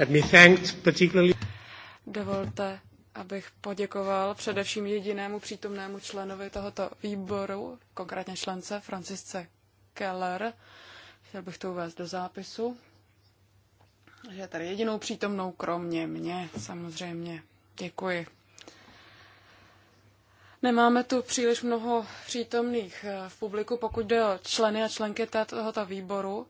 Let me thank particularly... Dovolte, abych poděkoval především jedinému přítomnému členovi tohoto výboru, konkrétně člence Francisce Keller. Chtěl bych to uvést do zápisu, že je tady jedinou přítomnou kromě mě, samozřejmě. Děkuji. Nemáme tu příliš mnoho přítomných eh, v publiku, pokud jde o členy a členky tohoto výboru.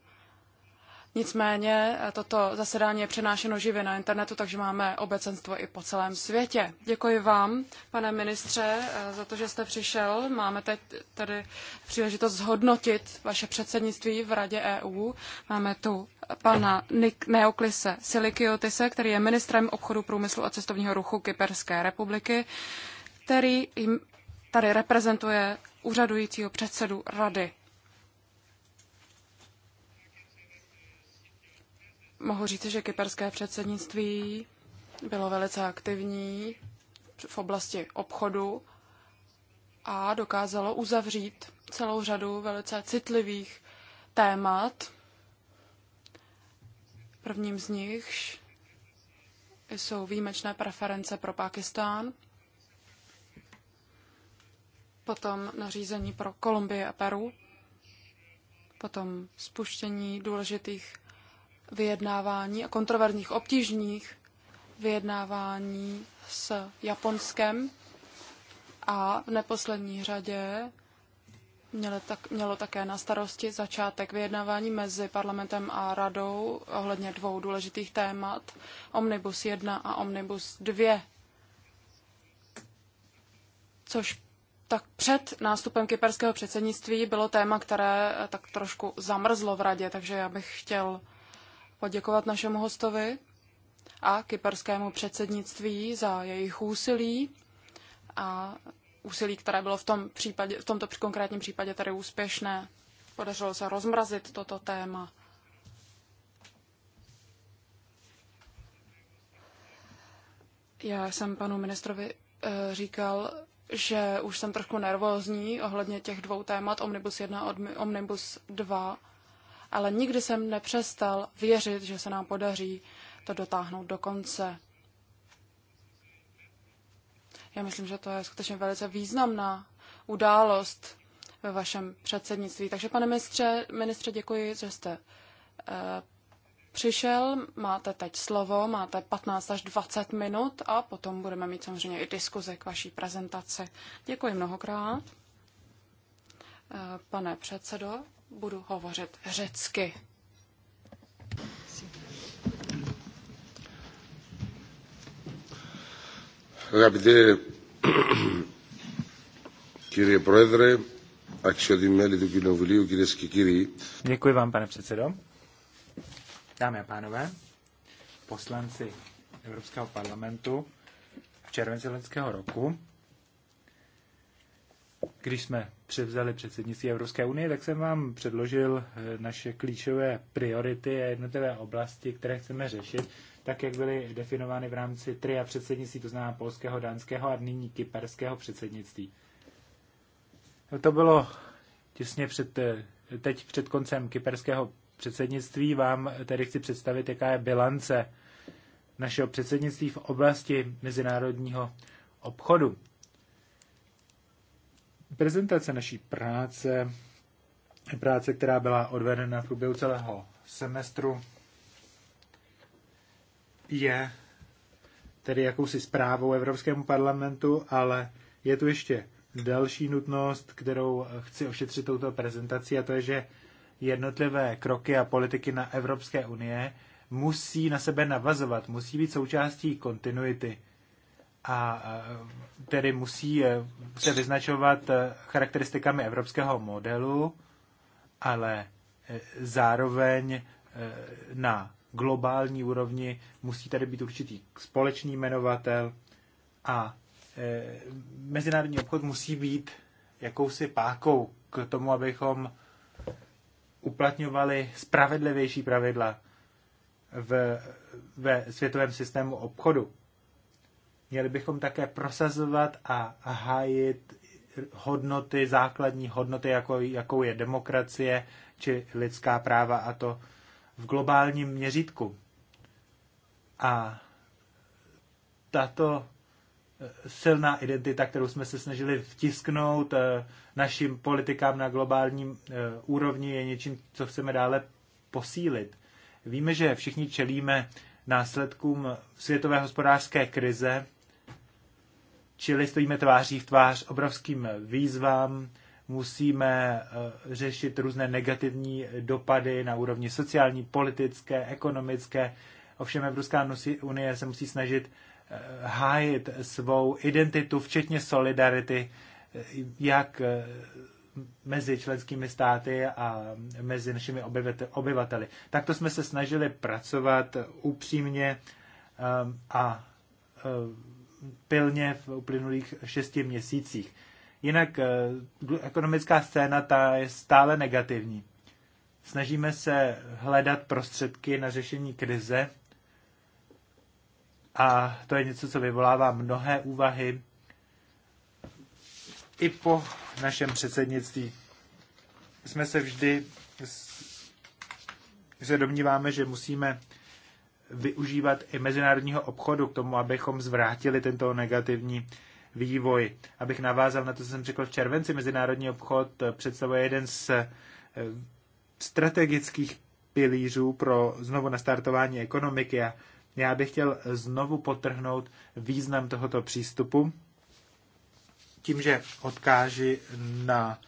Nicméně eh, toto zasedání je přenášeno živě na internetu, takže máme obecenstvo i po celém světě. Děkuji vám, pane ministře, eh, za to, že jste přišel. Máme teď tady příležitost zhodnotit vaše předsednictví v Radě EU. Máme tu pana Nik- Neoklise Silikiotise, který je ministrem obchodu, průmyslu a cestovního ruchu Kyperské republiky, který tady reprezentuje úřadujícího předsedu Rady mohu říct, že kyperské předsednictví bylo velice aktivní v oblasti obchodu a dokázalo uzavřít celou řadu velice citlivých témat. Prvním z nich jsou výjimečné preference pro Pákistán, potom nařízení pro Kolumbii a Peru, potom spuštění důležitých vyjednávání a kontroverzních obtížných vyjednávání s Japonskem a v neposlední řadě mělo, tak, mělo také na starosti začátek vyjednávání mezi parlamentem a radou ohledně dvou důležitých témat, Omnibus 1 a Omnibus 2, což tak před nástupem kyperského předsednictví bylo téma, které tak trošku zamrzlo v radě, takže já bych chtěl poděkovat našemu hostovi a kyperskému předsednictví za jejich úsilí a úsilí, které bylo v, tom případě, v tomto konkrétním případě tady úspěšné. Podařilo se rozmrazit toto téma. Já jsem panu ministrovi eh, říkal, že už jsem trošku nervózní ohledně těch dvou témat, Omnibus 1 a Omnibus 2, ale nikdy jsem nepřestal věřit, že se nám podaří to dotáhnout do konce. Já myslím, že to je skutečně velice významná událost ve vašem předsednictví. Takže, pane ministře, ministře děkuji, že jste e, přišel. Máte teď slovo, máte 15 až 20 minut a potom budeme mít samozřejmě i diskuze k vaší prezentaci. Děkuji mnohokrát. E, pane předsedo, budu hovořit řecky. Αγαπητέ κύριε Πρόεδρε, αξιότιμη του Κοινοβουλίου, κυρίε και κύριοι. Děkuji vám, pane předsedo. Dámy a pánové, poslanci Evropského parlamentu v červenci loňského roku když jsme převzali předsednictví Evropské unie, tak jsem vám předložil eh, naše klíčové priority a jednotlivé oblasti, které chceme řešit, tak jak byly definovány v rámci tria předsednictví, to znamená polského, dánského a nyní kyperského předsednictví. No, to bylo těsně před, eh, teď před koncem kyperského předsednictví. Vám tedy chci představit, jaká je bilance našeho předsednictví v oblasti mezinárodního obchodu prezentace naší práce, práce, která byla odvedena v průběhu celého semestru, je tedy jakousi zprávou Evropskému parlamentu, ale je tu ještě další nutnost, kterou chci ošetřit touto prezentací, a to je, že jednotlivé kroky a politiky na Evropské unie musí na sebe navazovat, musí být součástí kontinuity a eh, tedy musí eh, se vyznačovat eh, charakteristikami evropského modelu, ale zároveň na globální úrovni musí tady být určitý společný jmenovatel a mezinárodní obchod musí být jakousi pákou k tomu, abychom uplatňovali spravedlivější pravidla v, ve světovém systému obchodu. Měli bychom také prosazovat a hájit hodnoty, základní hodnoty, jako, jakou je demokracie či lidská práva, a to v globálním měřítku. A tato eh, silná identita, kterou jsme se snažili vtisknout eh, našim politikám na globálním eh, úrovni, je něčím, co chceme dále posílit. Víme, že všichni čelíme následkům světové hospodářské krize, Čili stojíme tváří v tvář obrovským výzvám, musíme eh, řešit různé negativní dopady na úrovni sociální, politické, ekonomické. Ovšem Evropská unie se musí snažit eh, hájit svou identitu, včetně solidarity, eh, jak mezi členskými státy a mezi našimi obyvateli. Takto jsme se snažili pracovat upřímně a pilně v uplynulých šesti měsících. Jinak eh, ekonomická scéna ta je stále negativní. Snažíme se hledat prostředky na řešení krize a to je něco, co vyvolává mnohé úvahy i po našem předsednictví. Jsme se vždy, že domníváme, že musíme využívat i mezinárodního obchodu k tomu, abychom zvrátili tento negativní vývoj. Abych navázal na to, co jsem řekl v červenci, mezinárodní obchod představuje jeden z eh, strategických pilířů pro znovu nastartování ekonomiky a já bych chtěl znovu potrhnout význam tohoto přístupu tím, že odkáži na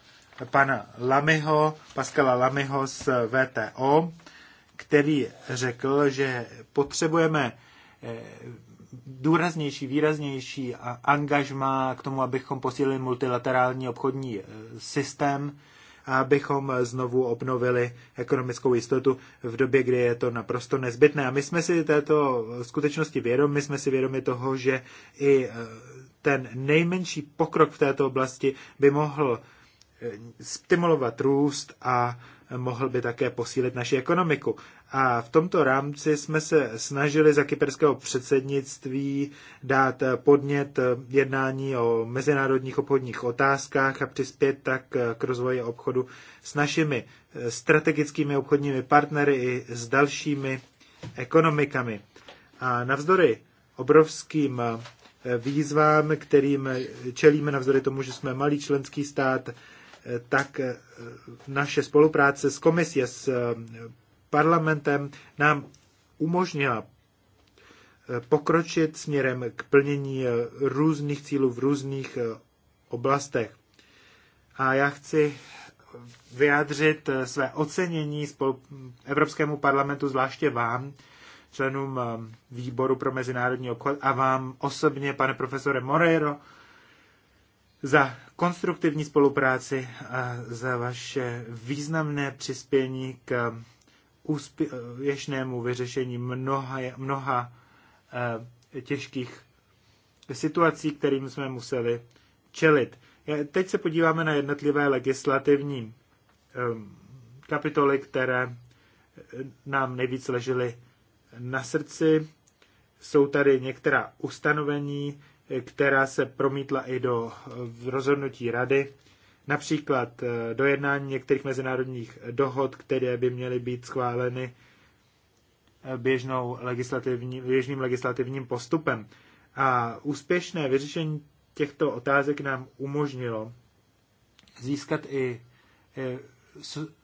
pana Lamyho, Pascala Lamyho z VTO, který řekl, že potřebujeme eh, důraznější, výraznější angažma k tomu, abychom posílili multilaterální obchodní eh, systém, a abychom znovu obnovili ekonomickou jistotu v době, kdy je to naprosto nezbytné. A my jsme si této skutečnosti vědomi, jsme si vědomi toho, že i eh, ten nejmenší pokrok v této oblasti by mohl stimulovat růst a mohl by také posílit naši ekonomiku. A v tomto rámci jsme se snažili za kyperského předsednictví dát podnět jednání o mezinárodních obchodních otázkách a přispět tak k rozvoji obchodu s našimi strategickými obchodními partnery i s dalšími ekonomikami. A navzdory obrovským výzvám, kterým čelíme navzdory tomu, že jsme malý členský stát, tak eh, naše spolupráce s komisí a s eh, parlamentem nám umožnila eh, pokročit směrem k plnění různých cílů v různých oblastech. A já chci vyjádřit své ocenění Evropskému parlamentu, zvláště vám, členům výboru pro mezinárodní obchod a vám osobně, pane profesore Moreiro, za konstruktivní spolupráci a za vaše významné přispění k úspěšnému vyřešení mnoha, mnoha eh, těžkých situací, kterým jsme museli čelit. Teď se podíváme na jednotlivé legislativní ehm, kapitoly, které eh, nám nejvíc ležely na srdci. Jsou tady některá ustanovení, která se promítla i do rozhodnutí rady, například eh, dojednání některých mezinárodních dohod, které by měly být schváleny eh, běžnou legislativní, běžným legislativním postupem. A úspěšné vyřešení těchto otázek nám umožnilo získat i eh,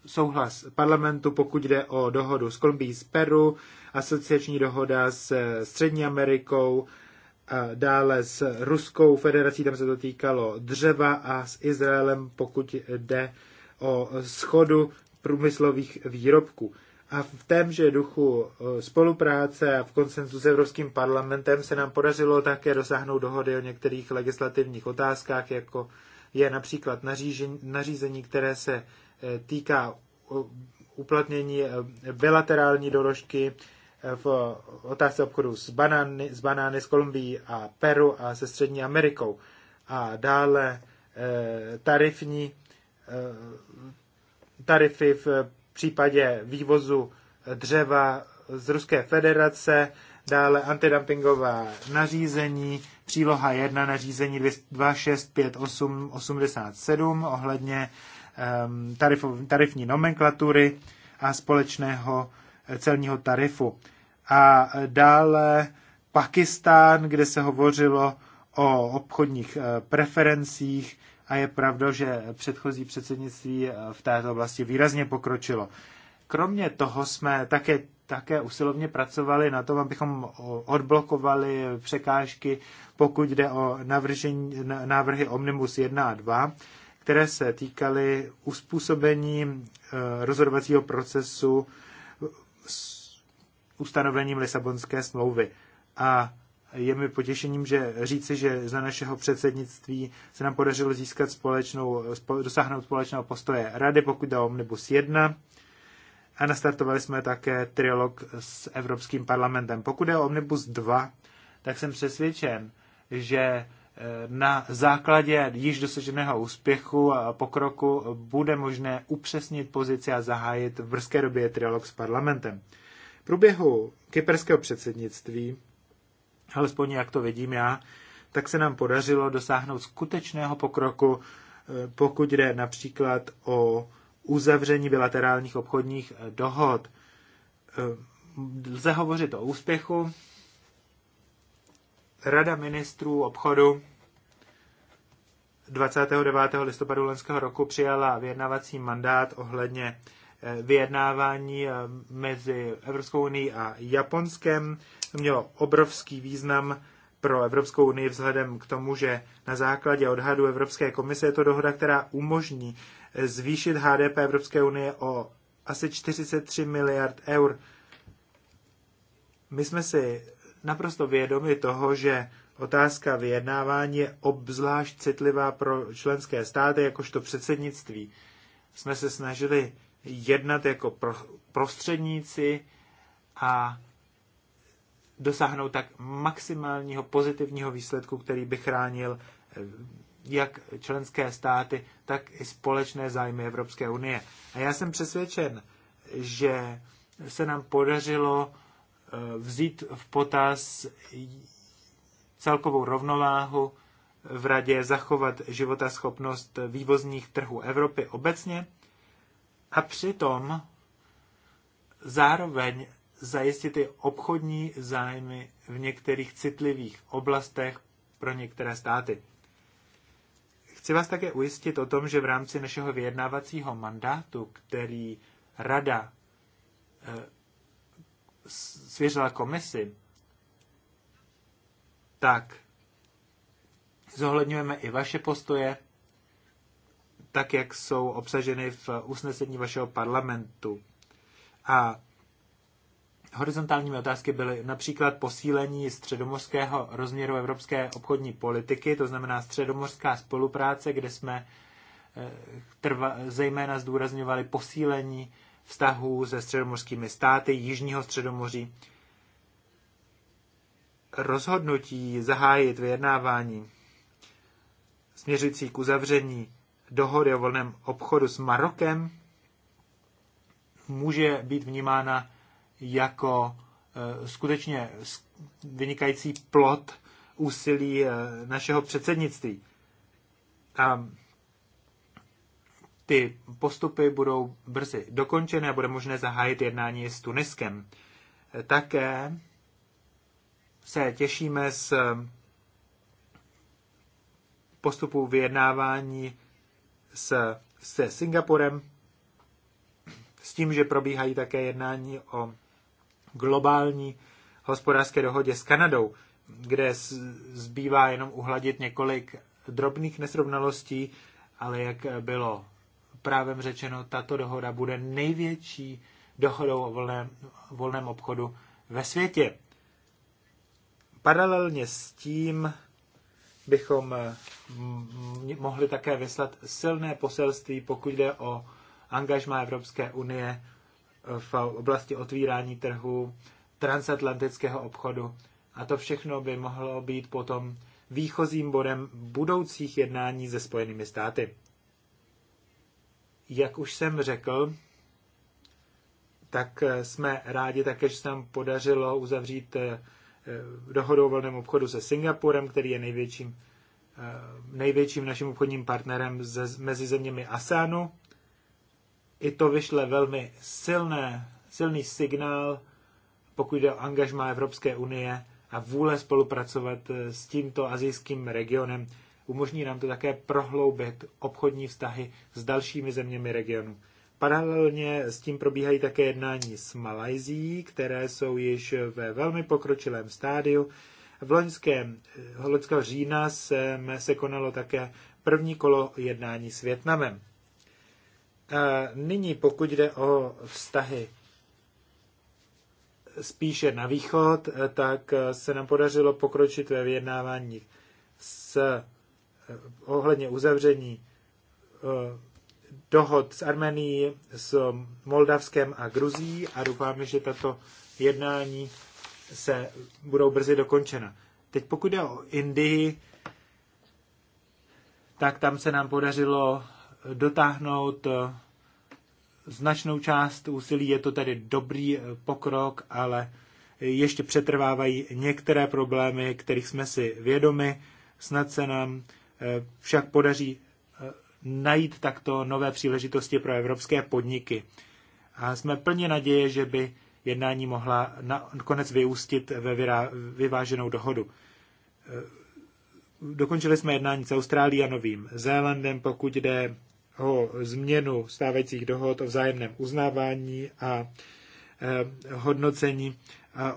souhlas parlamentu, pokud jde o dohodu s Kolumbií z Peru, asociační dohoda s Střední Amerikou dále s Ruskou federací, tam se to týkalo dřeva a s Izraelem, pokud jde o schodu průmyslových výrobků. A v témže duchu e, spolupráce a v konsenzu s Evropským parlamentem se nám podařilo také dosáhnout dohody o některých legislativních otázkách, jako je například nařízení, nařízení které se e, týká uplatnění e, bilaterální doložky v otázce obchodu s banány, s banány z Kolumbií a Peru a se Střední Amerikou. A dále eh, tarifní eh, tarify v případě vývozu dřeva z Ruské federace, dále antidumpingová nařízení, příloha 1 nařízení 265887 ohledně ehm, tarifov, tarifní nomenklatury a společného celního tarifu. A dále Pakistán, kde se hovořilo o obchodních eh, preferencích a je pravda, že předchozí předsednictví eh, v této oblasti výrazně pokročilo. Kromě toho jsme také, také usilovně pracovali na tom, abychom odblokovali překážky, pokud jde o navržení, návrhy Omnibus 1 a 2, které se týkaly uspůsobení eh, rozhodovacího procesu s ustanovením Lisabonské smlouvy. A je mi potěšením, že říci, že za našeho předsednictví se nám podařilo získat společnou, dosáhnout společného postoje Rady, pokud jde o Omnibus 1. A nastartovali jsme také trilog s Evropským parlamentem. Pokud jde o Omnibus 2, tak jsem přesvědčen, že na základě již dosaženého úspěchu a pokroku bude možné upřesnit pozici a zahájit v brzké době trialog s parlamentem. V průběhu kyperského předsednictví, alespoň jak to vidím já, tak se nám podařilo dosáhnout skutečného pokroku, eh, pokud jde například o uzavření bilaterálních obchodních dohod. Eh, lze hovořit o úspěchu, Rada ministrů obchodu 29. listopadu loňského roku přijala vyjednávací mandát ohledně eh, vyjednávání eh, mezi Evropskou unii a Japonskem. To mělo obrovský význam pro Evropskou unii vzhledem k tomu, že na základě odhadu Evropské komise je to dohoda, která umožní eh, zvýšit HDP Evropské unie o asi 43 miliard eur. My jsme si naprosto vědomi toho, že otázka vyjednávání je obzvlášť citlivá pro členské státy, jakožto předsednictví. Jsme se snažili jednat jako prostředníci a dosáhnout tak maximálního pozitivního výsledku, který by chránil eh, jak členské státy, tak i společné zájmy Evropské unie. A já jsem přesvědčen, že se nám podařilo Eh, vzít v potaz celkovou rovnováhu v radě, zachovat životaschopnost vývozních trhů Evropy obecně a přitom zároveň zajistit i obchodní zájmy v některých citlivých oblastech pro některé státy. Chci vás také ujistit o tom, že v rámci našeho vyjednávacího mandátu, který Rada eh, svěřila komisi, tak zohledňujeme i vaše postoje, tak jak jsou obsaženy v usnesení vašeho parlamentu. A horizontálními otázky byly například posílení středomorského rozměru evropské obchodní politiky, to znamená středomorská spolupráce, kde jsme eh, trva, zejména zdůrazňovali posílení vztahů se středomořskými státy Jižního středomoří. Rozhodnutí zahájit vyjednávání směřující k uzavření dohody o volném obchodu s Marokem může být vnímána jako e, skutečně vynikající plot úsilí e, našeho předsednictví. A ty postupy budou brzy dokončené a bude možné zahájit jednání s Tuniskem. Také se těšíme z postupu vyjednávání s, se Singapurem, s tím, že probíhají také jednání o globální hospodářské dohodě s Kanadou, kde zbývá jenom uhladit několik drobných nesrovnalostí, ale jak bylo právem řečeno, tato dohoda bude největší dohodou o volném, volném obchodu ve světě. Paralelně s tím bychom mm, mohli také vyslat silné poselství, pokud jde o angažma Evropské unie v oblasti otvírání trhu, transatlantického obchodu. A to všechno by mohlo být potom výchozím bodem budoucích jednání se Spojenými státy. Jak už jsem řekl, tak jsme rádi také, že se nám podařilo uzavřít eh, dohodu o volném obchodu se Singapurem, který je největším, eh, největším naším obchodním partnerem ze, mezi zeměmi ASEANu. I to vyšle velmi silné, silný signál, pokud jde o angažma Evropské unie a vůle spolupracovat eh, s tímto azijským regionem, Umožní nám to také prohloubit obchodní vztahy s dalšími zeměmi regionu. Paralelně s tím probíhají také jednání s Malajzí, které jsou již ve velmi pokročilém stádiu. V loňském, eh, loňského října se, se konalo také první kolo jednání s Větnamem. Eh, nyní, pokud jde o vztahy spíše na východ, eh, tak se nám podařilo pokročit ve vyjednávání s Eh, ohledně uzavření eh, dohod s Armenií, s Moldavskem a Gruzí a doufáme, že tato jednání se budou brzy dokončena. Teď pokud jde o Indii, tak tam se nám podařilo dotáhnout eh, značnou část úsilí. Je to tedy dobrý pokrok, ale ještě přetrvávají některé problémy, kterých jsme si vědomi. Snad se nám však podaří eh, najít takto nové příležitosti pro evropské podniky. A jsme plně naděje, že by jednání mohla nakonec vyústit ve vyváženou dohodu. Eh, dokončili jsme jednání s Austrálií a Novým Zélandem, pokud jde o změnu stávajících dohod o vzájemném uznávání a eh, hodnocení,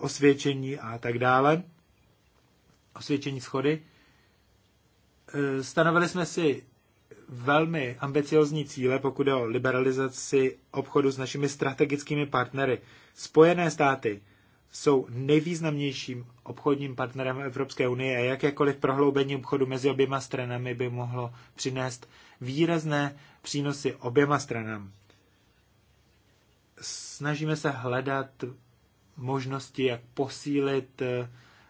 osvědčení a tak dále, osvědčení schody. Eh, stanovili jsme si velmi ambiciozní cíle, pokud je o liberalizaci obchodu s našimi strategickými partnery. Spojené státy jsou nejvýznamnějším obchodním partnerem Evropské unie a jakékoliv prohloubení obchodu mezi oběma stranami by mohlo přinést výrazné přínosy oběma stranám. Snažíme se hledat možnosti, jak posílit eh,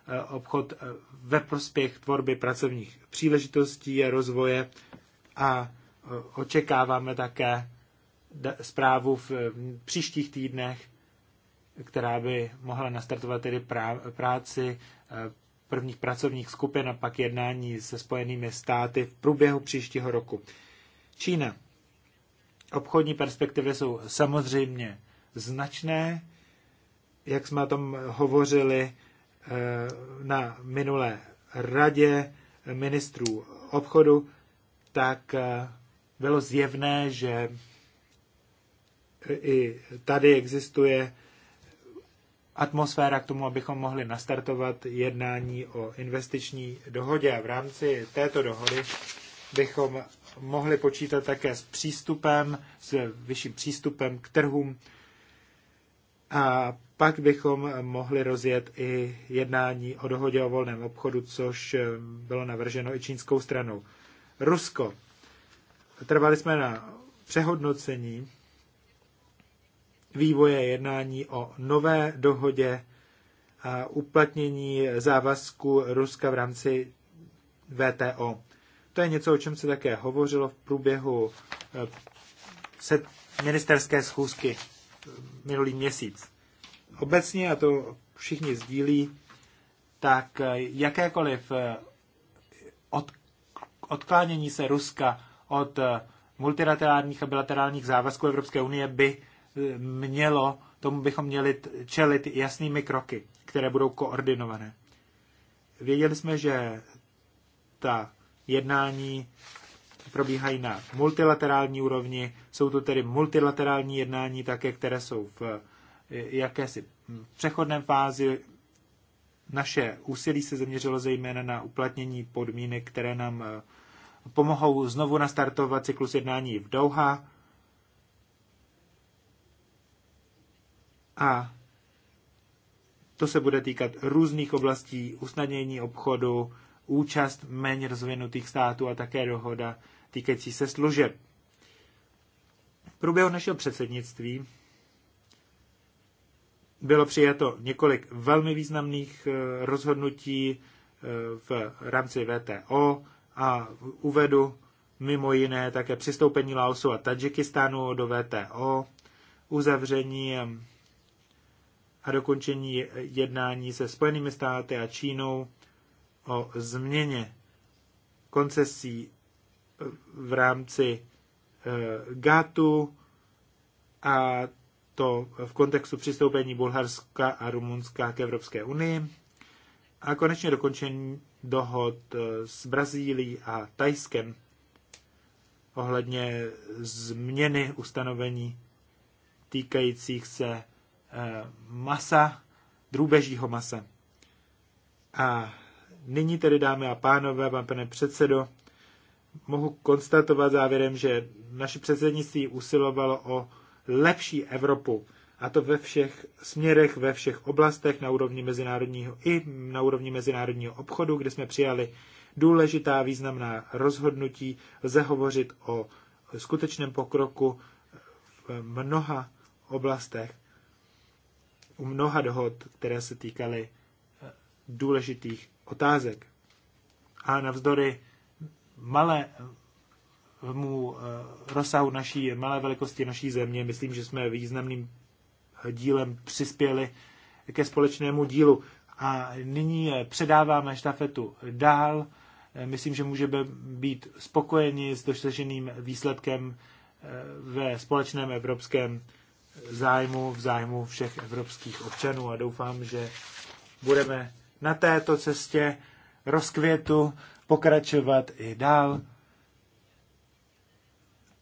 Eh, obchod eh, ve prospěch tvorby pracovních příležitostí a rozvoje a eh, očekáváme také zprávu v příštích týdnech, která by mohla nastartovat tedy práci prvních pracovních skupin a pak jednání se Spojenými státy v průběhu příštího roku. Čína. Obchodní perspektivy jsou samozřejmě značné, jak jsme o tom hovořili Eh, na minulé radě ministrů obchodu, tak eh, bylo zjevné, že i tady existuje atmosféra k tomu, abychom mohli nastartovat jednání o investiční dohodě. A v rámci této dohody bychom mohli počítat také s přístupem, s vyšším přístupem k trhům a pak bychom mohli rozjet i jednání o dohodě o volném obchodu, což eh, bylo navrženo i čínskou stranou. Rusko. Trvali jsme na přehodnocení vývoje jednání o nové dohodě a uplatnění závazku Ruska v rámci VTO. To je něco, o čem se také hovořilo v průběhu eh, ministerské schůzky eh, minulý měsíc obecně, a to všichni sdílí, tak eh, jakékoliv eh, od, odklánění se Ruska od eh, multilaterálních a bilaterálních závazků Evropské unie by mělo, tomu bychom měli čelit jasnými kroky, které budou koordinované. Věděli jsme, že ta jednání probíhají na multilaterální úrovni, jsou to tedy multilaterální jednání také, které jsou v jakési přechodné fázi. Naše úsilí se zaměřilo zejména na uplatnění podmínek, které nám eh, pomohou znovu nastartovat cyklus jednání v Dauha. A to se bude týkat různých oblastí usnadnění obchodu, účast méně rozvinutých států a také dohoda týkající se služeb. V průběhu našeho předsednictví bylo přijato několik velmi významných eh, rozhodnutí eh, v rámci VTO a uvedu mimo jiné také přistoupení Laosu a Tadžikistánu do VTO, uzavření eh, a dokončení jednání se Spojenými státy a Čínou o změně koncesí v rámci GATU a to v kontextu přistoupení Bulharska a Rumunska k Evropské unii a konečně dokončení dohod eh, s Brazílií a Tajskem ohledně změny ustanovení týkajících se eh, masa, drůbežího masa. A nyní tedy, dámy a pánové, vám pane předsedo, mohu konstatovat závěrem, že naše předsednictví usilovalo o lepší Evropu. A to ve všech směrech, ve všech oblastech na úrovni mezinárodního i na úrovni mezinárodního obchodu, kde jsme přijali důležitá významná rozhodnutí. Lze hovořit o skutečném pokroku v mnoha oblastech, u mnoha dohod, které se týkaly eh, důležitých otázek. A navzdory malé mu eh, rozsahu naší malé velikosti naší země, myslím, že jsme významným dílem přispěli ke společnému dílu. A nyní eh, předáváme štafetu dál. Eh, myslím, že můžeme být spokojeni s dosaženým výsledkem ve společném evropském zájmu, v zájmu všech evropských občanů a doufám, že budeme na této cestě rozkvětu pokračovat i dál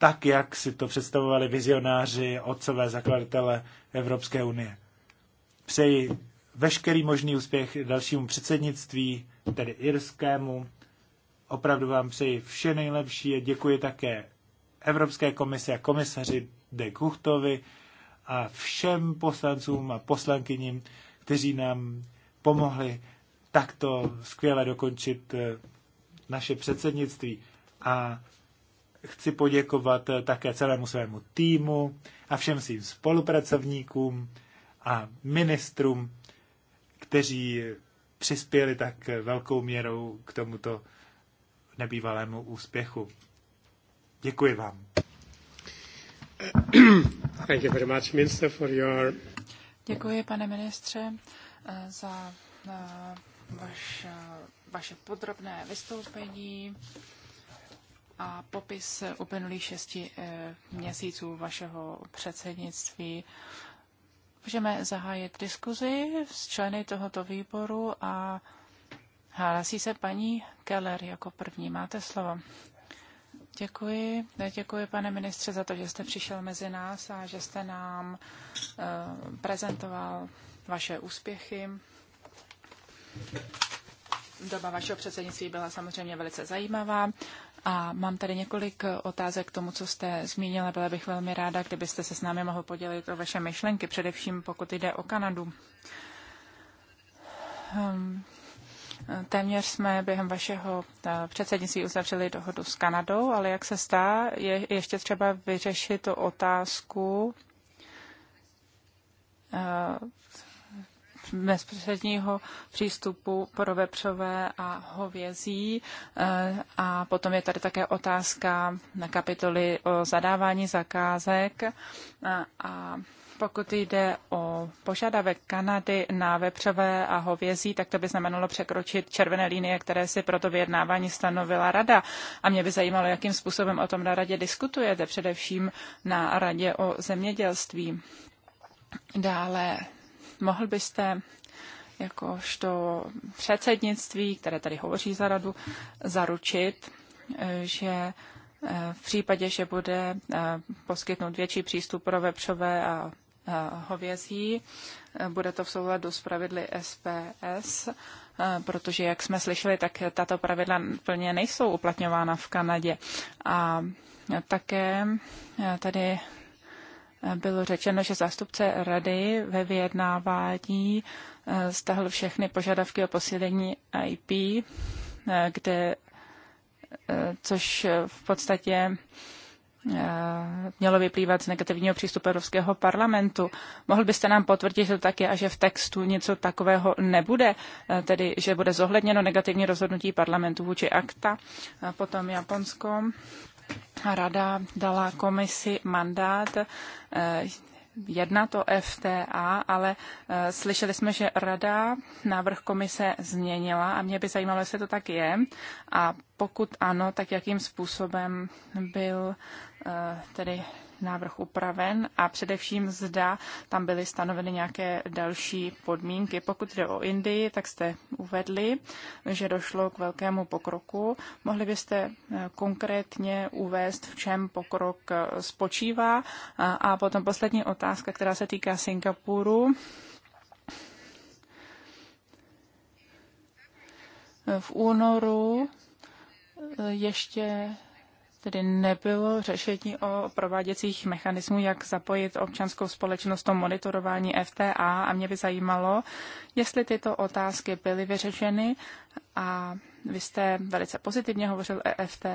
tak, jak si to představovali vizionáři, otcové zakladatele Evropské unie. Přeji veškerý možný úspěch dalšímu předsednictví, tedy irskému. Opravdu vám přeji vše nejlepší a děkuji také Evropské komise a komisaři de Kuchtovi a všem poslancům a poslankyním, kteří nám pomohli takto skvěle dokončit eh, naše předsednictví. A chci poděkovat eh, také celému svému týmu a všem svým spolupracovníkům a ministrům, kteří přispěli tak velkou měrou k tomuto nebývalému úspěchu. Děkuji vám. Thank you very much, minister, for your... Děkuji, pane ministře, eh, za eh, vaš, vaše podrobné vystoupení a popis uplynulých šesti eh, měsíců vašeho předsednictví. Můžeme zahájit diskuzi s členy tohoto výboru a hlásí se paní Keller jako první. Máte slovo. Děkuji. Děkuji, pane ministře, za to, že jste přišel mezi nás a že jste nám eh, prezentoval vaše úspěchy. Doba vašeho předsednictví byla samozřejmě velice zajímavá. A mám tady několik otázek k tomu, co jste zmínila. Byla bych velmi ráda, kdybyste se s námi mohl podělit o vaše myšlenky, především pokud jde o Kanadu. Um, téměř jsme během vašeho eh, předsednictví uzavřeli dohodu s Kanadou, ale jak se stá, je ještě třeba vyřešit tu otázku uh, bezprostředního přístupu pro vepřové a hovězí. E, a potom je tady také otázka na kapitoly o zadávání zakázek e, a pokud jde o požadavek Kanady na vepřové a hovězí, tak to by znamenalo překročit červené linie, které si proto vyjednávání stanovila rada. A mě by zajímalo, jakým způsobem o tom na radě diskutujete, především na radě o zemědělství. Dále Mohl byste jakožto předsednictví, které tady hovoří za radu, zaručit, eh, že eh, v případě, že bude eh, poskytnout větší přístup pro vepřové a hovězí. Bude to v souladu s pravidly SPS, protože, jak jsme slyšeli, tak tato pravidla plně nejsou uplatňována v Kanadě. A také tady bylo řečeno, že zástupce rady ve vyjednávání eh, stahl všechny požadavky o posílení IP, eh, kde, eh, což v podstatě mělo vyplývat z negativního přístupu Evropského parlamentu. Mohl byste nám potvrdit, že to tak je a že v textu něco takového nebude, tedy že bude zohledněno negativní rozhodnutí parlamentu vůči akta, potom Japonsko rada dala komisi mandát eh, jednat o FTA, ale eh, slyšeli jsme, že rada návrh komise změnila a mě by zajímalo, jestli to tak je. A pokud ano, tak jakým způsobem byl eh, tedy návrh upraven a především zda tam byly stanoveny nějaké další podmínky. Pokud jde o Indii, tak jste uvedli, že došlo k velkému pokroku. Mohli byste eh, konkrétně uvést, v čem pokrok eh, spočívá? A potom poslední otázka, která se týká Singapuru. V únoru eh, ještě tedy nebylo řešení o prováděcích mechanismů, jak zapojit občanskou společnost do monitorování FTA a mě by zajímalo, jestli tyto otázky byly vyřešeny a vy jste velice pozitivně hovořil EFTA,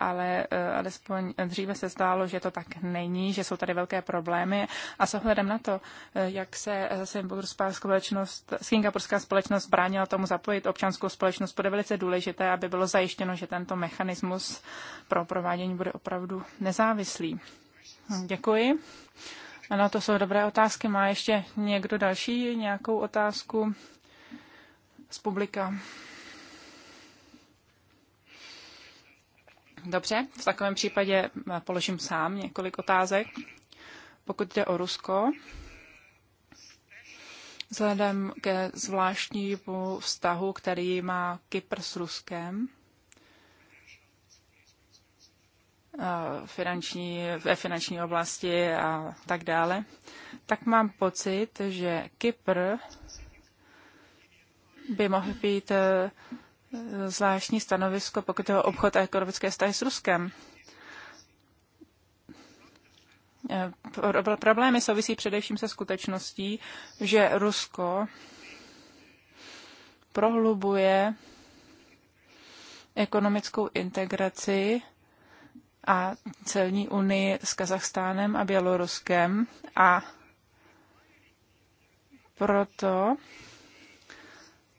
ale e, alespoň dříve se zdálo, že to tak není, že jsou tady velké problémy. A s ohledem na to, e, jak se e, singapurská společnost, singapurská společnost bránila tomu zapojit občanskou společnost, bude velice důležité, aby bylo zajištěno, že tento mechanismus pro provádění bude opravdu nezávislý. Děkuji. Ano, to jsou dobré otázky. Má ještě někdo další nějakou otázku z publika? Dobře, v takovém případě eh, položím sám několik otázek. Pokud jde o Rusko, vzhledem ke zvláštnímu vztahu, který má Kypr s Ruskem, eh, finanční, ve finanční oblasti a tak dále, tak mám pocit, že Kypr by mohl být eh, zvláštní stanovisko, pokud je obchod a ekonomické vztahy s Ruskem. E, problémy souvisí především se skutečností, že Rusko prohlubuje ekonomickou integraci a celní unii s Kazachstánem a Běloruskem a proto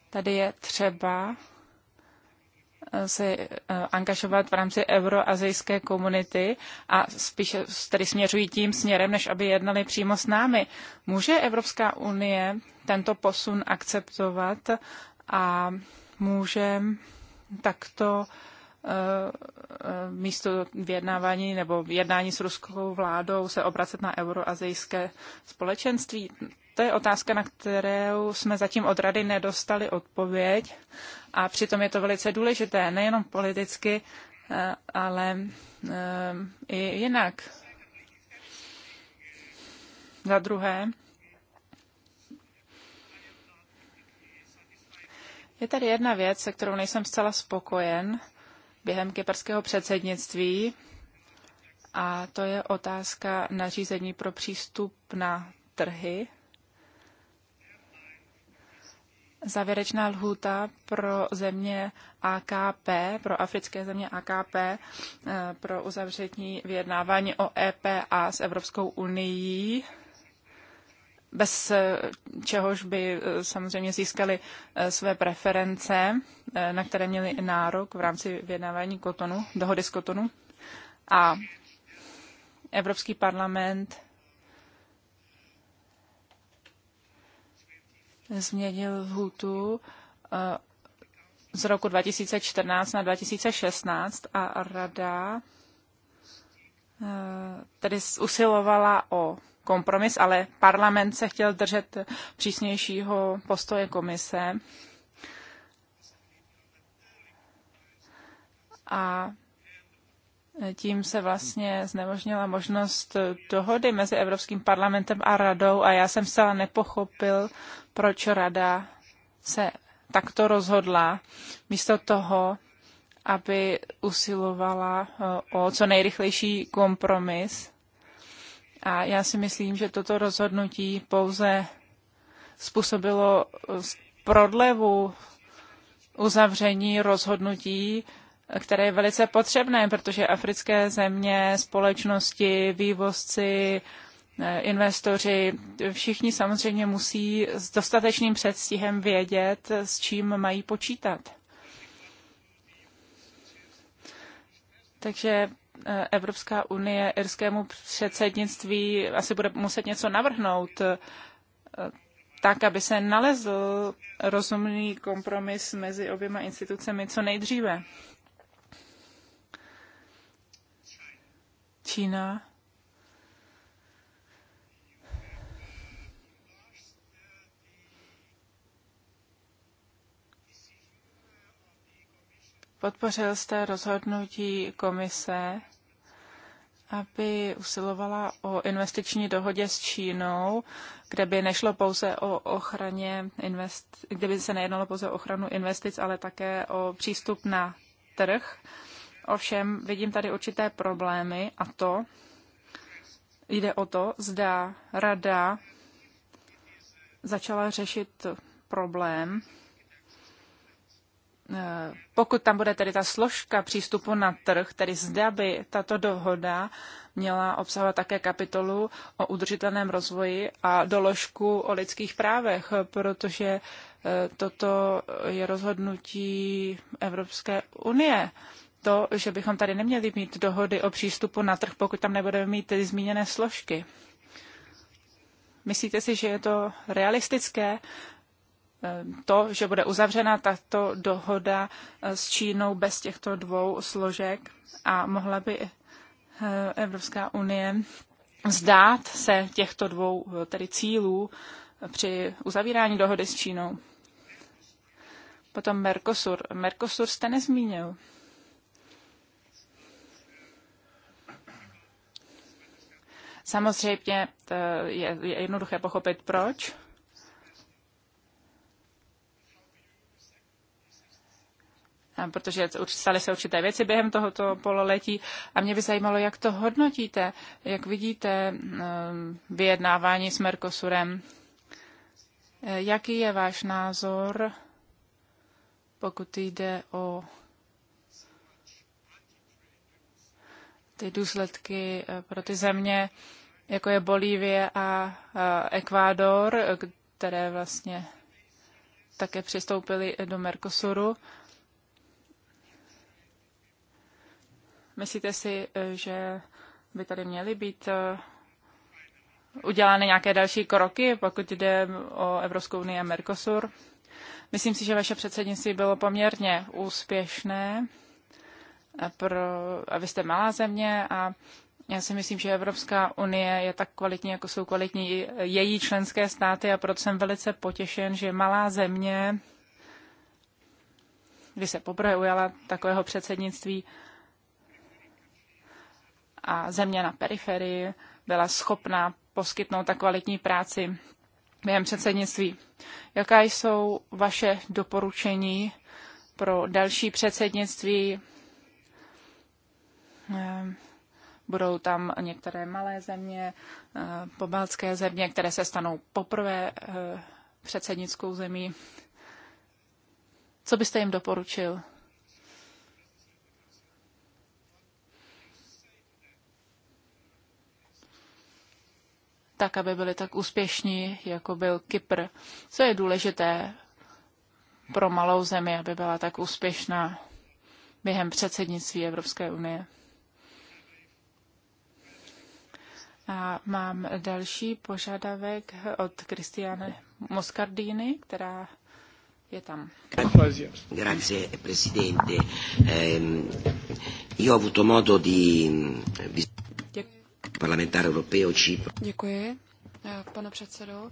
tady je třeba se eh, angažovat v rámci euroazijské komunity a spíše tedy směřují tím směrem, než aby jednali přímo s námi. Může Evropská unie tento posun akceptovat a může takto eh, eh, místo vyjednávání nebo jednání s ruskou vládou se obracet na euroazijské společenství. To je otázka, na kterou jsme zatím od rady nedostali odpověď a přitom je to velice důležité, nejenom politicky, eh, ale eh, i jinak. Za druhé, je tady jedna věc, se kterou nejsem zcela spokojen během kyperského předsednictví, a to je otázka nařízení pro přístup na trhy závěrečná lhůta pro země AKP, pro africké země AKP, eh, pro uzavření vyjednávání o EPA s Evropskou unii, bez eh, čehož by eh, samozřejmě získali své preference, na které měli nárok v rámci vyjednávání kotonu, dohody z kotonu. A Evropský parlament změnil hutu eh, z roku 2014 na 2016 a rada eh, tedy usilovala o kompromis, ale parlament se chtěl držet přísnějšího postoje komise. A tím se vlastně znemožnila možnost dohody mezi Evropským parlamentem a radou a já jsem zcela nepochopil, proč rada se takto rozhodla, místo toho, aby usilovala eh, o co nejrychlejší kompromis. A já si myslím, že toto rozhodnutí pouze způsobilo eh, prodlevu uzavření rozhodnutí které je velice potřebné, protože africké země, společnosti, vývozci, eh, investoři, všichni samozřejmě musí s dostatečným předstihem vědět, s čím mají počítat. Takže eh, Evropská unie irskému předsednictví asi bude muset něco navrhnout, eh, tak, aby se nalezl rozumný kompromis mezi oběma institucemi co nejdříve. začíná. Podpořil jste rozhodnutí komise, aby usilovala o investiční dohodě s Čínou, kde by nešlo pouze o ochraně invest, kde by se nejednalo pouze o ochranu investic, ale také o přístup na trh. Ovšem vidím tady určité problémy a to jde o to, zda rada začala řešit problém, eh, pokud tam bude tedy ta složka přístupu na trh, tedy zda by tato dohoda měla obsahovat také kapitolu o udržitelném rozvoji a doložku o lidských právech, protože eh, toto je rozhodnutí Evropské unie to, že bychom tady neměli mít dohody o přístupu na trh, pokud tam nebudeme mít ty zmíněné složky. Myslíte si, že je to realistické, eh, to, že bude uzavřena tato dohoda eh, s Čínou bez těchto dvou složek a mohla by eh, Evropská unie zdát se těchto dvou tedy cílů při uzavírání dohody s Čínou? Potom Mercosur. Mercosur jste nezmínil. Samozřejmě je jednoduché pochopit, proč. protože staly se určité věci během tohoto pololetí a mě by zajímalo, jak to hodnotíte, jak vidíte vyjednávání s Mercosurem. E, jaký je váš názor, pokud jde o ty důsledky eh, pro ty země, jako je Bolívie a eh, Ekvádor, které vlastně také přistoupily do Mercosuru. Myslíte si, eh, že by tady měly být udělány nějaké další kroky, pokud jde o Evropskou unii a Mercosur? Myslím si, že vaše předsednictví bylo poměrně úspěšné pro, a vy jste malá země a já si myslím, že Evropská unie je tak kvalitní, jako jsou kvalitní její členské státy a proto jsem velice potěšen, že malá země, kdy se poprvé ujala takového předsednictví a země na periferii byla schopná poskytnout tak kvalitní práci během předsednictví. Jaká jsou vaše doporučení pro další předsednictví Eh, budou tam některé malé země, eh, pobaltské země, které se stanou poprvé eh, předsednickou zemí. Co byste jim doporučil? tak, aby byli tak úspěšní, jako byl Kypr. Co je důležité pro malou zemi, aby byla tak úspěšná během předsednictví Evropské unie? A mám další požadavek od Kristiane Moscardini, která je tam. Grazie Presidente. Ehm, io ho avuto modo di eh, parlamentare europeo Cipro. Děkuji, eh, pane předsedo.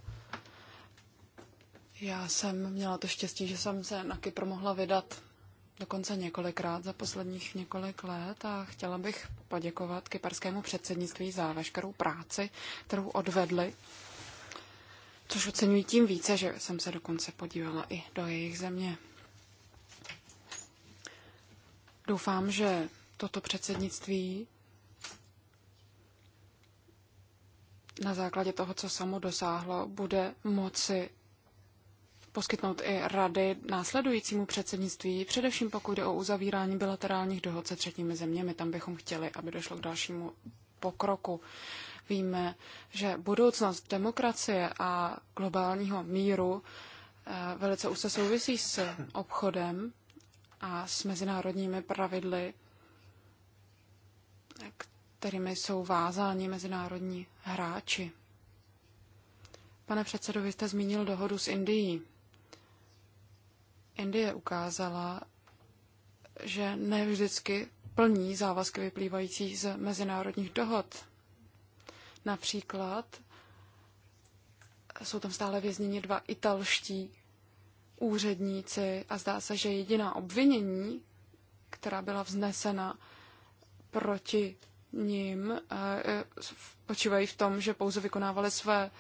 Já jsem měla to štěstí, že jsem se na Kypr mohla vydat dokonce několikrát za posledních několik let a chtěla bych poděkovat kyperskému předsednictví za veškerou práci, kterou odvedli, což oceňuji tím více, že jsem se dokonce podívala i do jejich země. Doufám, že toto předsednictví na základě toho, co samo dosáhlo, bude moci poskytnout i rady následujícímu předsednictví, především pokud jde o uzavírání bilaterálních dohod se třetími zeměmi. Tam bychom chtěli, aby došlo k dalšímu pokroku. Víme, že budoucnost demokracie a globálního míru eh, velice úzce souvisí s obchodem a s mezinárodními pravidly, kterými jsou vázáni mezinárodní hráči. Pane předsedo, vy jste zmínil dohodu s Indií. Indie ukázala, že ne vždycky plní závazky vyplývající z mezinárodních dohod. Například jsou tam stále vězněni dva italští úředníci a zdá se, že jediná obvinění, která byla vznesena proti ním, eh, počívají v tom, že pouze vykonávali své,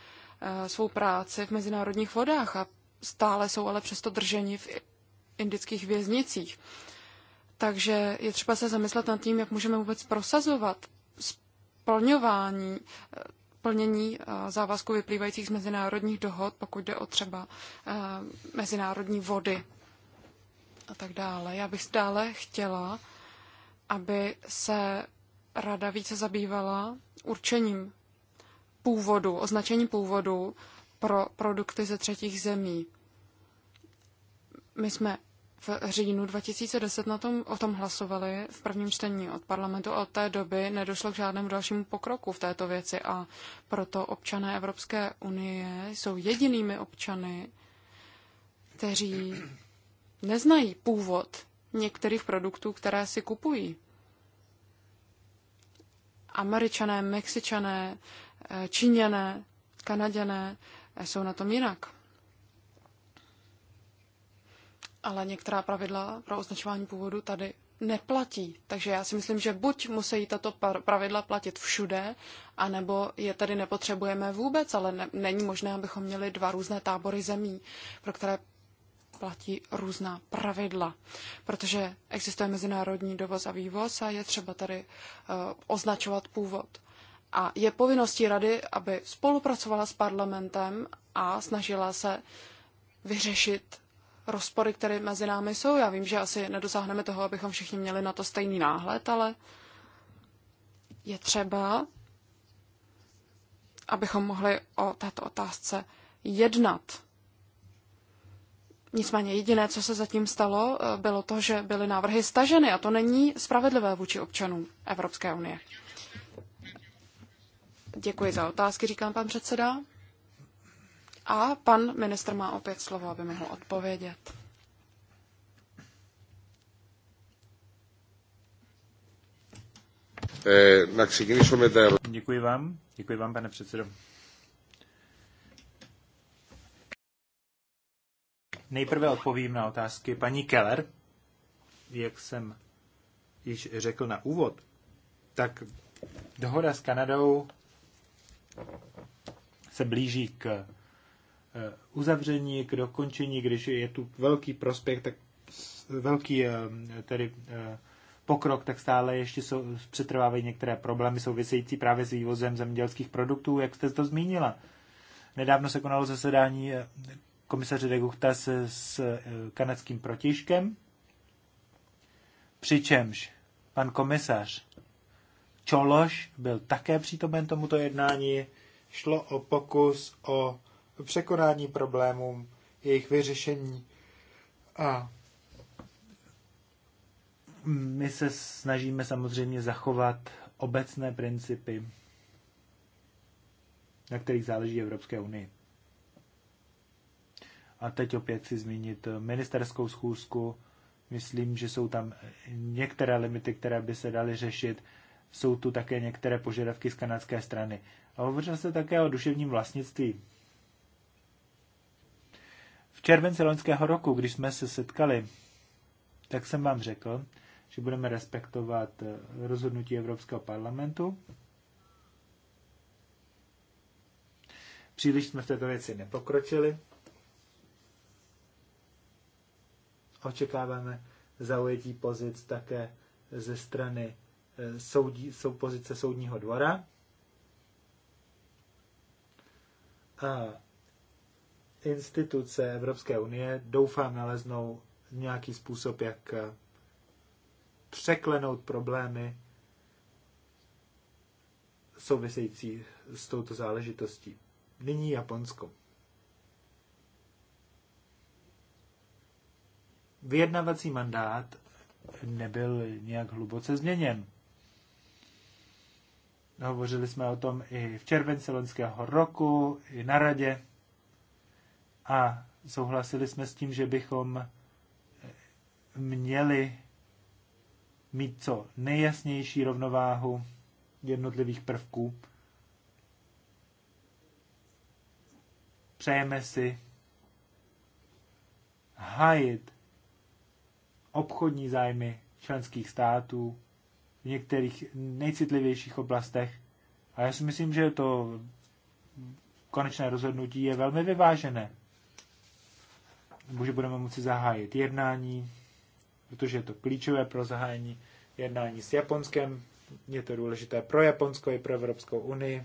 eh, svou práci v mezinárodních vodách a stále jsou ale přesto drženi v indických věznicích. Takže je třeba se zamyslet nad tím, jak můžeme vůbec prosazovat splňování, eh, plnění eh, závazků vyplývajících z mezinárodních dohod, pokud jde o třeba eh, mezinárodní vody a tak dále. Já bych stále chtěla, aby se rada více zabývala určením původu, označením původu pro produkty ze třetích zemí. My jsme v říjnu 2010 na tom, o tom hlasovali v prvním čtení od parlamentu od té doby nedošlo k žádnému dalšímu pokroku v této věci a proto občané Evropské unie jsou jedinými občany, kteří neznají původ některých produktů, které si kupují. Američané, Mexičané, eh, Číňané, Kanaděné jsou na tom jinak. Ale některá pravidla pro označování původu tady neplatí. Takže já si myslím, že buď musí tato pravidla platit všude, anebo je tady nepotřebujeme vůbec, ale ne, není možné, abychom měli dva různé tábory zemí, pro které platí různá pravidla. Protože existuje mezinárodní dovoz a vývoz a je třeba tady uh, označovat původ. A je povinností rady, aby spolupracovala s parlamentem a snažila se vyřešit rozpory, které mezi námi jsou. Já vím, že asi nedosáhneme toho, abychom všichni měli na to stejný náhled, ale je třeba, abychom mohli o této otázce jednat. Nicméně jediné, co se zatím stalo, bylo to, že byly návrhy staženy a to není spravedlivé vůči občanům Evropské unie. Děkuji za otázky, říkám pan předseda. A pan ministr má opět slovo, aby mohl odpovědět. Děkuji vám. Děkuji vám, pane předsedo. Nejprve odpovím na otázky paní Keller. Jak jsem již řekl na úvod, tak dohoda s Kanadou se blíží k eh, uzavření, k dokončení, když je tu velký prospekt, tak velký eh, tedy eh, pokrok, tak stále ještě jsou, přetrvávají některé problémy související právě s vývozem zemědělských produktů, jak jste to zmínila. Nedávno se konalo zasedání komisaře de Guchta s, s kanadským protižkem, přičemž pan komisař Čološ byl také přítomen tomuto jednání. Šlo o pokus o překonání problémů, jejich vyřešení a my se snažíme samozřejmě zachovat obecné principy, na kterých záleží Evropské unii. A teď opět si zmínit ministerskou schůzku. Myslím, že jsou tam některé limity, které by se daly řešit jsou tu také některé požadavky z kanadské strany. A hovořil se také o duševním vlastnictví. V červenci loňského roku, když jsme se setkali, tak jsem vám řekl, že budeme respektovat eh, rozhodnutí Evropského parlamentu. Příliš jsme v této věci nepokročili. Očekáváme zaujetí pozic také ze strany soudí, jsou pozice soudního dvora. A instituce Evropské unie doufám naleznou nějaký způsob, jak eh, překlenout problémy související s touto záležitostí. Nyní Japonsko. Vyjednavací mandát nebyl nějak hluboce změněn. Hovořili jsme o tom i v červenci loňského roku, i na radě. A souhlasili jsme s tím, že bychom měli mít co nejjasnější rovnováhu jednotlivých prvků. Přejeme si hájit obchodní zájmy členských států v některých nejcitlivějších oblastech. A já si myslím, že to konečné rozhodnutí je velmi vyvážené. Může budeme moci zahájit jednání, protože je to klíčové pro zahájení jednání s Japonskem. Je to důležité pro Japonsko i pro Evropskou unii.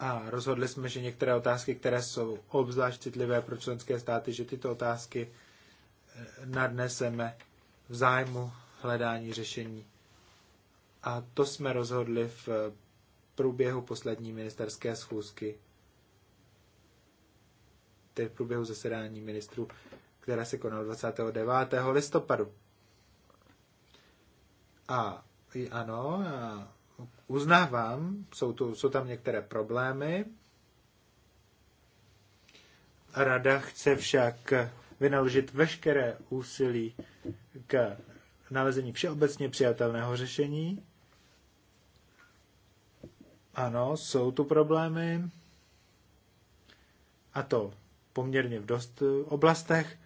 A rozhodli jsme, že některé otázky, které jsou obzvlášť citlivé pro členské státy, že tyto otázky eh, nadneseme v zájmu hledání řešení. A to jsme rozhodli v průběhu poslední ministerské schůzky, tedy v průběhu zasedání ministrů, které se konalo 29. listopadu. A ano, a uznávám, jsou, tu, jsou tam některé problémy. Rada chce však vynaložit veškeré úsilí k nalezení všeobecně přijatelného řešení. Ano, jsou tu problémy, a to poměrně v dost eh, oblastech,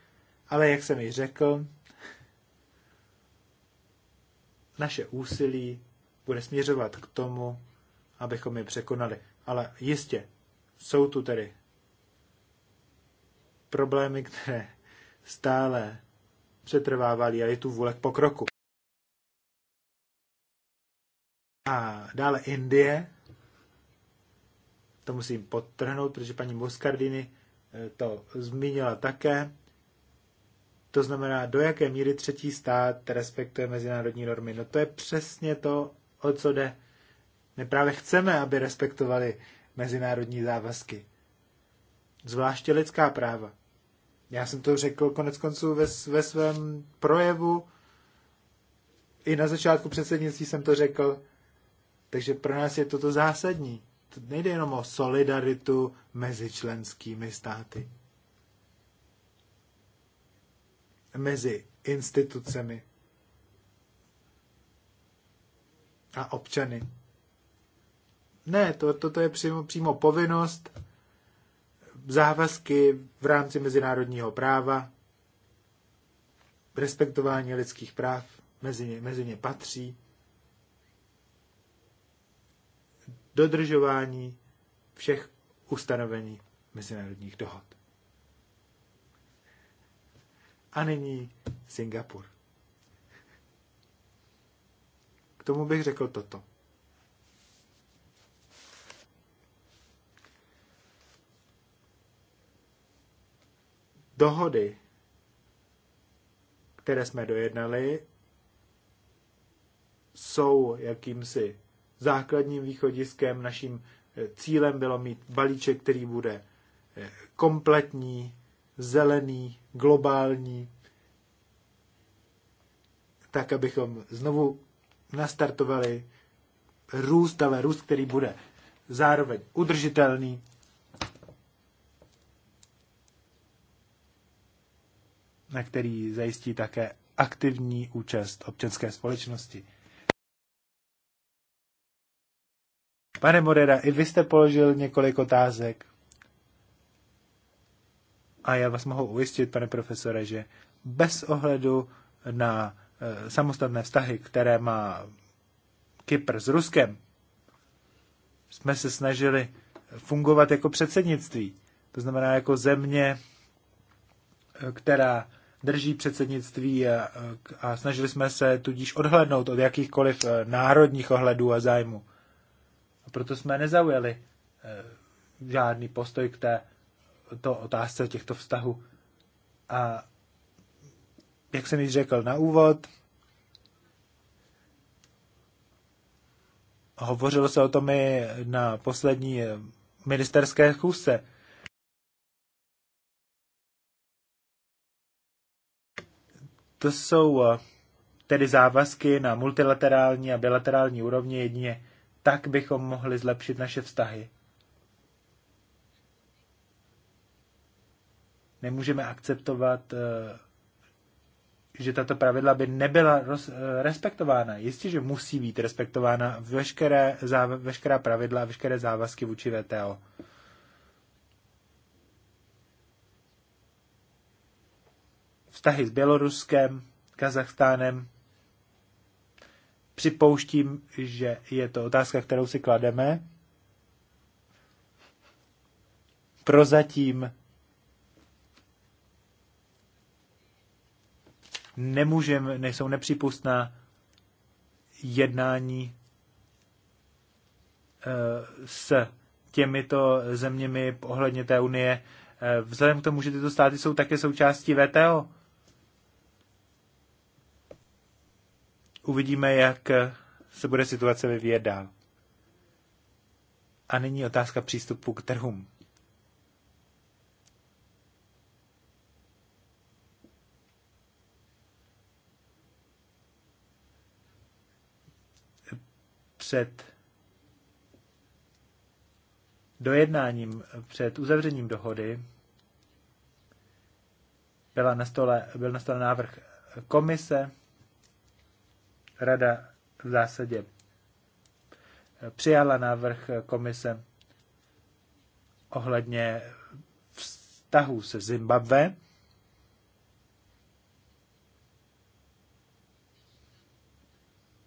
ale jak jsem již řekl, naše úsilí bude směřovat k tomu, abychom je překonali. Ale jistě, jsou tu tedy problémy, které stále přetrvávali a je tu vůle k pokroku. A dále Indie. To musím podtrhnout, protože paní Muscardini eh, to zmínila také. To znamená, do jaké míry třetí stát respektuje mezinárodní normy. No to je přesně to, o co jde. My právě chceme, aby respektovali mezinárodní závazky. Zvláště lidská práva. Já jsem to řekl konec konců ve, ve svém projevu. I na začátku předsednictví jsem to řekl. Takže pro nás je toto zásadní. To nejde jenom o solidaritu mezi členskými státy. Mezi institucemi a občany. Ne, to, toto je přímo, přímo povinnost závazky v rámci mezinárodního práva, respektování lidských práv mezi ně, mezi ně patří, dodržování všech ustanovení mezinárodních dohod. A nyní Singapur. K tomu bych řekl toto. dohody, které jsme dojednali, jsou jakýmsi základním východiskem. Naším eh, cílem bylo mít balíček, který bude eh, kompletní, zelený, globální, tak, abychom znovu nastartovali růst, ale růst, který bude zároveň udržitelný na který zajistí také aktivní účast občanské společnosti. Pane Morera, i vy jste položil několik otázek. A já vás mohu ujistit, pane profesore, že bez ohledu na eh, samostatné vztahy, které má Kypr s Ruskem, jsme se snažili fungovat jako předsednictví. To znamená jako země, eh, která drží předsednictví a, eh, a snažili jsme se tudíž odhlednout od jakýchkoliv eh, národních ohledů a zájmu. A proto jsme nezaujali eh, žádný postoj k té to otázce těchto vztahů. A jak jsem již řekl na úvod, hovořilo se o tom i na poslední ministerské chůzce, To jsou eh, tedy závazky na multilaterální a bilaterální úrovni jedině tak bychom mohli zlepšit naše vztahy. Nemůžeme akceptovat, eh, že tato pravidla by nebyla roz, eh, respektována. Jistě, že musí být respektována veškeré, veškerá pravidla a veškeré závazky vůči VTO. vztahy s Běloruskem, Kazachstánem. Připouštím, že je to otázka, kterou si klademe. Prozatím nemůžeme, nejsou nepřípustná jednání eh, s těmito zeměmi ohledně té unie. Eh, vzhledem k tomu, že tyto státy jsou také součástí VTO, uvidíme, jak se bude situace vyvíjet dál. A nyní otázka přístupu k trhům. Před dojednáním, před uzavřením dohody byla na stole, byl na stole návrh komise, Rada v zásadě eh, přijala návrh komise ohledně vztahu se Zimbabwe.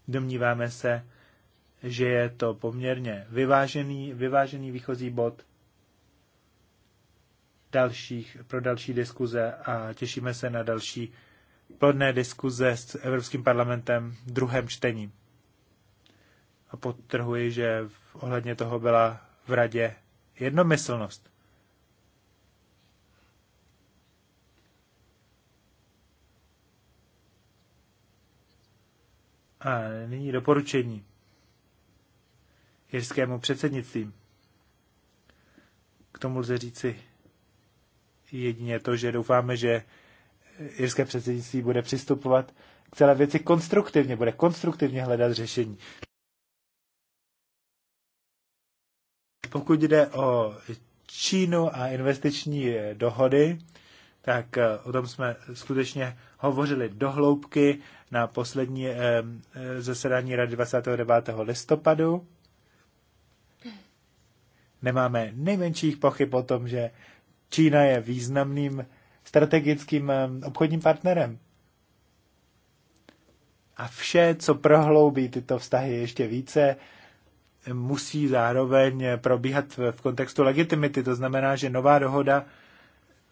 Domníváme se, že je to poměrně vyvážený, vyvážený výchozí bod dalších, pro další diskuze a těšíme se na další plné diskuze s Evropským parlamentem v druhém čtení. A potrhuji, že ohledně toho byla v radě jednomyslnost. A nyní doporučení jirskému předsednictví. K tomu lze říci jedině to, že doufáme, že jirské předsednictví bude přistupovat k celé věci konstruktivně, bude konstruktivně hledat řešení. Pokud jde o Čínu a investiční dohody, tak eh, o tom jsme skutečně hovořili dohloubky na poslední eh, eh, zasedání Rady 29. listopadu. Nemáme nejmenších pochyb o tom, že Čína je významným strategickým eh, obchodním partnerem. A vše, co prohloubí tyto vztahy ještě více, musí zároveň probíhat v kontextu legitimity. To znamená, že nová dohoda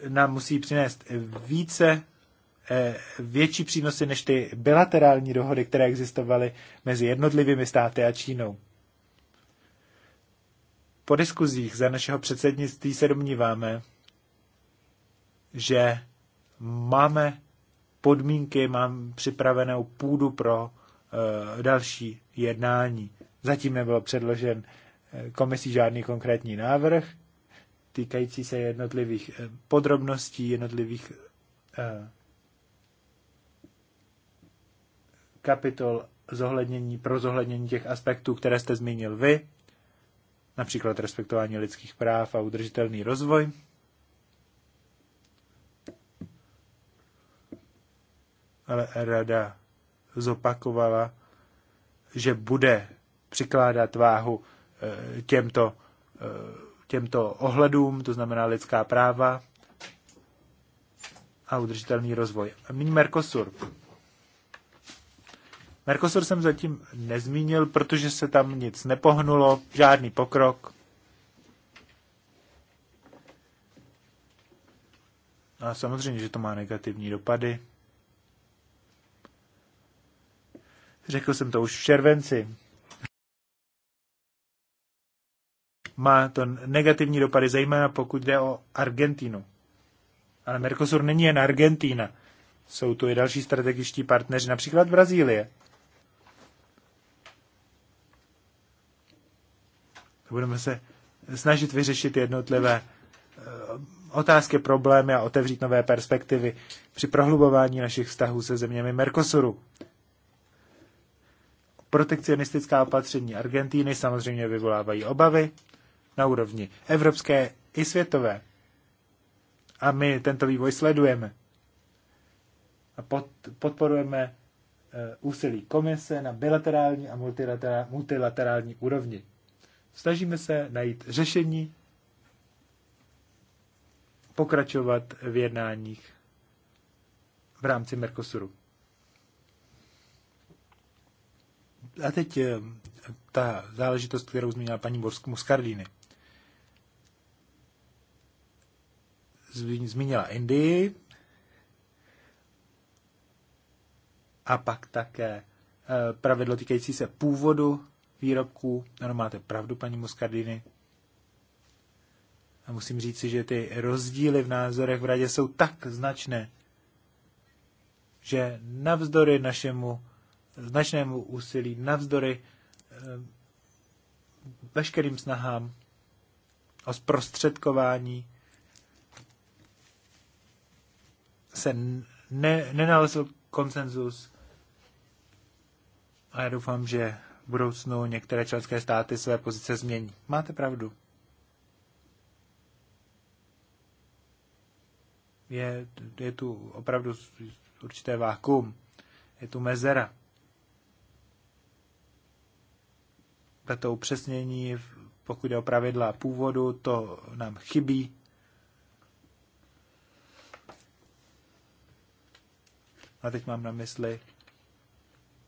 nám musí přinést více eh, větší přínosy než ty bilaterální dohody, které existovaly mezi jednotlivými státy a Čínou. Po diskuzích za našeho předsednictví se domníváme, že máme podmínky, mám připravenou půdu pro e, další jednání. Zatím nebyl předložen eh, komisí žádný konkrétní návrh týkající se jednotlivých eh, podrobností, jednotlivých e, kapitol zohlednění, pro zohlednění těch aspektů, které jste zmínil vy, například respektování lidských práv a udržitelný rozvoj. ale rada zopakovala, že bude přikládat váhu e, těmto, e, těmto ohledům, to znamená lidská práva a udržitelný rozvoj. A nyní Mercosur. Mercosur jsem zatím nezmínil, protože se tam nic nepohnulo, žádný pokrok. A samozřejmě, že to má negativní dopady. Řekl jsem to už v červenci. Má to negativní dopady, zejména pokud jde o Argentinu. Ale Mercosur není jen Argentina. Jsou tu i další strategičtí partneři, například Brazílie. Budeme se snažit vyřešit jednotlivé eh, otázky, problémy a otevřít nové perspektivy při prohlubování našich vztahů se zeměmi Mercosuru. Protekcionistická opatření Argentíny samozřejmě vyvolávají obavy na úrovni evropské i světové. A my tento vývoj sledujeme a pod, podporujeme eh, úsilí komise na bilaterální a multilaterální, multilaterální úrovni. Snažíme se najít řešení, pokračovat v jednáních v rámci Mercosuru. a teď eh, ta záležitost, kterou zmínila paní Muscardini. Zmínila Indii a pak také eh, pravidlo týkající se původu výrobků. Ano, máte pravdu, paní Muscardini. A musím říci, že ty rozdíly v názorech v radě jsou tak značné, že navzdory našemu značnému úsilí navzdory eh, veškerým snahám o zprostředkování se ne, nenalezl konsenzus a já doufám, že v budoucnu některé členské státy své pozice změní. Máte pravdu. Je, je tu opravdu určité vákum, je tu mezera. tato upřesnění, pokud je o pravidla původu, to nám chybí. A teď mám na mysli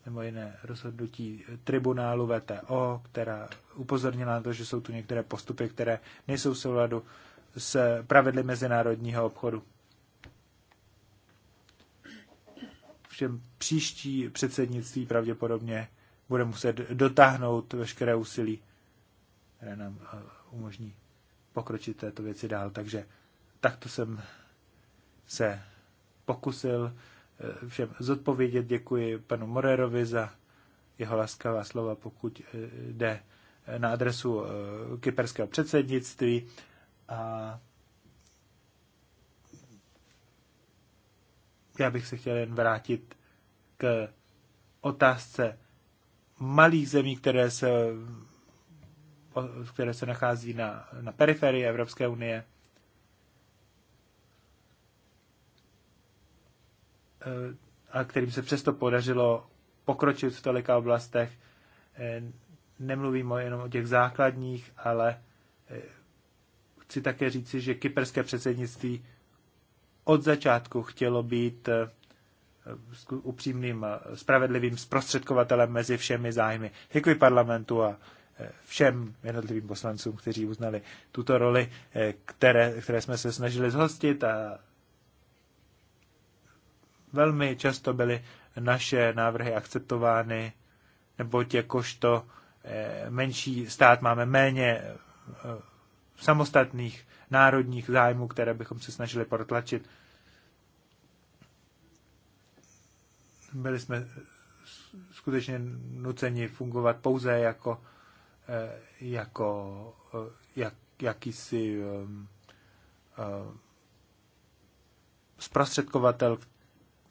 mimo jiné rozhodnutí tribunálu VTO, která upozornila na to, že jsou tu některé postupy, které nejsou v souladu s pravidly mezinárodního obchodu. Všem příští předsednictví pravděpodobně bude muset dotáhnout veškeré úsilí, které nám eh, umožní pokročit této věci dál. Takže takto jsem se pokusil eh, všem zodpovědět. Děkuji panu Morerovi za jeho laskavá slova, pokud eh, jde na adresu kyperského předsednictví. A já bych se chtěl jen vrátit k otázce malých zemí, které se, které se nachází na, na periferii Evropské unie. E, a kterým se přesto podařilo pokročit v tolika oblastech. E, nemluvím jenom o těch základních, ale e, chci také říci, že kyperské předsednictví od začátku chtělo být upřímným, spravedlivým zprostředkovatelem mezi všemi zájmy. Děkuji parlamentu a eh, všem jednotlivým poslancům, kteří uznali tuto roli, eh, které, které jsme se snažili zhostit a velmi často byly naše návrhy akceptovány, neboť jakožto eh, menší stát máme méně samostatných národních zájmů, které bychom se snažili protlačit. byli jsme skutečně nuceni fungovat pouze jako, eh, jako eh, jak, jakýsi eh, zprostředkovatel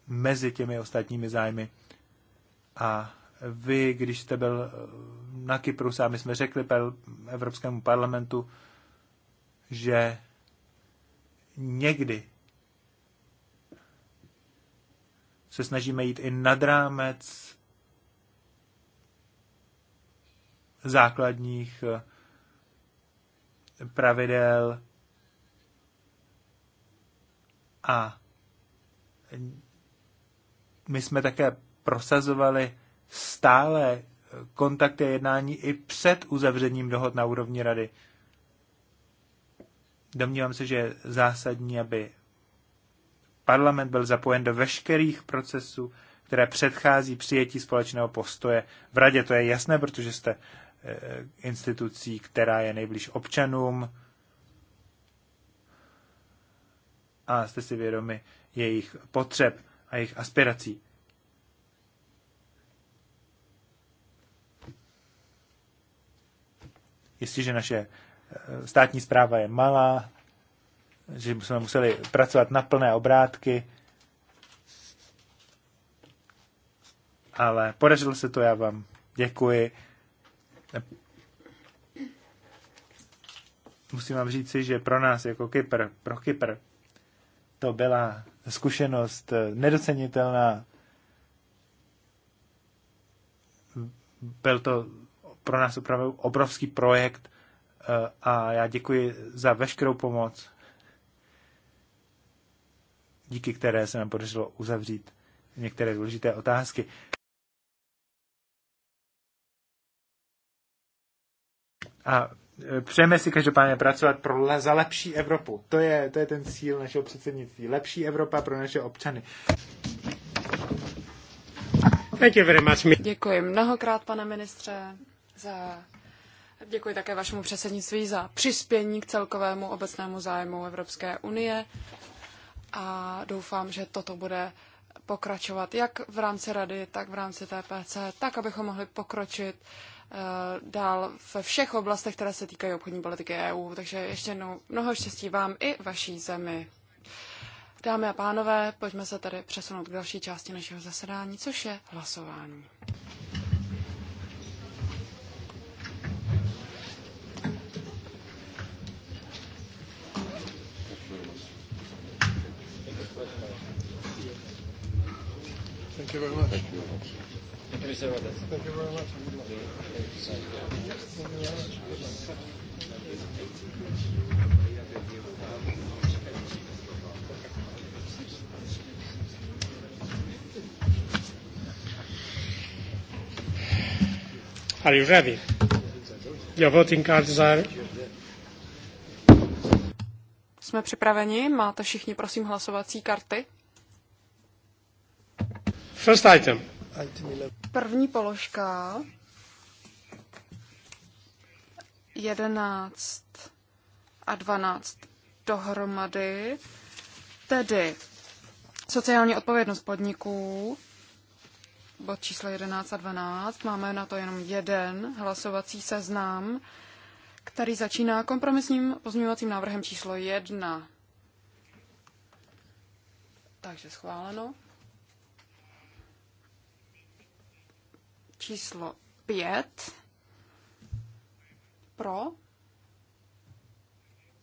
mezi těmi ostatními zájmy. A vy, když jste byl na Kypru sám, jsme řekli Evropskému parlamentu, že někdy se snažíme jít i nad rámec základních eh, pravidel a my jsme také prosazovali stále eh, kontakty a jednání i před uzavřením dohod na úrovni rady. Domnívám se, že je zásadní, aby Parlament byl zapojen do veškerých procesů, které předchází přijetí společného postoje v radě. To je jasné, protože jste eh, institucí, která je nejbliž občanům a jste si vědomi jejich potřeb a jejich aspirací. Jestliže naše eh, státní zpráva je malá, že jsme museli pracovat na plné obrátky, ale podařilo se to, já vám děkuji. Musím vám říci, že pro nás jako Kypr, pro Kypr, to byla zkušenost eh, nedocenitelná. Byl to pro nás opravdu obrovský projekt eh, a já děkuji za veškerou pomoc díky které se nám podařilo uzavřít některé důležité otázky. A e, přejeme si každopádně pracovat pro, za lepší Evropu. To je, to je ten cíl našeho předsednictví. Lepší Evropa pro naše občany. Děkuji mnohokrát, pane ministře, za Děkuji také vašemu předsednictví za přispění k celkovému obecnému zájmu Evropské unie a doufám, že toto bude pokračovat jak v rámci rady, tak v rámci TPC, tak abychom mohli pokročit eh, dál ve všech oblastech, které se týkají obchodní politiky EU. Takže ještě jednou mnoho štěstí vám i vaší zemi. Dámy a pánové, pojďme se tady přesunout k další části našeho zasedání, což je hlasování. Thank you very much. Thank you very much. Thank you, Mr. Rodas. Thank you very much. Are you ready? Your voting cards are... Jsme připraveni? Máte všichni, prosím, hlasovací karty? First item. První položka. 11 a 12 dohromady, tedy sociální odpovědnost podniků, bod číslo 11 a 12, máme na to jenom jeden hlasovací seznam, který začíná kompromisním pozměňovacím návrhem číslo 1. Takže schváleno. číslo 5 pro,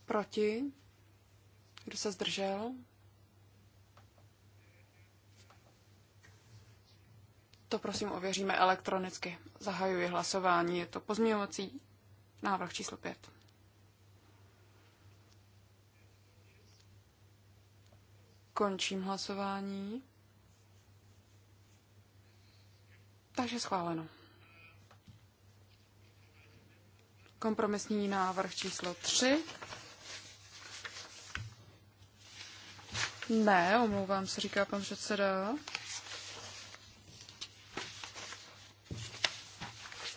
proti, kdo se zdržel. To prosím ověříme elektronicky. Zahajuji hlasování. Je to pozměňovací návrh číslo 5. Končím hlasování. Takže schváleno. Kompromisní návrh číslo 3. Ne, omlouvám se, říká pan předseda.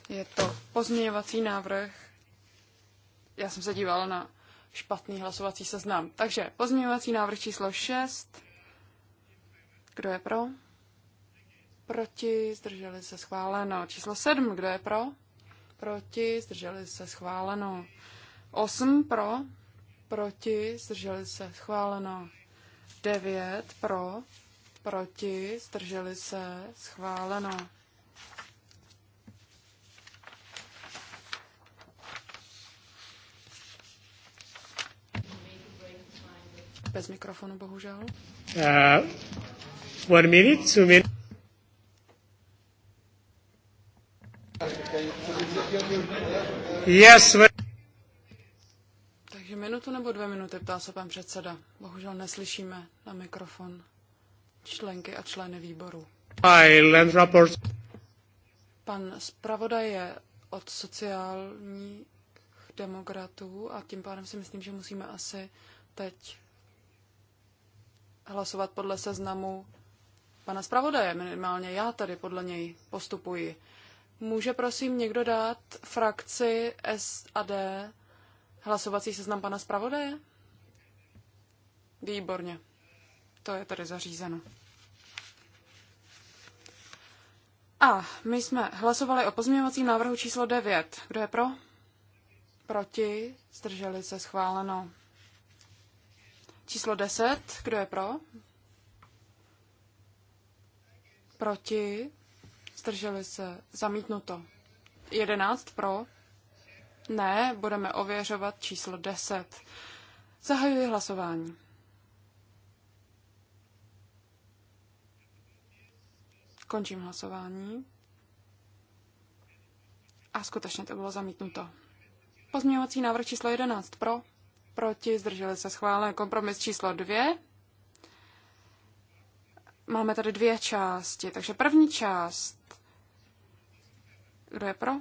Je to pozměňovací návrh. Já jsem se dívala na špatný hlasovací seznam. Takže pozměňovací návrh číslo 6. Kdo je pro? Proti, zdrželi se schváleno. Číslo 7, kdo je pro? Proti, zdrželi se schváleno. 8 pro, proti, zdrželi se schváleno. 9 pro, proti, zdrželi se schváleno. Bez mikrofonu, bohužel. Uh, one minute, two minutes. Takže minutu nebo dvě minuty, ptá se pan předseda. Bohužel neslyšíme na mikrofon členky a členy výboru. Pan zpravodaj je od sociálních demokratů a tím pádem si myslím, že musíme asi teď hlasovat podle seznamu pana zpravodaje. Minimálně já tady podle něj postupuji. Může prosím někdo dát frakci S a D hlasovací seznam pana zpravodaje? Výborně. To je tady zařízeno. A my jsme hlasovali o pozměňovacím návrhu číslo 9. Kdo je pro? Proti? Zdrželi se schváleno. Číslo 10. Kdo je pro? Proti? zdrželi se, zamítnuto. 11 pro, ne, budeme ověřovat číslo 10. Zahajuji hlasování. Končím hlasování. A skutečně to bylo zamítnuto. Pozměňovací návrh číslo 11 pro, proti, zdrželi se schválen kompromis číslo 2. Máme tady dvě části, takže první část kdo je pro?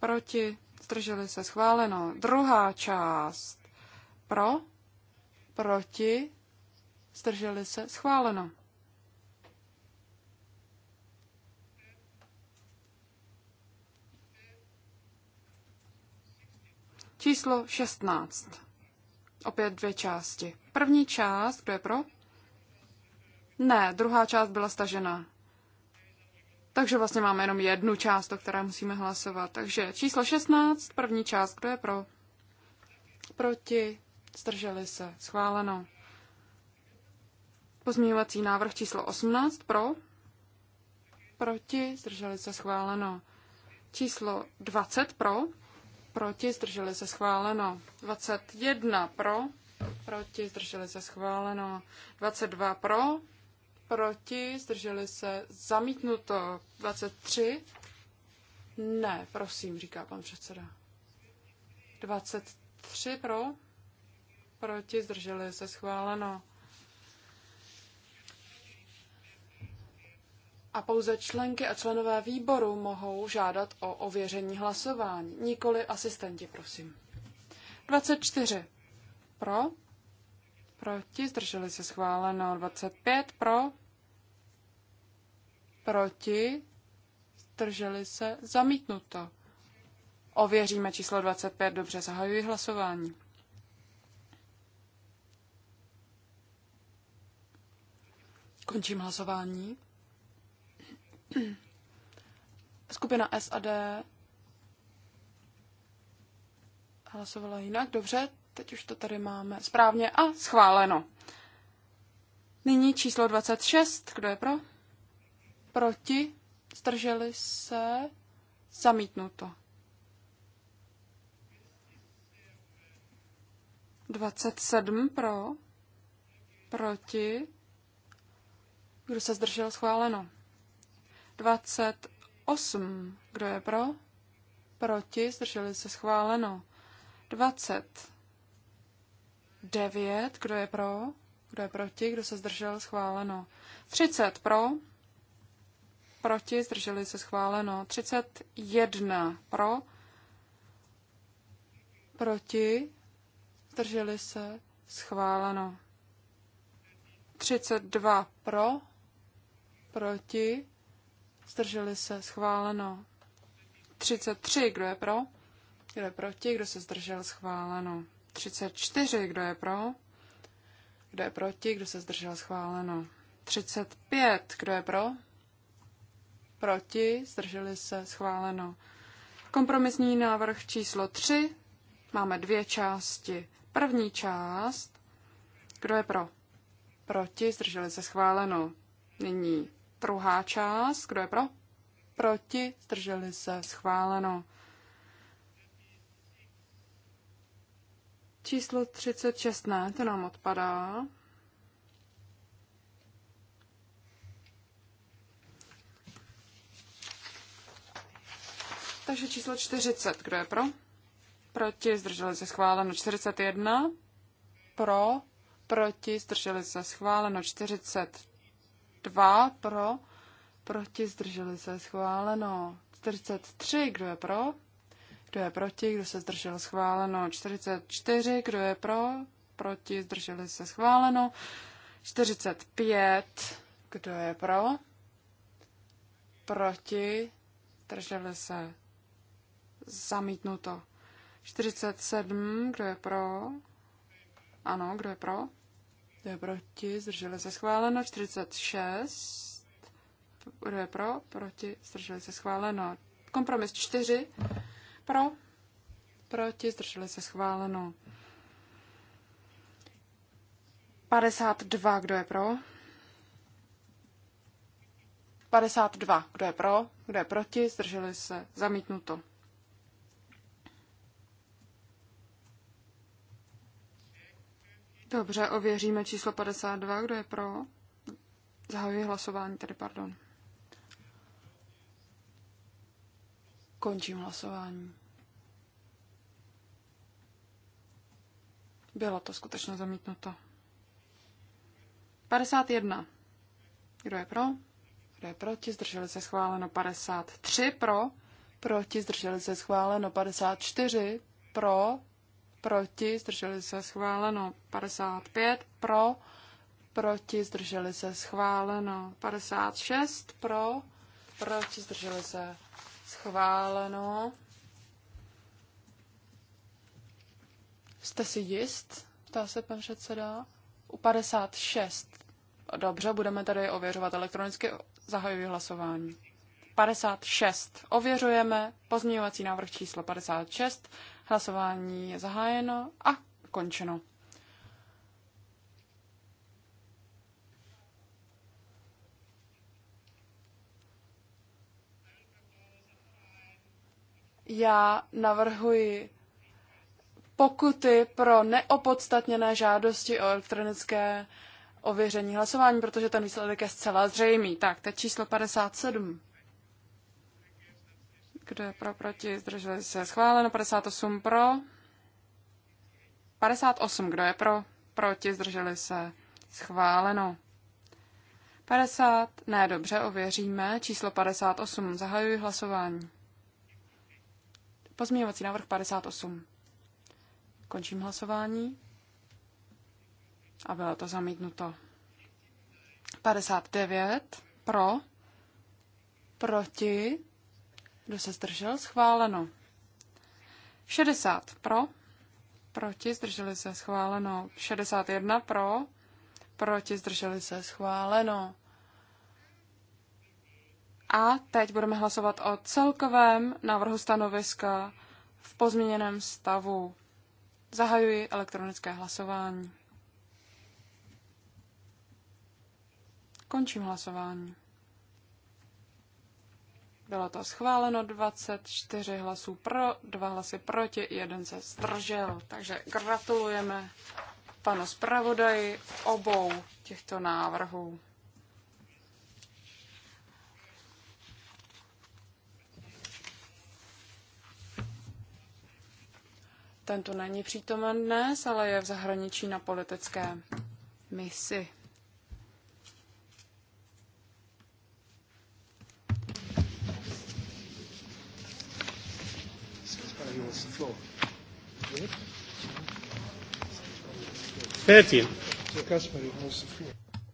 Proti? Zdrželi se? Schváleno. Druhá část. Pro? Proti? Zdrželi se? Schváleno. Číslo 16. Opět dvě části. První část, kdo je pro? Ne, druhá část byla stažena. Takže vlastně máme jenom jednu část, o které musíme hlasovat. Takže číslo 16, první část, kdo je pro? Proti, zdrželi se, schváleno. Pozměňovací návrh číslo 18, pro? Proti, zdrželi se, schváleno. Číslo 20, pro? Proti, zdrželi se, schváleno. 21, pro? Proti, zdrželi se, schváleno. 22, pro? proti, zdrželi se, zamítnuto 23. Ne, prosím, říká pan předseda. 23 pro, proti, zdrželi se, schváleno. A pouze členky a členové výboru mohou žádat o ověření hlasování, nikoli asistenti, prosím. 24 pro, proti, zdrželi se schváleno 25 pro, proti, zdrželi se zamítnuto. Ověříme číslo 25, dobře, zahajuji hlasování. Končím hlasování. Skupina SAD hlasovala jinak, dobře, Teď už to tady máme správně a schváleno. Nyní číslo 26. Kdo je pro? Proti? Zdrželi se? Zamítnuto. 27 pro, proti, kdo se zdržel schváleno. 28, kdo je pro, proti, zdrželi se schváleno. 20 9, kdo je pro, kdo je proti, kdo se zdržel, schváleno. 30 pro, proti, zdrželi se, schváleno. 31 pro, proti, zdrželi se, schváleno. 32 pro, proti, zdrželi se, schváleno. 33, kdo je pro, kdo je proti, kdo se zdržel, schváleno. 34, kdo je pro? Kdo je proti? Kdo se zdržel? Schváleno. 35, kdo je pro? Proti? Zdrželi se? Schváleno. Kompromisní návrh číslo 3. Máme dvě části. První část. Kdo je pro? Proti? Zdrželi se? Schváleno. Nyní druhá část. Kdo je pro? Proti? Zdrželi se? Schváleno. Číslo 36 ne, to nám odpadá. Takže číslo 40, kdo je pro? Proti, zdrželi se schváleno 41. Pro, proti, zdrželi se schváleno 42. Pro, proti, zdrželi se schváleno 43. Kdo je pro? Kdo je proti? Kdo se zdržel? Schváleno. 44. Kdo je pro? Proti? Zdrželi se? Schváleno. 45. Kdo je pro? Proti? Zdrželi se? Zamítnuto. 47. Kdo je pro? Ano, kdo je pro? Kdo je proti? Zdrželi se? Schváleno. 46. Kdo je pro? Proti? Zdrželi se? Schváleno. Kompromis 4 pro, proti, zdrželi se schváleno. 52, kdo je pro? 52, kdo je pro, kdo je proti, zdrželi se zamítnuto. Dobře, ověříme číslo 52, kdo je pro. Zahajuji hlasování, tedy pardon. Končím hlasování. Bylo to skutečně zamítnuto. 51. Kdo je pro? Kdo je proti? Zdrželi se schváleno 53 pro, proti zdrželi se schváleno 54 pro, proti zdrželi se schváleno 55 pro, proti zdrželi se schváleno 56 pro, proti zdrželi se schváleno Jste si jist? Ptá se pan předseda. U 56. Dobře, budeme tady ověřovat elektronicky. Zahajuji hlasování. 56. Ověřujeme pozměňovací návrh číslo 56. Hlasování je zahájeno a končeno. Já navrhuji pokuty pro neopodstatněné žádosti o elektronické ověření hlasování, protože ten výsledek je zcela zřejmý. Tak, teď číslo 57. Kdo je pro, proti, zdrželi se, schváleno, 58 pro, 58, kdo je pro, proti, zdrželi se, schváleno. 50, ne, dobře, ověříme, číslo 58, zahajuji hlasování. Pozměňovací návrh 58. Končím hlasování. A bylo to zamítnuto. 59 pro, proti, kdo se zdržel, schváleno. 60 pro, proti, zdrželi se, schváleno. 61 pro, proti, zdrželi se, schváleno. A teď budeme hlasovat o celkovém návrhu stanoviska v pozměněném stavu. Zahajuji elektronické hlasování. Končím hlasování. Bylo to schváleno 24 hlasů pro, 2 hlasy proti, jeden se zdržel. Takže gratulujeme panu zpravodaji obou těchto návrhů. Tento není přítomen dnes, ale je v zahraničí na politické misi.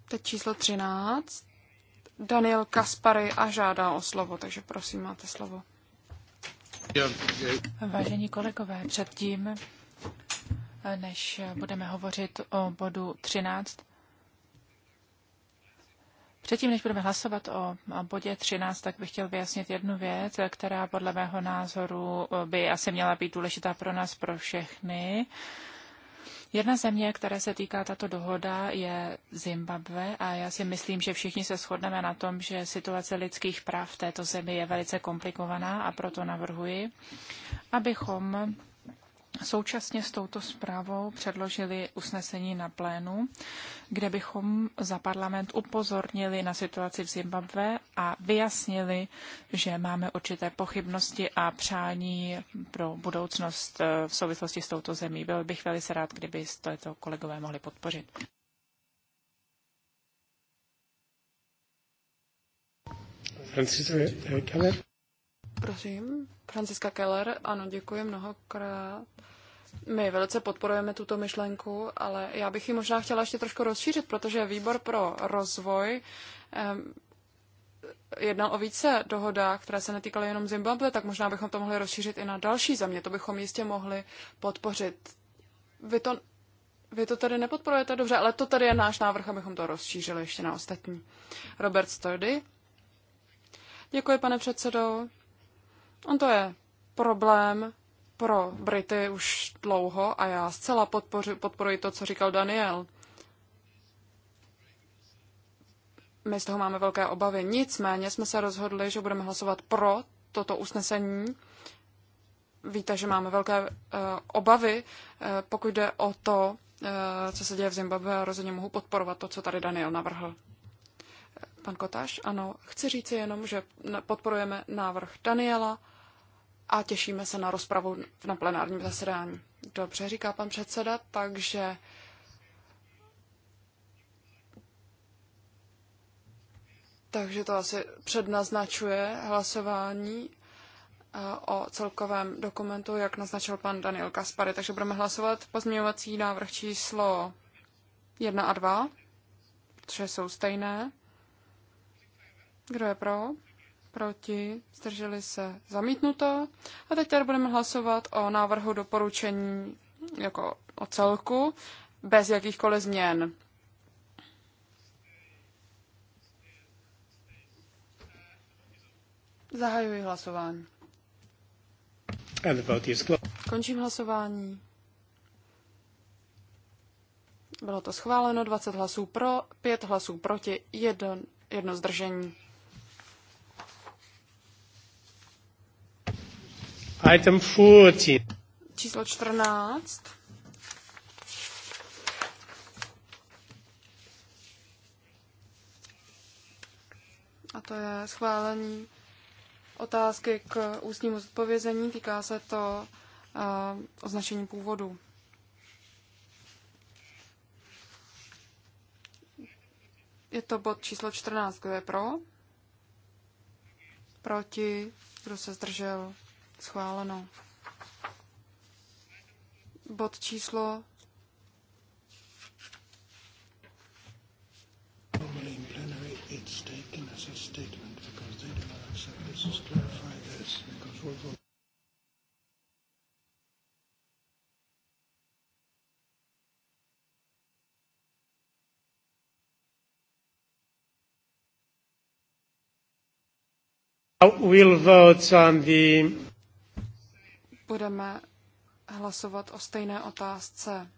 Teď číslo 13. Daniel Kaspary a žádá o slovo, takže prosím, máte slovo. Vážení kolegové, předtím, než budeme hovořit o bodu 13, Předtím, než budeme hlasovat o bodě 13, tak bych chtěl vyjasnit jednu věc, která podle mého názoru by asi měla být důležitá pro nás, pro všechny. Jedna země, které se týká tato dohoda, je Zimbabwe a já si myslím, že všichni se shodneme na tom, že situace lidských práv v této zemi je velice komplikovaná a proto navrhuji, abychom Současně s touto zprávou předložili usnesení na plénu, kde bychom za parlament upozornili na situaci v Zimbabve a vyjasnili, že máme určité pochybnosti a přání pro budoucnost eh, v souvislosti s touto zemí. Byl bych velice rád, kdyby to kolegové mohli podpořit. Thank you. Eh, eh, Prosím, Franciska Keller, ano, děkuji mnohokrát. My velice podporujeme tuto myšlenku, ale já bych ji možná chtěla ještě trošku rozšířit, protože výbor pro rozvoj jednal o více dohodách, které se netýkaly jenom Zimbabwe, tak možná bychom to mohli rozšířit i na další země. To bychom jistě mohli podpořit. Vy to, vy to tady nepodporujete dobře, ale to tady je náš návrh, abychom to rozšířili ještě na ostatní. Robert Sturdy. Děkuji, pane předsedo. On to je problém pro Brity už dlouho a já zcela podpoři, podporuji to, co říkal Daniel. My z toho máme velké obavy. Nicméně jsme se rozhodli, že budeme hlasovat pro toto usnesení. Víte, že máme velké uh, obavy, uh, pokud jde o to, uh, co se děje v Zimbabwe a rozhodně mohu podporovat to, co tady Daniel navrhl. Pan Kotáš, ano, chci říci jenom, že podporujeme návrh Daniela a těšíme se na rozpravu na plenárním zasedání. Dobře, říká pan předseda, takže takže to asi přednaznačuje hlasování eh, o celkovém dokumentu, jak naznačil pan Daniel Kaspary. Takže budeme hlasovat pozměňovací návrh číslo 1 a 2, což jsou stejné. Kdo je pro? proti, zdrželi se zamítnuto. A teď tady budeme hlasovat o návrhu doporučení jako o celku, bez jakýchkoliv změn. Zahajuji hlasování. Končím hlasování. Bylo to schváleno 20 hlasů pro, 5 hlasů proti, 1, jedno zdržení. Item 14. Číslo 14. A to je schválení otázky k ústnímu zodpovězení. Týká se to uh, označení původu. Je to bod číslo 14. Kdo je pro? Proti? Kdo se zdržel? Schváleno. Bod číslo We'll vote on the budeme hlasovat o stejné otázce.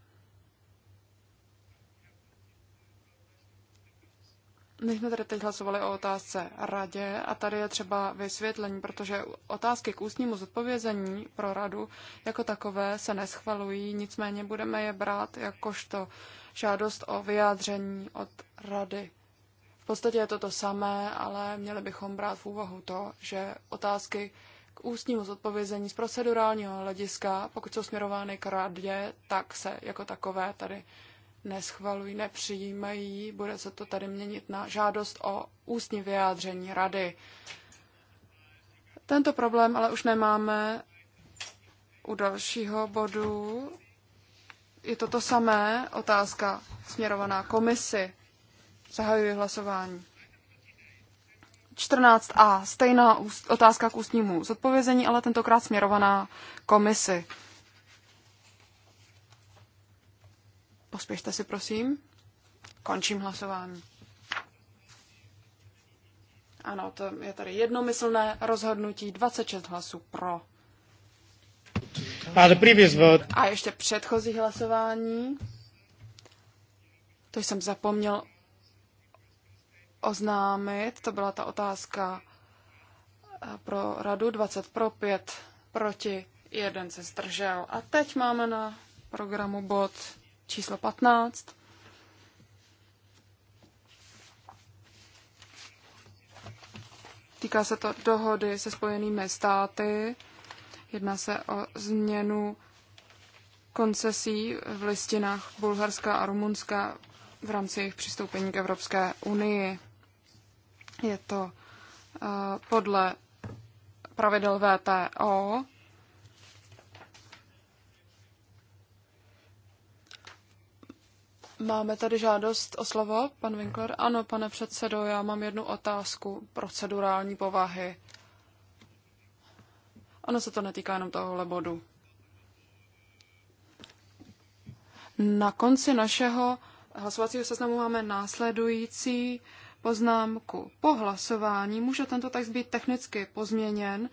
My jsme tady teď hlasovali o otázce radě a tady je třeba vysvětlení, protože otázky k ústnímu zodpovězení pro radu jako takové se neschvalují, nicméně budeme je brát jakožto žádost o vyjádření od rady. V podstatě je to to samé, ale měli bychom brát v úvahu to, že otázky ústního zodpovězení z procedurálního hlediska, pokud jsou směrovány k radě, tak se jako takové tady neschvalují, nepřijímají. Bude se to tady měnit na žádost o ústní vyjádření rady. Tento problém ale už nemáme u dalšího bodu. Je to to samé, otázka směrovaná komisi. Zahajuji hlasování. 14a. Stejná otázka k ústnímu zodpovězení, ale tentokrát směrovaná komisi. Pospěšte si, prosím. Končím hlasování. Ano, to je tady jednomyslné rozhodnutí 26 hlasů pro. A, a ještě předchozí hlasování. To jsem zapomněl oznámit, to byla ta otázka eh, pro radu 20 pro 5 proti, jeden se zdržel. A teď máme na programu bod číslo 15. Týká se to dohody se spojenými státy. Jedná se o změnu koncesí v listinách Bulharska a Rumunska v rámci jejich přistoupení k Evropské unii. Je to eh, podle pravidel VTO. Máme tady žádost o slovo, pan Winkler. Ano, pane předsedo, já mám jednu otázku procedurální povahy. Ono se to netýká jenom tohohle bodu. Na konci našeho hlasovacího seznamu máme následující uh, poznámku. Po hlasování může tento text být technicky pozměněn,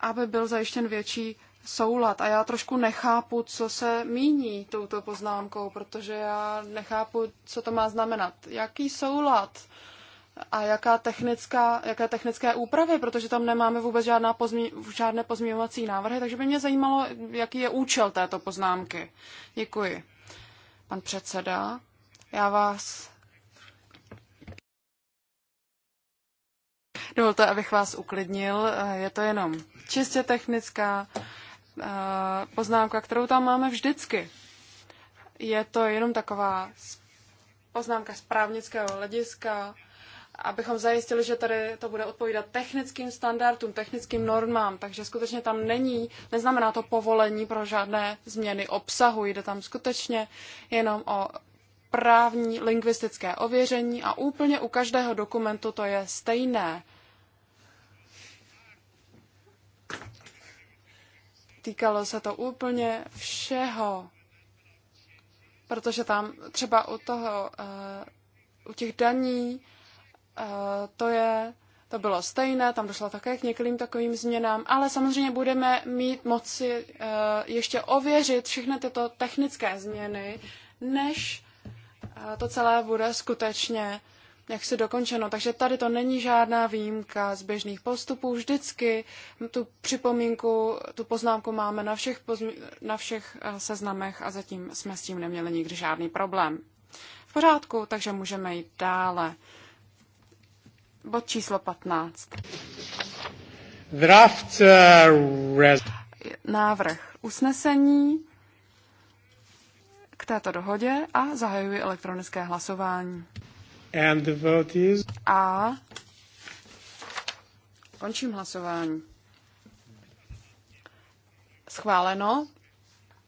aby byl zajištěn větší soulad. A já trošku nechápu, co se míní touto poznámkou, protože já nechápu, co to má znamenat. Jaký soulad? A jaká technická, jaké technické úpravy, protože tam nemáme vůbec žádná pozmí, žádné pozměňovací návrhy, takže by mě zajímalo, jaký je účel této poznámky. Děkuji. Pan předseda, já vás Dovolte, abych vás uklidnil. Eh, je to jenom čistě technická eh, poznámka, kterou tam máme vždycky. Je to jenom taková poznámka z právnického hlediska, abychom zajistili, že tady to bude odpovídat technickým standardům, technickým normám, takže skutečně tam není, neznamená to povolení pro žádné změny obsahu, jde tam skutečně jenom o právní lingvistické ověření a úplně u každého dokumentu to je stejné. týkalo se to úplně všeho. Protože tam třeba u toho, eh, u těch daní, eh, to je to bylo stejné, tam došlo také k některým takovým změnám, ale samozřejmě budeme mít moci eh, ještě ověřit všechny tyto technické změny, než to celé bude skutečně jaksi dokončeno. Takže tady to není žádná výjimka z běžných postupů. Vždycky tu připomínku, tu poznámku máme na všech, na všech eh, seznamech a zatím jsme s tím neměli nikdy žádný problém. V pořádku, takže můžeme jít dále. Bod číslo 15. Eh, Návrh usnesení k této dohodě a zahajuji elektronické hlasování. And the vote is... A končím hlasování. Schváleno,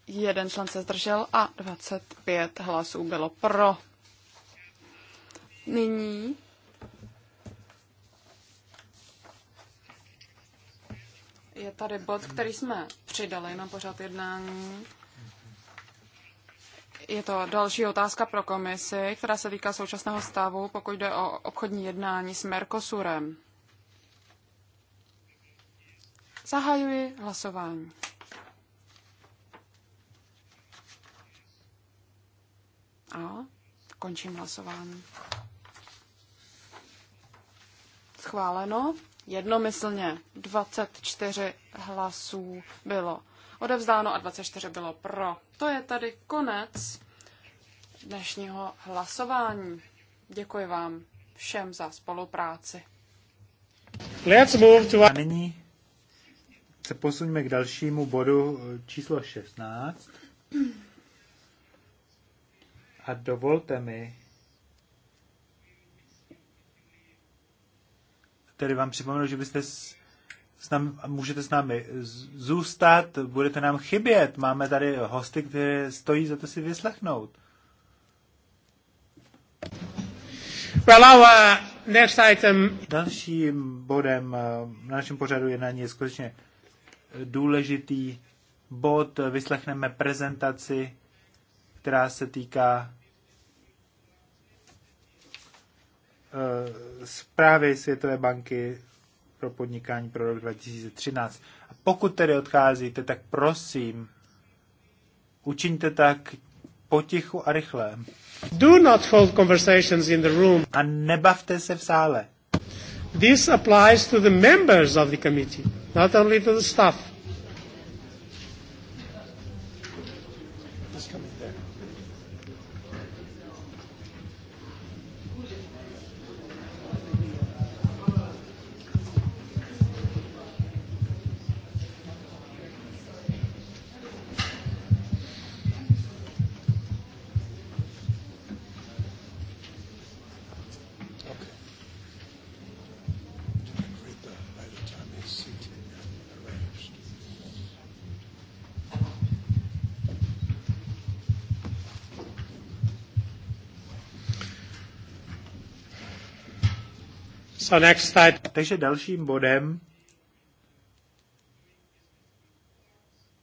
jeden člen se zdržel a 25 hlasů bylo pro. Nyní je tady bod, který jsme přidali na pořad jednání je to další otázka pro komisi, která se týká současného stavu, pokud jde o obchodní jednání s Mercosurem. Zahajuji hlasování. A končím hlasování. Schváleno jednomyslně 24 hlasů bylo odevzdáno a 24 bylo pro. To je tady konec dnešního hlasování. Děkuji vám všem za spolupráci. Let's move to... A nyní se posuňme k dalšímu bodu eh, číslo 16. A dovolte mi tedy vám připomenu, že byste s s nám, můžete s námi zůstat, budete nám chybět. Máme tady hosty, které stojí za to si vyslechnout. Well, uh, next item. Dalším bodem uh, na našem pořadu jednání je skutečně důležitý bod. Vyslechneme prezentaci, která se týká uh, zprávy Světové banky pro podnikání pro rok 2013. A pokud tedy odcházíte, tak prosím, učiňte tak potichu a rychle. Do not hold conversations in the room. A nebavte se v sále. This applies to the members of the committee, not only to the staff. So next time. Takže dalším bodem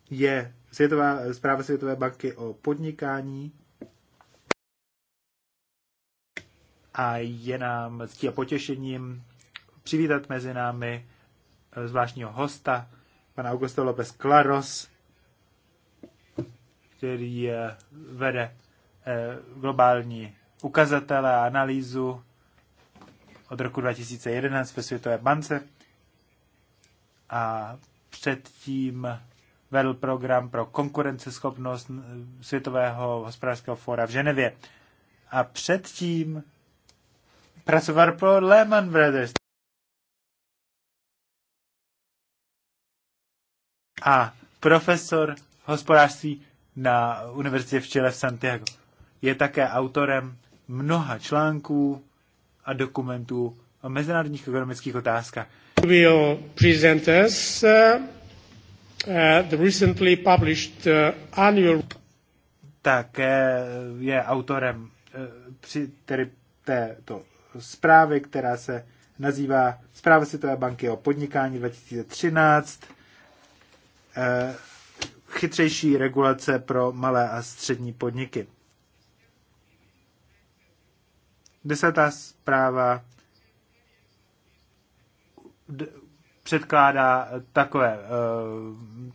je Světová, zpráva Světové banky o podnikání. A je nám s a potěšením přivítat mezi námi eh, zvláštního hosta, pana Augusto López Claros, který eh, vede eh, globální ukazatele a analýzu od roku 2011 ve Světové bance a předtím vedl program pro konkurenceschopnost Světového hospodářského fóra v Ženevě. A předtím pracoval pro Lehman Brothers. A profesor hospodářství na univerzitě v Chile v Santiago. Je také autorem mnoha článků a dokumentů o mezinárodních ekonomických otázkách. Will present us uh, uh, the recently published uh, annual také je autorem eh, při, tedy této zprávy, která se nazývá Zpráva Světové banky o podnikání 2013, eh, chytřejší regulace pro malé a střední podniky. Desátá zpráva předkládá takové eh,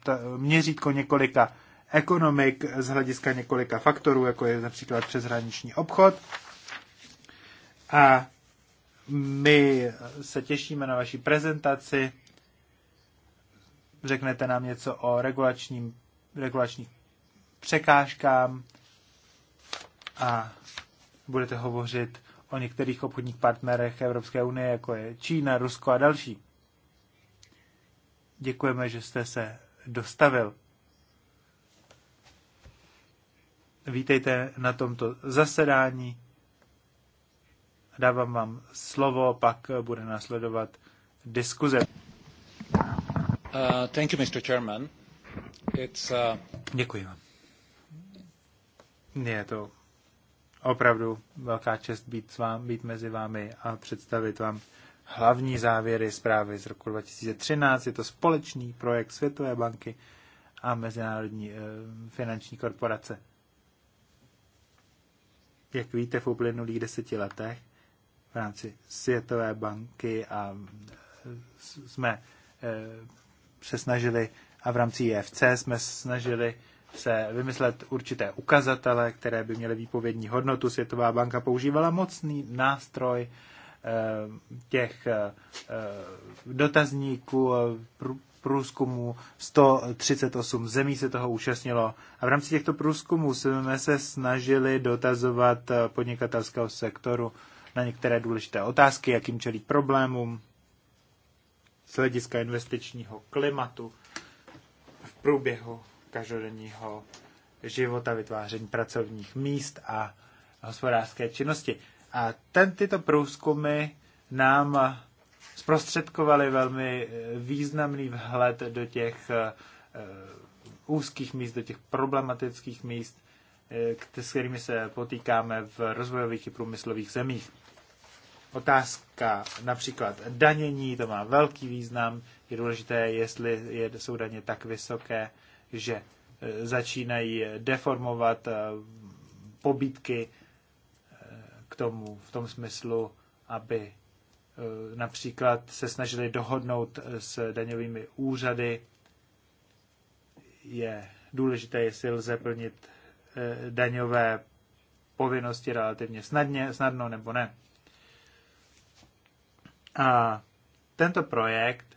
ta, měřítko několika ekonomik z hlediska několika faktorů, jako je například přeshraniční obchod. A my se těšíme na vaši prezentaci. Řeknete nám něco o regulačním, regulačních překážkám a budete hovořit o některých obchodních partnerech Evropské unie, jako je Čína, Rusko a další. Děkujeme, že jste se dostavil. Vítejte na tomto zasedání. Dávám vám slovo, pak bude následovat diskuze. Uh, thank you, Mr. Chairman. It's, uh... Děkuji vám. Je to opravdu velká čest být, s vám, být mezi vámi a představit vám hlavní závěry zprávy z roku 2013. Je to společný projekt Světové banky a Mezinárodní eh, finanční korporace. Jak víte, v uplynulých deseti letech v rámci Světové banky a eh, jsme eh, se snažili a v rámci IFC jsme snažili se vymyslet určité ukazatele, které by měly výpovědní hodnotu. Světová banka používala mocný nástroj eh, těch eh, dotazníků, eh, průzkumu 138 zemí se toho účastnilo. A v rámci těchto průzkumů jsme se snažili dotazovat podnikatelského sektoru na některé důležité otázky, jakým čelí problémům z hlediska investičního klimatu v průběhu každodenního života, vytváření pracovních míst a hospodářské činnosti. A ten, tyto průzkumy nám zprostředkovaly velmi eh, významný vhled do těch eh, eh, úzkých míst, do těch problematických míst, s kterými se potýkáme v rozvojových i průmyslových zemích. Otázka například danění, to má velký význam. Je důležité, jestli jsou daně tak vysoké, že e, začínají deformovat e, pobítky e, k tomu, v tom smyslu, aby například se snažili dohodnout s daňovými úřady, je důležité, jestli lze plnit daňové povinnosti relativně snadně, snadno nebo ne. A tento projekt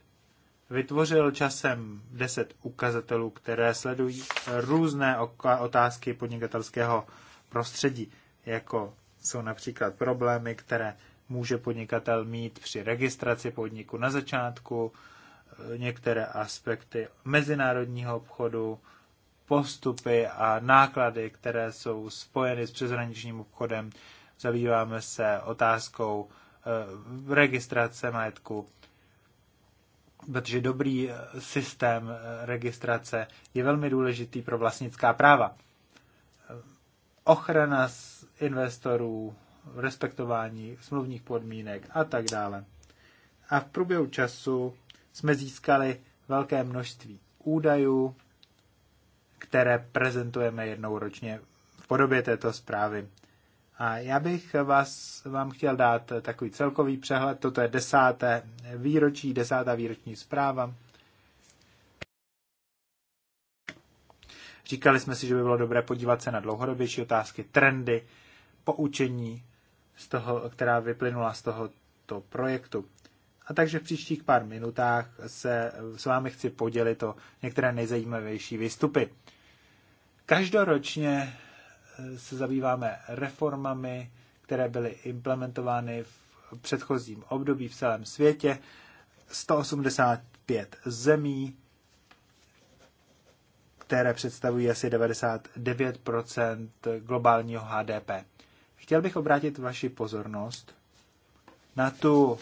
vytvořil časem 10 ukazatelů, které sledují různé otázky podnikatelského prostředí, jako jsou například problémy, které může podnikatel mít při registraci podniku na začátku, některé aspekty mezinárodního obchodu, postupy a náklady, které jsou spojeny s přeshraničním obchodem. Zabýváme se otázkou eh, registrace majetku protože dobrý eh, systém eh, registrace je velmi důležitý pro vlastnická práva. Eh, ochrana z investorů, respektování smluvních podmínek a tak dále. A v průběhu času jsme získali velké množství údajů, které prezentujeme jednou ročně v podobě této zprávy a já bych vás, vám chtěl dát takový celkový přehled. Toto je desáté výročí, desátá výroční zpráva. Říkali jsme si, že by bylo dobré podívat se na dlouhodobější otázky, trendy, poučení, z toho, která vyplynula z tohoto projektu. A takže v příštích pár minutách se s vámi chci podělit o některé nejzajímavější výstupy. Každoročně se zabýváme reformami, které byly implementovány v předchozím období v celém světě. 185 zemí, které představují asi 99 globálního HDP. Chtěl bych obrátit vaši pozornost na tu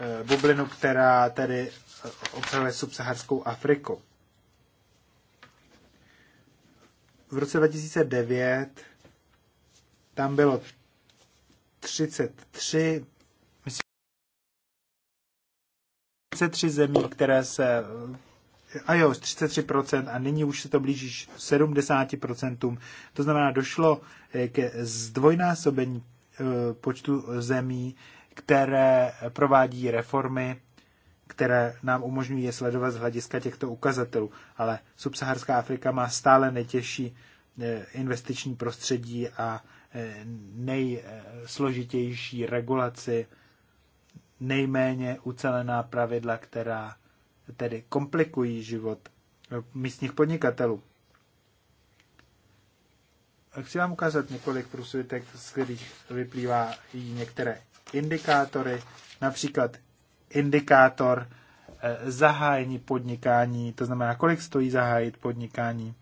eh, bublinu, která tedy eh, obsahuje subsaharskou Afriku. V roce 2009 tam bylo 33, 33 zemí, které se a jo, 33% a nyní už se to blíží 70%. To znamená, došlo eh, ke zdvojnásobení eh, počtu zemí, které provádí reformy, které nám umožňují je sledovat z hlediska těchto ukazatelů. Ale subsaharská Afrika má stále nejtěžší eh, investiční prostředí a nejsložitější regulaci, nejméně ucelená pravidla, která tedy komplikují život místních podnikatelů. Chci vám ukázat několik průsvitek, z kterých vyplývá i některé indikátory, například indikátor eh, zahájení podnikání, to znamená, kolik stojí zahájit podnikání.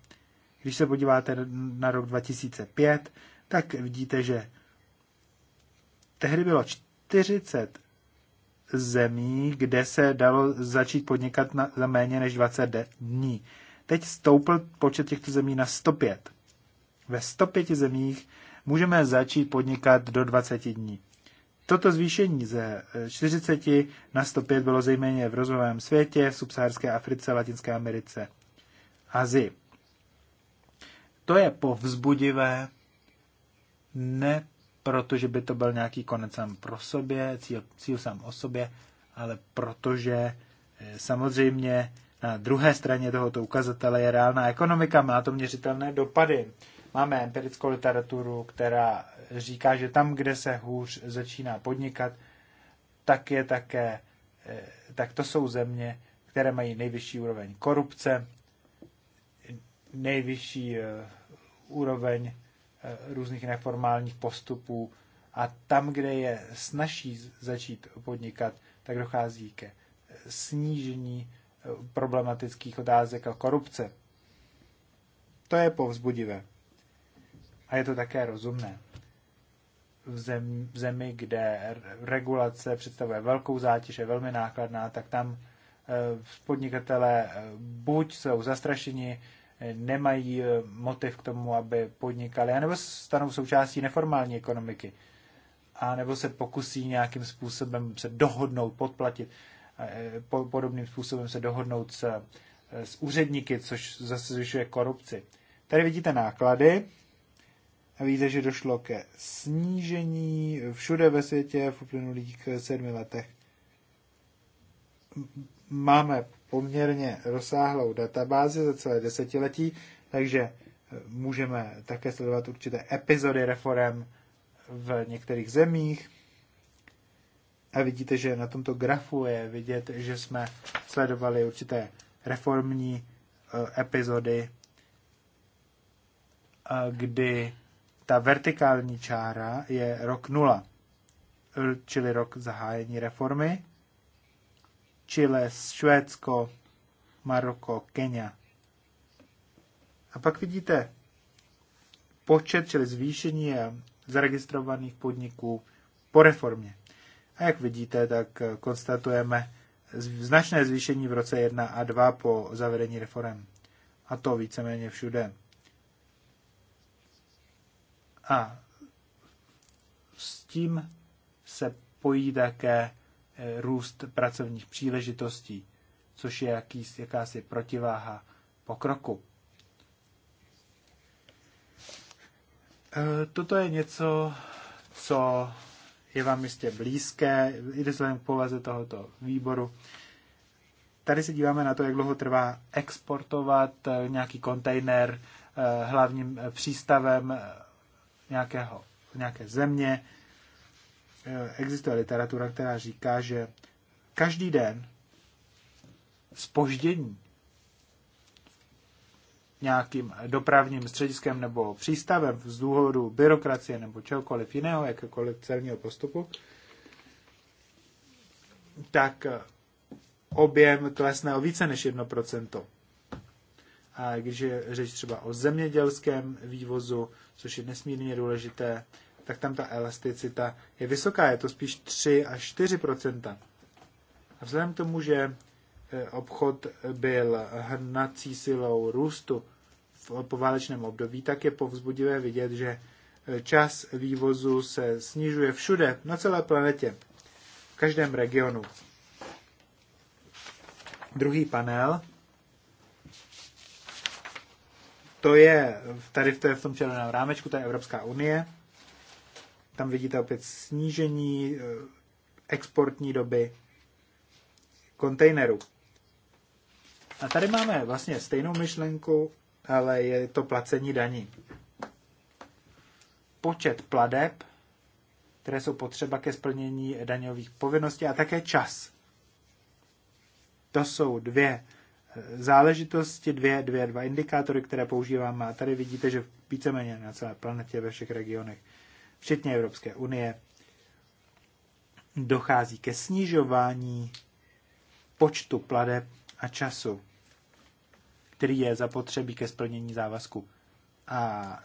Když se podíváte na rok 2005, tak vidíte, že tehdy bylo 40 zemí, kde se dalo začít podnikat na, za méně než 20 dní. Teď stoupl počet těchto zemí na 105. Ve 105 zemích můžeme začít podnikat do 20 dní. Toto zvýšení ze 40 na 105 bylo zejména v rozvojovém světě, v subsaharské Africe, Latinské Americe, Azii. To je povzbudivé ne protože by to byl nějaký konec sám pro sobě, cíl, cíl sám o sobě, ale protože eh, samozřejmě na druhé straně tohoto ukazatele je reálná ekonomika, má to měřitelné dopady. Máme empirickou literaturu, která říká, že tam, kde se hůř začíná podnikat, tak je také, eh, tak to jsou země, které mají nejvyšší úroveň korupce, nejvyšší eh, úroveň Eh, různých neformálních postupů a tam, kde je snaží začít podnikat, tak dochází ke snížení eh, problematických otázek a korupce. To je povzbudivé. A je to také rozumné. V zemi, v zemi kde regulace představuje velkou zátěž, je velmi nákladná, tak tam eh, podnikatelé buď jsou zastrašeni, nemají eh, motiv k tomu, aby podnikali, anebo stanou součástí neformální ekonomiky, a nebo se pokusí nějakým způsobem se dohodnout, podplatit, eh, podobným způsobem se dohodnout s, eh, s úředníky, což zase zvyšuje korupci. Tady vidíte náklady a vidíte, že došlo ke snížení všude ve světě v uplynulých sedmi letech. Máme poměrně rozsáhlou databázi za celé desetiletí, takže eh, můžeme také sledovat určité epizody reform v některých zemích. A vidíte, že na tomto grafu je vidět, že jsme sledovali určité reformní eh, epizody, eh, kdy ta vertikální čára je rok nula, čili rok zahájení reformy. Chile, Švédsko, Maroko, Kenia. A pak vidíte počet, čili zvýšení zaregistrovaných podniků po reformě. A jak vidíte, tak konstatujeme značné zvýšení v roce 1 a 2 po zavedení reform. A to víceméně všude. A s tím se pojí také růst pracovních příležitostí, což je jaký, jakási protiváha pokroku. E, toto je něco, co je vám jistě blízké, i vzhledem k povaze tohoto výboru. Tady se díváme na to, jak dlouho trvá exportovat e, nějaký kontejner e, hlavním přístavem nějakého, nějaké země Eh, existuje literatura, která říká, že každý den spoždění nějakým dopravním střediskem nebo přístavem z důvodu byrokracie nebo čehokoliv jiného, jakékoliv celního postupu, tak eh, objem klesne o více než 1%. A když je řeč třeba o zemědělském vývozu, což je nesmírně důležité, tak tam ta elasticita je vysoká, je to spíš 3 až 4 A vzhledem k tomu, že eh, obchod byl hnací silou růstu v poválečném období, tak je povzbudivé vidět, že eh, čas vývozu se snižuje všude, na celé planetě, v každém regionu. Druhý panel. To je tady v, tom červeném rámečku, to je Evropská unie. Tam vidíte opět snížení eh, exportní doby kontejnerů. A tady máme vlastně stejnou myšlenku, ale je to placení daní. Počet pladeb, které jsou potřeba ke splnění daňových povinností a také čas. To jsou dvě eh, záležitosti, dvě, dvě, dva indikátory, které používáme. A tady vidíte, že víceméně na celé planetě ve všech regionech včetně Evropské unie, dochází ke snižování počtu pladeb a času, který je zapotřebí ke splnění závazku. A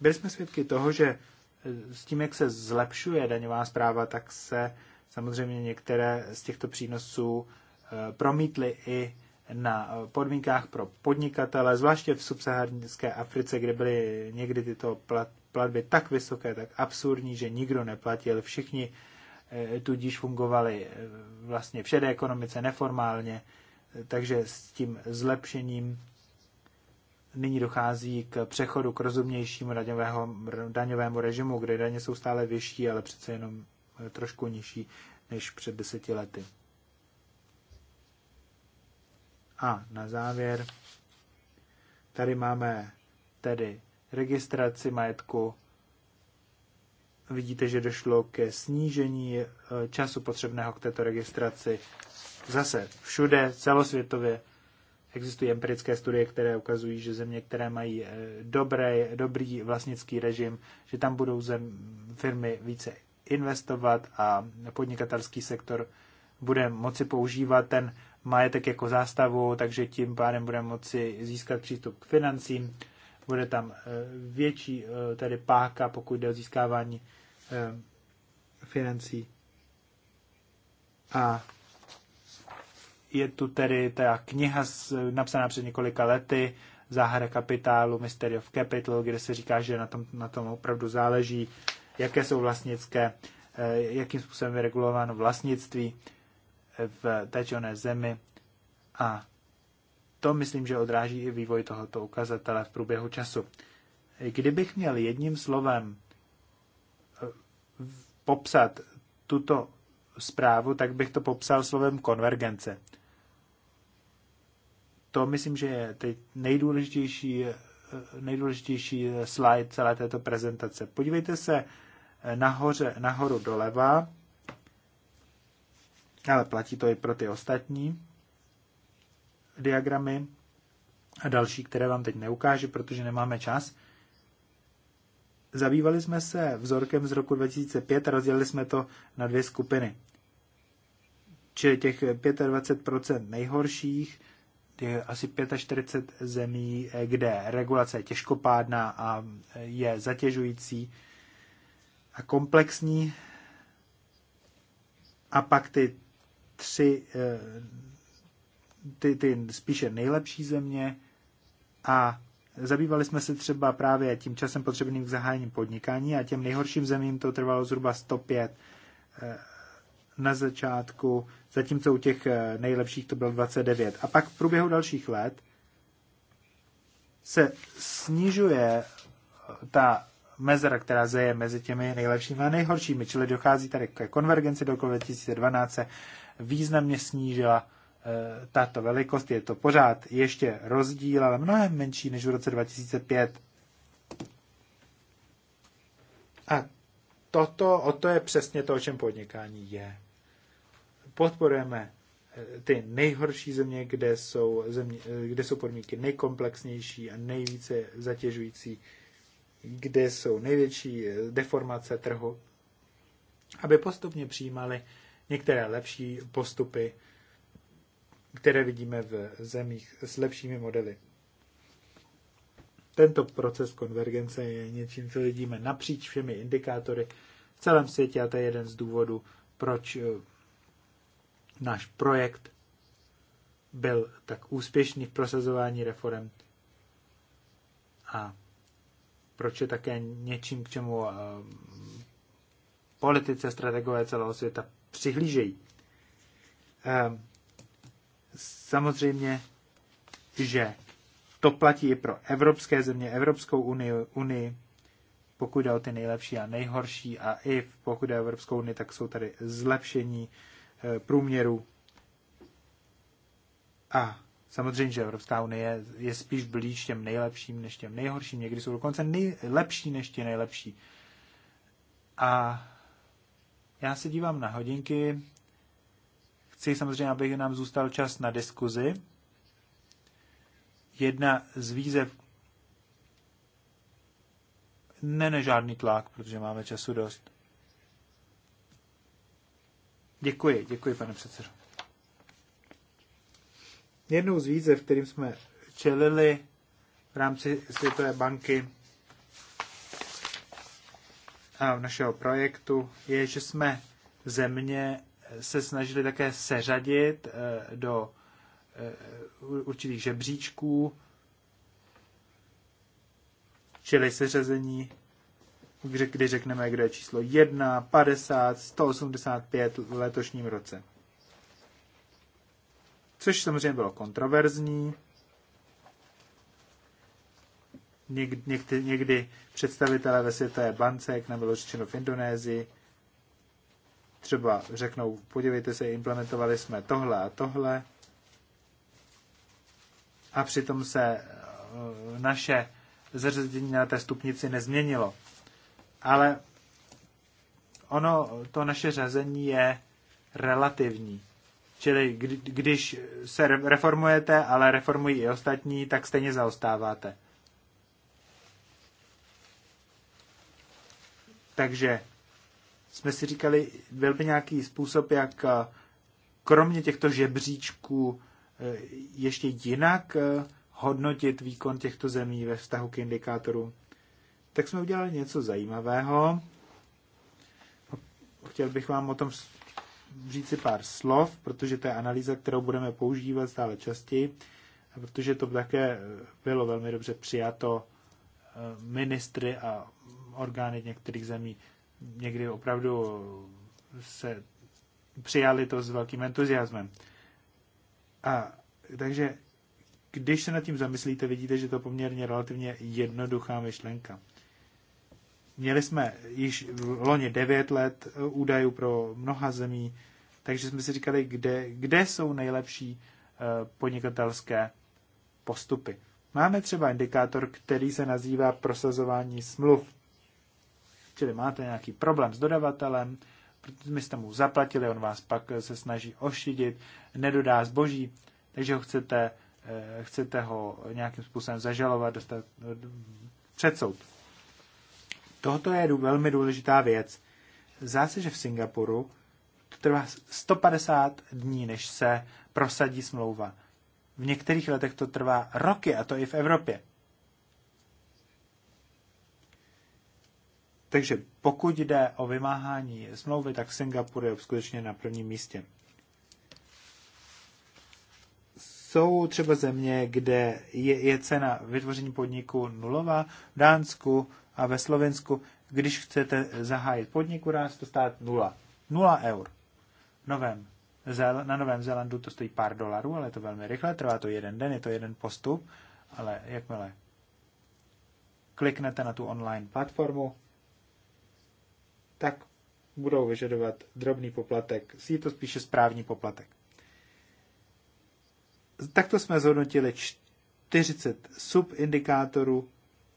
byli jsme svědky toho, že s tím, jak se zlepšuje daňová zpráva, tak se samozřejmě některé z těchto přínosů eh, promítly i na podmínkách pro podnikatele, zvláště v subsaharské Africe, kde byly někdy tyto platby tak vysoké, tak absurdní, že nikdo neplatil. Všichni eh, tudíž fungovali eh, vlastně v šedé ekonomice neformálně, eh, takže s tím zlepšením nyní dochází k přechodu k rozumnějšímu daňového, daňovému režimu, kde daně jsou stále vyšší, ale přece jenom trošku nižší než před deseti lety. A na závěr, tady máme tedy registraci majetku. Vidíte, že došlo ke snížení eh, času potřebného k této registraci. Zase všude, celosvětově existují empirické studie, které ukazují, že země, které mají eh, dobré, dobrý vlastnický režim, že tam budou zem, firmy více investovat a podnikatelský sektor bude moci používat ten majetek jako zástavu, takže tím pádem bude moci získat přístup k financím bude tam eh, větší eh, tedy páka, pokud jde o získávání eh, financí. A je tu tedy ta kniha napsaná před několika lety, Záhada kapitálu, Mystery of Capital, kde se říká, že na tom, na tom opravdu záleží, jaké jsou vlastnické, jakým způsobem je regulováno vlastnictví v té zemi. A to myslím, že odráží i vývoj tohoto ukazatele v průběhu času. Kdybych měl jedním slovem eh, popsat tuto zprávu, tak bych to popsal slovem konvergence. To myslím, že je teď nejdůležitější, eh, nejdůležitější slide celé této prezentace. Podívejte se eh, nahoře, nahoru doleva, ale platí to i pro ty ostatní diagramy a další, které vám teď neukážu, protože nemáme čas. Zabývali jsme se vzorkem z roku 2005 a rozdělili jsme to na dvě skupiny. Čili těch 25% nejhorších, je asi 45 zemí, kde regulace je těžkopádná a je zatěžující a komplexní. A pak ty tři eh, ty, ty spíše nejlepší země a zabývali jsme se třeba právě tím časem potřebným k zahájení podnikání a těm nejhorším zemím to trvalo zhruba 105 eh, na začátku, zatímco u těch eh, nejlepších to bylo 29. A pak v průběhu dalších let se snižuje eh, ta mezera, která zeje mezi těmi nejlepšími a nejhoršími, čili dochází tady ke konvergenci do roku 2012 významně snížila Eh, tato velikost, je to pořád ještě rozdíl, ale mnohem menší než v roce 2005. A toto, o to je přesně to, o čem podnikání je. Podporujeme eh, ty nejhorší země, kde jsou, země, eh, kde jsou podmínky nejkomplexnější a nejvíce zatěžující, kde jsou největší deformace trhu, aby postupně přijímali některé lepší postupy, které vidíme v zemích s lepšími modely. Tento proces konvergence je něčím, co vidíme napříč všemi indikátory v celém světě a to je jeden z důvodů, proč eh, náš projekt byl tak úspěšný v prosazování reform a proč je také něčím, k čemu eh, politice, strategové celého světa přihlížejí. Eh, Samozřejmě, že to platí i pro evropské země, Evropskou unii, unii pokud jde o ty nejlepší a nejhorší a i pokud jde o Evropskou unii, tak jsou tady zlepšení eh, průměru. A samozřejmě, že Evropská unie je spíš blíž těm nejlepším než těm nejhorším. Někdy jsou dokonce nejlepší než ti nejlepší. A já se dívám na hodinky, Chci samozřejmě, aby nám zůstal čas na diskuzi. Jedna z výzev, ne, ne, žádný tlak, protože máme času dost. Děkuji, děkuji, pane předsedo. Jednou z výzev, kterým jsme čelili v rámci Světové banky a našeho projektu, je, že jsme země, se snažili také seřadit eh, do eh, určitých žebříčků, čili seřazení, kdy řekneme, kde je číslo 1, 50, 185 v letošním roce. Což samozřejmě bylo kontroverzní. Někdy, někdy, někdy představitelé ve Světové bance, jak nám bylo řečeno v Indonésii, třeba řeknou, podívejte se, implementovali jsme tohle a tohle, a přitom se eh, naše zařazení na té stupnici nezměnilo. Ale ono, to naše řazení je relativní. Čili když se reformujete, ale reformují i ostatní, tak stejně zaostáváte. Takže jsme si říkali, byl by nějaký způsob, jak eh, kromě těchto žebříčků eh, ještě jinak eh, hodnotit výkon těchto zemí ve vztahu k indikátoru. Tak jsme udělali něco zajímavého. Chtěl bych vám o tom říci pár slov, protože to je analýza, kterou budeme používat stále častěji, a protože to také bylo velmi dobře přijato ministry a orgány některých zemí někdy opravdu se přijali to s velkým entuziasmem. A takže když se nad tím zamyslíte, vidíte, že to je poměrně relativně jednoduchá myšlenka. Měli jsme již v loni 9 let údajů pro mnoha zemí, takže jsme si říkali, kde, kde jsou nejlepší eh, podnikatelské postupy. Máme třeba indikátor, který se nazývá prosazování smluv. Čili máte nějaký problém s dodavatelem, my jste mu zaplatili, on vás pak eh, se snaží ošidit, nedodá zboží, takže ho chcete, eh, chcete ho nějakým způsobem zažalovat, dostat eh, před soud. Tohoto je velmi důležitá věc. Zdá se, že v Singapuru to trvá 150 dní, než se prosadí smlouva. V některých letech to trvá roky, a to i v Evropě. Takže pokud jde o vymáhání smlouvy, tak Singapur je skutečně na prvním místě. Jsou třeba země, kde je, je cena vytvoření podniku nulová, v Dánsku a ve Slovensku, když chcete zahájit podnik, u nás to stát nula. Nula eur. Novém, na Novém Zélandu to stojí pár dolarů, ale je to velmi rychle, trvá to jeden den, je to jeden postup, ale jakmile kliknete na tu online platformu, tak budou vyžadovat drobný poplatek. Je to spíše správní poplatek. Takto jsme zhodnotili 40 subindikátorů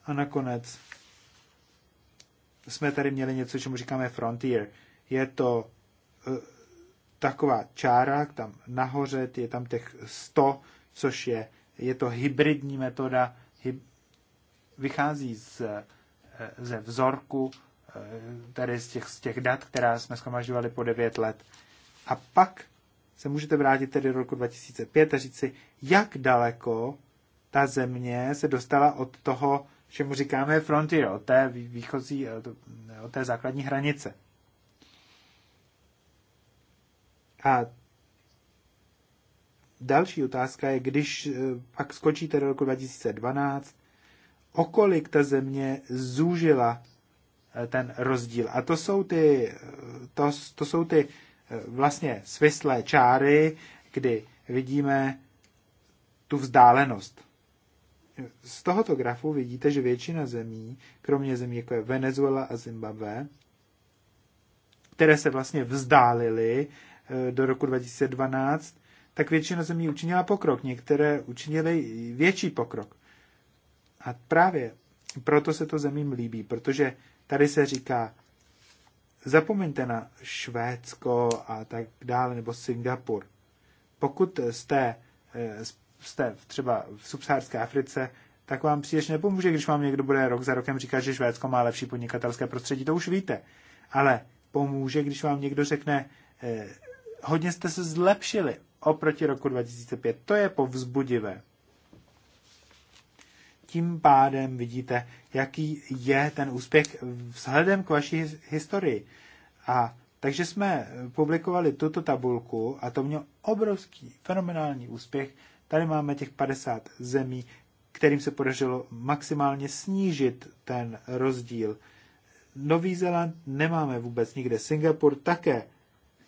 a nakonec jsme tady měli něco, čemu říkáme frontier. Je to eh, taková čára, tam nahoře je tam těch 100, což je, je to hybridní metoda, hyb, vychází z, eh, ze vzorku Eh, tady z těch, z těch dat, která jsme schromažďovali po 9 let. A pak se můžete vrátit tedy do roku 2005 a říct si, jak daleko ta země se dostala od toho, čemu říkáme frontier, od té výchozí, eh, eh, od té základní hranice. A další otázka je, když pak skočíte do roku 2012, okolik kolik ta země zúžila ten rozdíl. A to jsou ty, to, to jsou ty eh, vlastně svislé čáry, kdy vidíme tu vzdálenost. Z tohoto grafu vidíte, že většina zemí, kromě zemí jako je Venezuela a Zimbabwe, které se vlastně vzdálily eh, do roku 2012, tak většina zemí učinila pokrok, některé učinily větší pokrok. A právě proto se to zemím líbí, protože Tady se říká, zapomeňte na Švédsko a tak dále, nebo Singapur. Pokud jste, eh, jste třeba v subsaharské Africe, tak vám příliš nepomůže, když vám někdo bude rok za rokem říkat, že Švédsko má lepší podnikatelské prostředí, to už víte. Ale pomůže, když vám někdo řekne, eh, hodně jste se zlepšili oproti roku 2005. To je povzbudivé tím pádem vidíte, jaký je ten úspěch vzhledem k vaší historii. A takže jsme publikovali tuto tabulku a to mělo obrovský, fenomenální úspěch. Tady máme těch 50 zemí, kterým se podařilo maximálně snížit ten rozdíl. Nový Zéland nemáme vůbec nikde, Singapur také,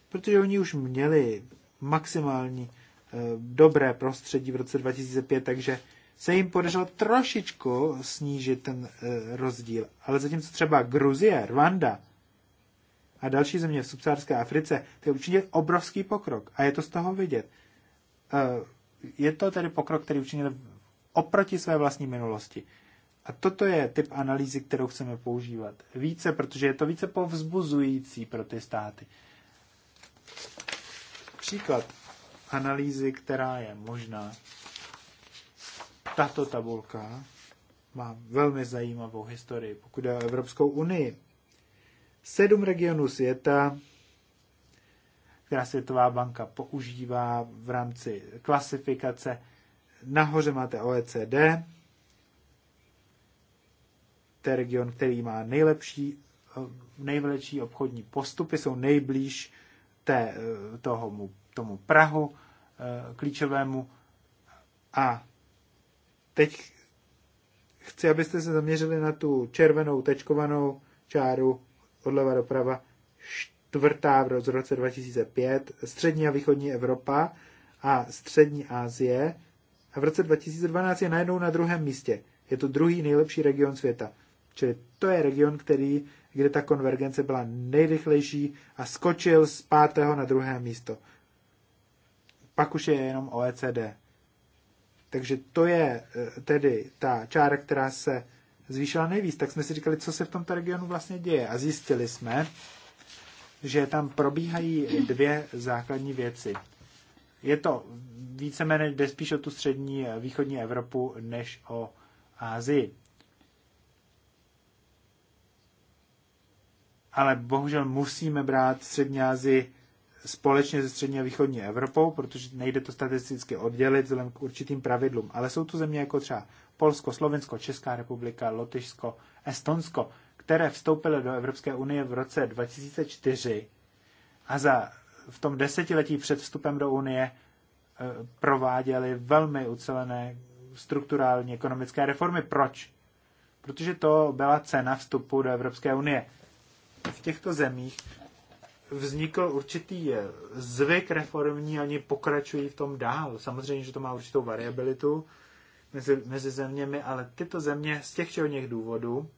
protože oni už měli maximální eh, dobré prostředí v roce 2005, takže se jim podařilo trošičku snížit ten eh, rozdíl. Ale zatímco třeba Gruzie, Rwanda a další země v subsaharské Africe, to je určitě obrovský pokrok a je to z toho vidět. Eh, je to tedy pokrok, který učinil oproti své vlastní minulosti. A toto je typ analýzy, kterou chceme používat. Více, protože je to více povzbuzující pro ty státy. Příklad analýzy, která je možná, tato tabulka má velmi zajímavou historii, pokud je o Evropskou unii. Sedm regionů světa, která Světová banka používá v rámci klasifikace. Nahoře máte OECD, to je region, který má nejlepší, největší obchodní postupy, jsou nejblíž té, tohomu, tomu Prahu eh, klíčovému a Teď chci, abyste se zaměřili na tu červenou tečkovanou čáru odleva doprava, čtvrtá v roce 2005, střední a východní Evropa a střední Asie. A v roce 2012 je najednou na druhém místě. Je to druhý nejlepší region světa. Čili to je region, který, kde ta konvergence byla nejrychlejší a skočil z pátého na druhé místo. Pak už je jenom OECD. Takže to je e, tedy ta čára, která se zvýšila nejvíc. Tak jsme si říkali, co se v tomto regionu vlastně děje. A zjistili jsme, že tam probíhají dvě základní věci. Je to víceméně jde spíš o tu střední e, východní Evropu než o Ázii. Ale bohužel musíme brát střední Ázii společně se střední a východní Evropou, protože nejde to statisticky oddělit vzhledem k určitým pravidlům. Ale jsou tu země jako třeba Polsko, Slovensko, Česká republika, Lotyšsko, Estonsko, které vstoupily do Evropské unie v roce 2004 a za, v tom desetiletí před vstupem do unie eh, prováděly velmi ucelené strukturální ekonomické reformy. Proč? Protože to byla cena vstupu do Evropské unie. V těchto zemích vznikl určitý eh, zvyk reformní, oni pokračují v tom dál. Samozřejmě, že to má určitou variabilitu mezi, mezi zeměmi, ale tyto země z těch či o něch důvodů,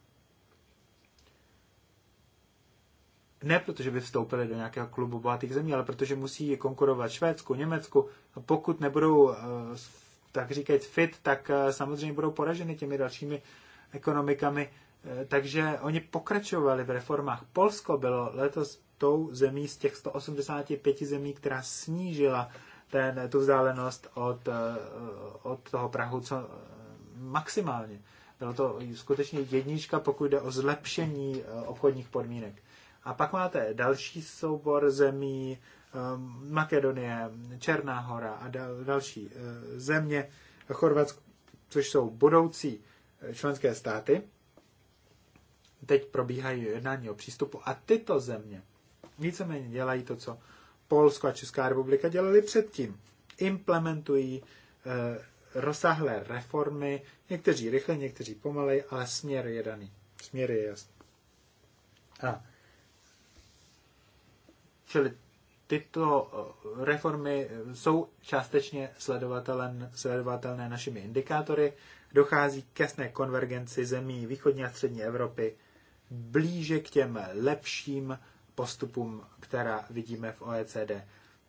ne protože by vstoupili do nějakého klubu bohatých zemí, ale protože musí konkurovat Švédsku, Německu a pokud nebudou, eh, tak říkajíc, fit, tak eh, samozřejmě budou poraženy těmi dalšími ekonomikami Eh, takže oni pokračovali v reformách. Polsko bylo letos tou zemí z těch 185 zemí, která snížila ten, tu vzdálenost od, eh, od toho Prahu co eh, maximálně. Bylo to skutečně jednička, pokud jde o zlepšení obchodních podmínek. A pak máte další soubor zemí, Makedonie, Černá hora a další země, Chorvatsko, což jsou budoucí členské státy. Teď probíhají jednání o přístupu a tyto země víceméně dělají to, co Polsko a Česká republika dělali předtím. Implementují e, rozsáhlé reformy, někteří rychle, někteří pomalej, ale směr je daný. Směr je jasný. A čili tyto eh, reformy eh, jsou částečně sledovatelné našimi indikátory. Dochází k jasné konvergenci zemí východní a střední Evropy blíže k těm lepším postupům, která vidíme v OECD.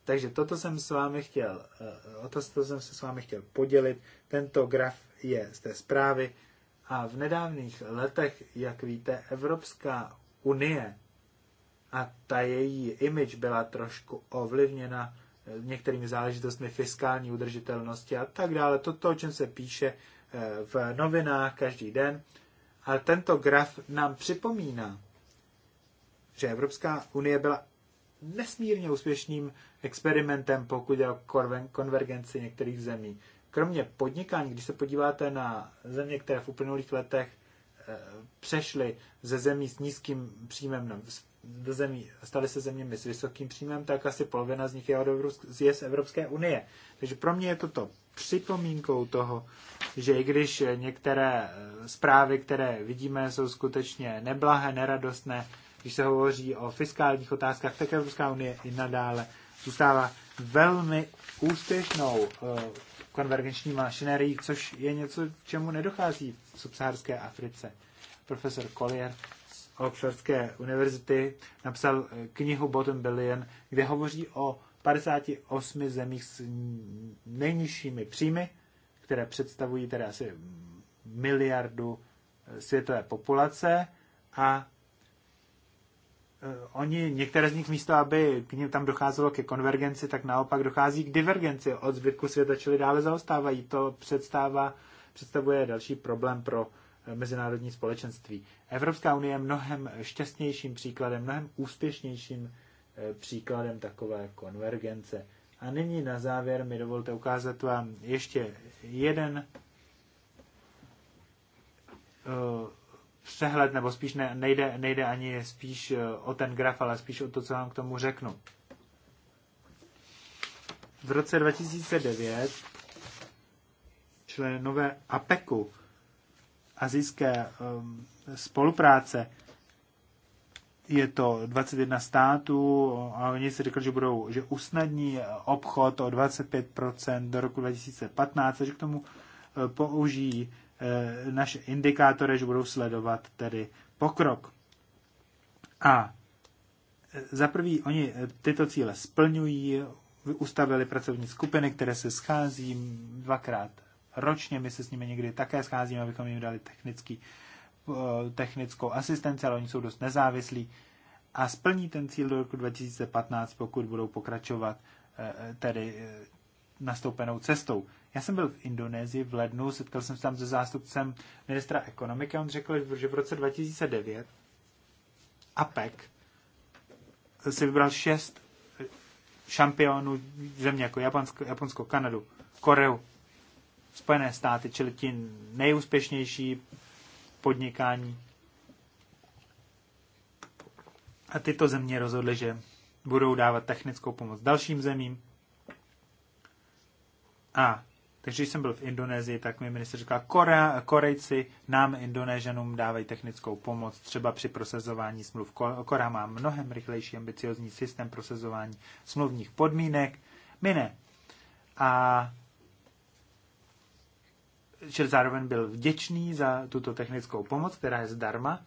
Takže toto jsem s vámi chtěl, eh, o to, to jsem se s vámi chtěl podělit. Tento graf je z té zprávy a v nedávných letech, jak víte, Evropská unie a ta její image byla trošku ovlivněna eh, některými záležitostmi fiskální udržitelnosti a tak dále. Toto, o čem se píše eh, v novinách každý den, ale tento graf nám připomíná, že Evropská unie byla nesmírně úspěšným experimentem, pokud jde o konvergenci některých zemí. Kromě podnikání, když se podíváte na země, které v uplynulých letech přešli ze zemí s nízkým příjmem no, do zemí, stali se zeměmi s vysokým příjmem, tak asi polovina z nich je, od Evropské, je z Evropské unie. Takže pro mě je toto připomínkou toho, že i když některé eh, zprávy, které vidíme, jsou skutečně neblahé, neradostné, když se hovoří o fiskálních otázkách, tak Evropská unie i nadále zůstává velmi úspěšnou eh, konvergenční mašinerii, což je něco, čemu nedochází v subsaharské Africe. Profesor Collier z Oxfordské univerzity napsal eh, knihu Bottom Billion, kde hovoří o 58 zemích s nejnižšími příjmy, které představují tedy asi miliardu eh, světové populace a Eh, oni, některé z nich místo, aby k ním tam docházelo ke konvergenci, tak naopak dochází k divergenci od zbytku světa, čili dále zaostávají. To představa, představuje další problém pro eh, mezinárodní společenství. Evropská unie je mnohem šťastnějším příkladem, mnohem úspěšnějším eh, příkladem takové konvergence. A nyní na závěr mi dovolte ukázat vám ještě jeden přehled, nebo spíš ne, nejde, nejde ani spíš eh, o ten graf, ale spíš o to, co vám k tomu řeknu. V roce 2009 členové APECu, azijské um, spolupráce, je to 21 států a oni si řekli, že budou, že usnadní eh, obchod o 25% do roku 2015, že k tomu eh, použijí Eh, naše indikátory, že budou sledovat tedy pokrok. A eh, za prvý, oni eh, tyto cíle splňují, ustavili pracovní skupiny, které se schází dvakrát ročně, my se s nimi někdy také scházíme, abychom jim dali technický, technickou asistenci, ale oni jsou dost nezávislí a splní ten cíl do roku 2015, pokud budou pokračovat tedy nastoupenou cestou. Já jsem byl v Indonésii v lednu, setkal jsem se tam se zástupcem ministra ekonomiky a on řekl, že v roce 2009 APEC si vybral šest šampionů země jako Japonsko, Japonsko Kanadu, Koreu, Spojené státy, čili ti nejúspěšnější podnikání. A tyto země rozhodly, že budou dávat technickou pomoc dalším zemím. A takže když jsem byl v Indonésii, tak mi minister říkal, Korea, Korejci nám, Indonéžanům, dávají technickou pomoc, třeba při prosazování smluv. Korea má mnohem rychlejší, ambiciozní systém prosazování smluvních podmínek, my ne. A že zároveň byl vděčný za tuto technickou pomoc, která je zdarma.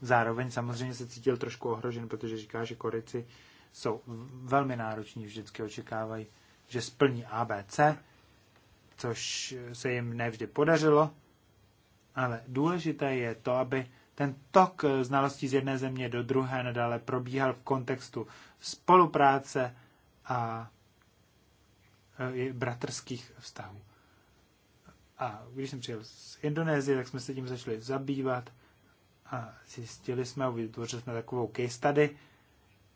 Zároveň samozřejmě se cítil trošku ohrožen, protože říká, že Korejci jsou velmi nároční, vždycky očekávají, že splní ABC což se jim nevždy podařilo, ale důležité je to, aby ten tok znalostí z jedné země do druhé nadále probíhal v kontextu spolupráce a e, bratrských vztahů. A když jsem přijel z Indonésie, tak jsme se tím začali zabývat a zjistili jsme, vytvořili jsme takovou case study,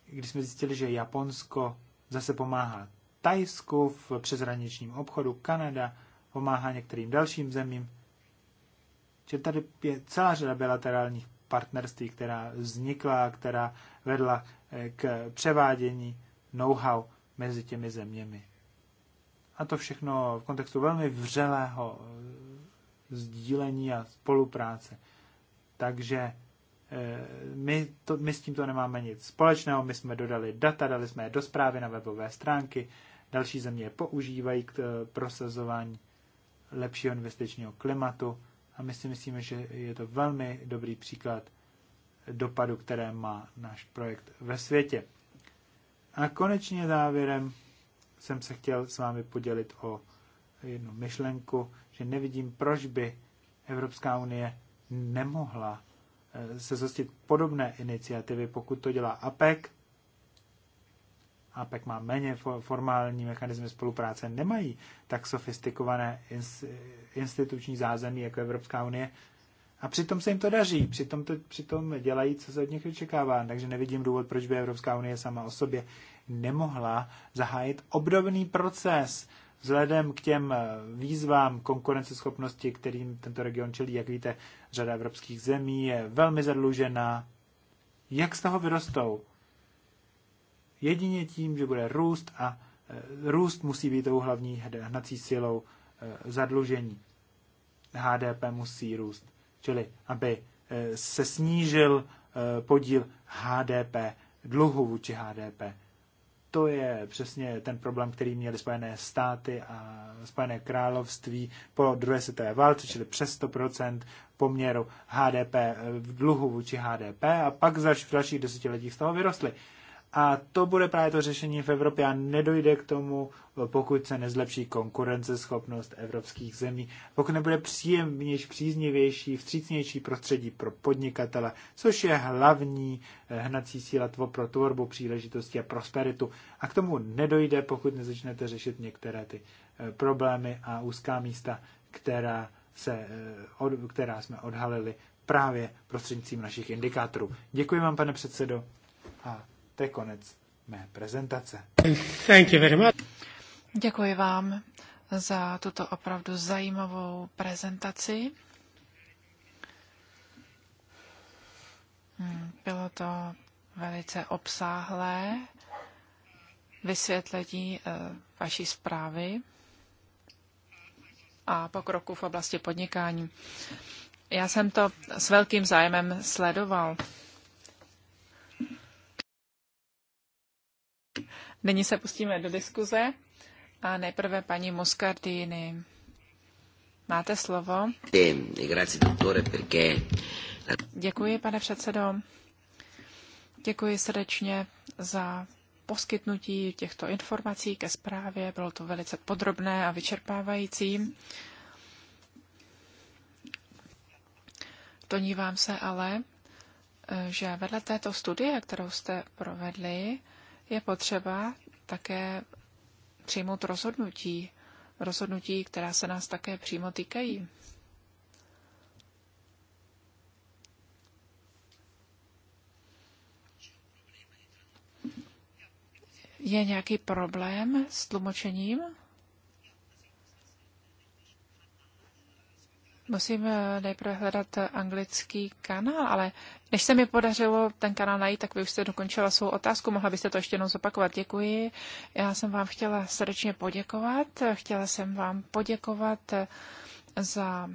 když jsme zjistili, že Japonsko zase pomáhá Tajsku, v přeshraničním obchodu Kanada, pomáhá některým dalším zemím. Čili tady je celá řada bilaterálních partnerství, která vznikla, která vedla eh, k převádění know-how mezi těmi zeměmi. A to všechno v kontextu velmi vřelého eh, sdílení a spolupráce. Takže eh, my, to, my s tímto nemáme nic společného, my jsme dodali data, dali jsme je do zprávy na webové stránky další země je používají k eh, prosazování lepšího investičního klimatu a my si myslíme, že je to velmi dobrý příklad dopadu, které má náš projekt ve světě. A konečně závěrem jsem se chtěl s vámi podělit o jednu myšlenku, že nevidím, proč by Evropská unie nemohla eh, se zostit podobné iniciativy, pokud to dělá APEC, APEC má méně formální mechanizmy spolupráce, nemají tak sofistikované instituční zázemí jako Evropská unie. A přitom se jim to daří, přitom, to, přitom dělají, co se od nich očekává. Takže nevidím důvod, proč by Evropská unie sama o sobě nemohla zahájit obdobný proces vzhledem k těm eh, výzvám konkurenceschopnosti, kterým tento region čelí, jak víte, řada evropských zemí je velmi zadlužená. Jak z toho vyrostou? jedině tím, že bude růst a e, růst musí být tou hlavní hnací silou e, zadlužení. HDP musí růst, čili aby e, se snížil podíl HDP, dluhu vůči HDP. To je přesně ten problém, který měly Spojené státy a Spojené království po druhé světové válce, čili přes 100% poměru HDP v dluhu vůči HDP a pak v dalších desetiletích z toho vyrostly. A to bude právě to řešení v Evropě a nedojde k tomu, pokud se nezlepší konkurenceschopnost evropských zemí, pokud nebude příjemnější, příznivější, vstřícnější prostředí pro podnikatele, což je hlavní eh, hnací síla tvo pro tvorbu příležitosti a prosperitu. A k tomu nedojde, pokud nezačnete řešit některé ty eh, problémy a úzká místa, která, se, eh, od, která jsme odhalili právě prostřednictvím našich indikátorů. Děkuji vám, pane předsedo. A to je konec mé prezentace. Thank you very much. Děkuji vám za tuto opravdu zajímavou prezentaci. Hmm, bylo to velice obsáhlé vysvětlení eh, vaší zprávy a pokroku v oblasti podnikání. Já jsem to s velkým zájmem sledoval. Nyní se pustíme do diskuze a nejprve paní Moscardini Máte slovo. Děkuji, pane předsedo. Děkuji srdečně za poskytnutí těchto informací ke zprávě. Bylo to velice podrobné a vyčerpávající. Donívám se ale, že vedle této studie, kterou jste provedli, je potřeba také přijmout rozhodnutí, rozhodnutí, která se nás také přímo týkají. Je nějaký problém s tlumočením? Musím eh, nejprve hledat eh, anglický kanál, ale než se mi podařilo ten kanál najít, tak vy už jste dokončila svou otázku. Mohla byste to ještě jednou zopakovat. Děkuji. Já jsem vám chtěla srdečně poděkovat. Eh, chtěla jsem vám poděkovat za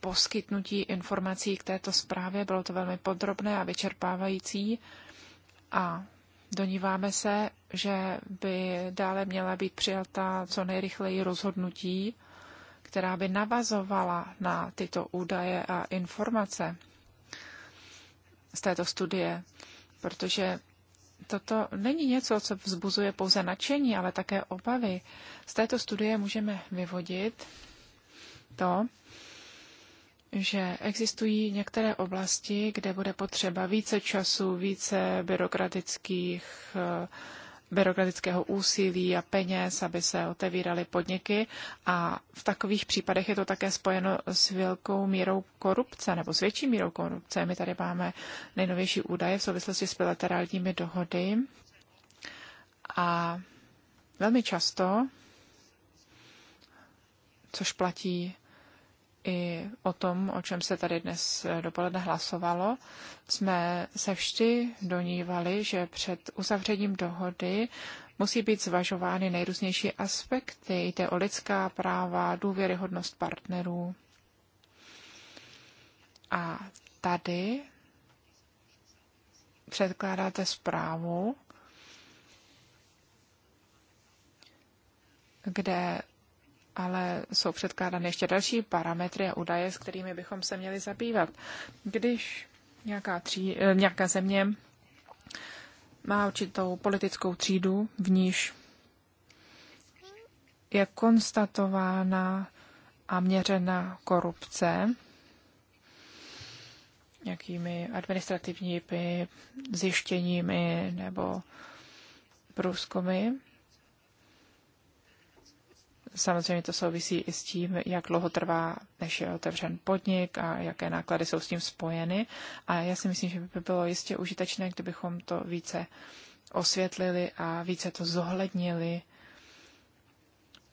poskytnutí informací k této zprávě. Bylo to velmi podrobné a vyčerpávající. A doníváme se, že by dále měla být přijata co nejrychleji rozhodnutí, která by navazovala na tyto údaje a informace z této studie, protože toto není něco, co vzbuzuje pouze nadšení, ale také obavy. Z této studie můžeme vyvodit to, že existují některé oblasti, kde bude potřeba více času, více byrokratických uh, byrokratického úsilí a peněz, aby se otevíraly podniky a v takových případech je to také spojeno s velkou mírou korupce nebo s větší mírou korupce. My tady máme nejnovější údaje v souvislosti s bilaterálními dohody a velmi často, což platí i o tom, o čem se tady dnes eh, dopoledne hlasovalo, jsme se vždy donívali, že před uzavřením dohody musí být zvažovány nejrůznější aspekty. Jde o lidská práva, důvěryhodnost partnerů. A tady předkládáte zprávu, kde ale jsou předkládány ještě další parametry a údaje, s kterými bychom se měli zabývat. Když nějaká, tří, eh, nějaká země má určitou politickou třídu, v níž je konstatována a měřena korupce, nějakými administrativními zjištěními nebo průzkumy, Samozřejmě to souvisí i s tím, jak dlouho trvá, než je otevřen podnik a jaké náklady jsou s tím spojeny. A já si myslím, že by bylo jistě užitečné, kdybychom to více osvětlili a více to zohlednili,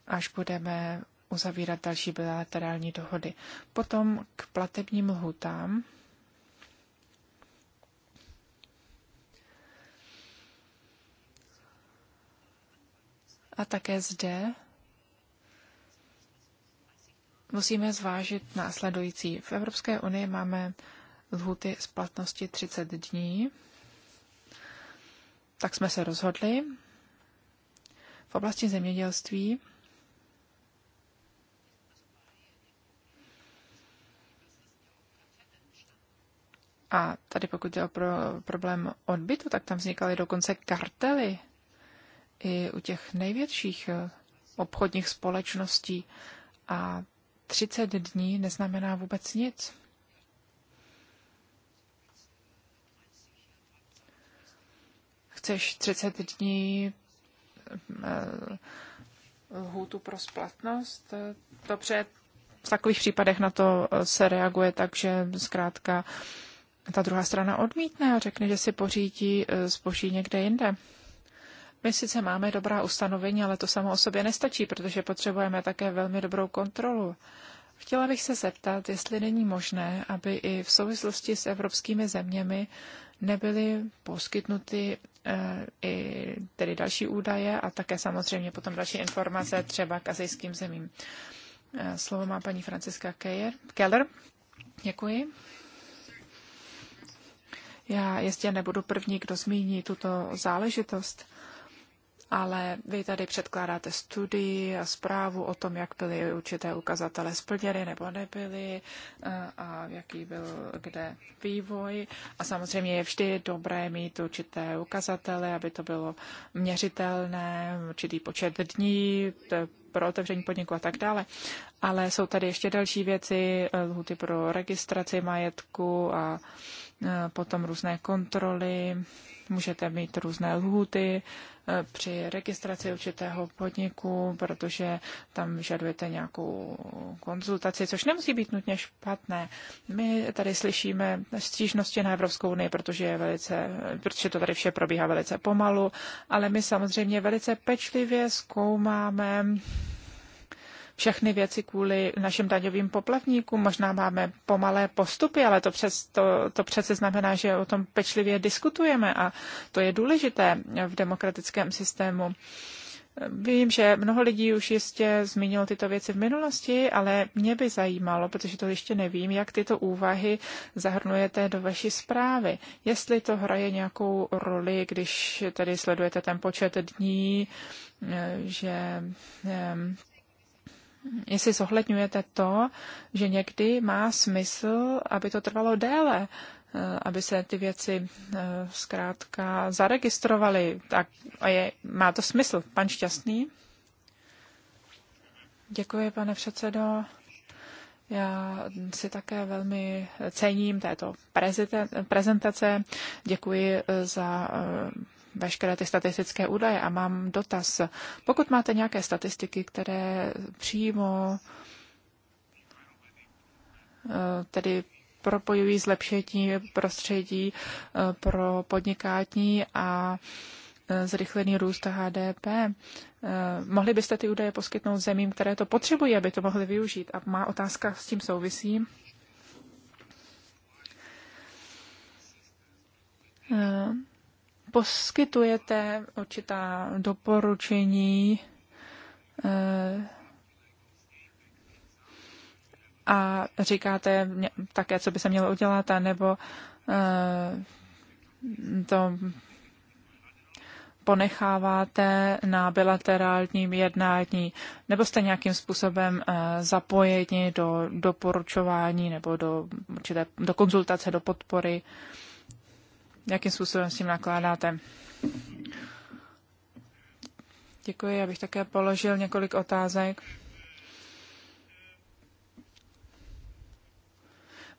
až budeme uzavírat další bilaterální dohody. Potom k platebním lhutám. A také zde musíme zvážit následující. V Evropské unii máme lhuty splatnosti 30 dní. Tak jsme se rozhodli. V oblasti zemědělství A tady pokud je o pro, problém odbytu, tak tam vznikaly dokonce kartely i u těch největších eh, obchodních společností. A 30 dní neznamená vůbec nic. Chceš 30 dní eh, lhůtu pro splatnost? Dobře, v takových případech na to eh, se reaguje tak, že zkrátka ta druhá strana odmítne a řekne, že si pořídí eh, zboží někde jinde. My sice máme dobrá ustanovení, ale to samo o sobě nestačí, protože potřebujeme také velmi dobrou kontrolu. Chtěla bych se zeptat, jestli není možné, aby i v souvislosti s evropskými zeměmi nebyly poskytnuty e, i tedy další údaje a také samozřejmě potom další informace třeba k azijským zemím. E, slovo má paní Franciska Keller. Děkuji. Já jistě nebudu první, kdo zmíní tuto záležitost ale vy tady předkládáte studii a zprávu o tom, jak byly určité ukazatele splněny nebo nebyly eh, a jaký byl kde vývoj. A samozřejmě je vždy dobré mít určité ukazatele, aby to bylo měřitelné, určitý počet dní pro otevření podniku a tak dále. Ale jsou tady ještě další věci, eh, lhuty pro registraci majetku a Eh, potom různé kontroly, můžete mít různé lhuty eh, při registraci určitého podniku, protože tam vyžadujete nějakou konzultaci, což nemusí být nutně špatné. My tady slyšíme stížnosti na Evropskou unii, protože, je velice, protože to tady vše probíhá velice pomalu, ale my samozřejmě velice pečlivě zkoumáme všechny věci kvůli našim daňovým poplatníkům. Možná máme pomalé postupy, ale to, přes, to, to přece znamená, že o tom pečlivě diskutujeme a to je důležité v demokratickém systému. Vím, že mnoho lidí už jistě zmínilo tyto věci v minulosti, ale mě by zajímalo, protože to ještě nevím, jak tyto úvahy zahrnujete do vaší zprávy. Jestli to hraje nějakou roli, když tady sledujete ten počet dní, že jestli zohledňujete to, že někdy má smysl, aby to trvalo déle, eh, aby se ty věci eh, zkrátka zaregistrovaly. Tak a je, má to smysl. Pan Šťastný? Děkuji, pane předsedo. Já si také velmi cením této prezentace. Děkuji eh, za veškeré ty statistické údaje a mám dotaz. Pokud máte nějaké statistiky, které přímo eh, tedy propojují zlepšení prostředí eh, pro podnikání a eh, zrychlený růst HDP. Mohli byste ty údaje poskytnout zemím, které to potřebují, aby to mohli využít? A má otázka s tím souvisí poskytujete určitá doporučení eh, a říkáte také, co by se mělo udělat, nebo eh, to ponecháváte na bilaterálním jednání, nebo jste nějakým způsobem eh, zapojeni do doporučování nebo do, určité, do konzultace, do podpory jakým způsobem s tím nakládáte. Děkuji, já bych také položil několik otázek.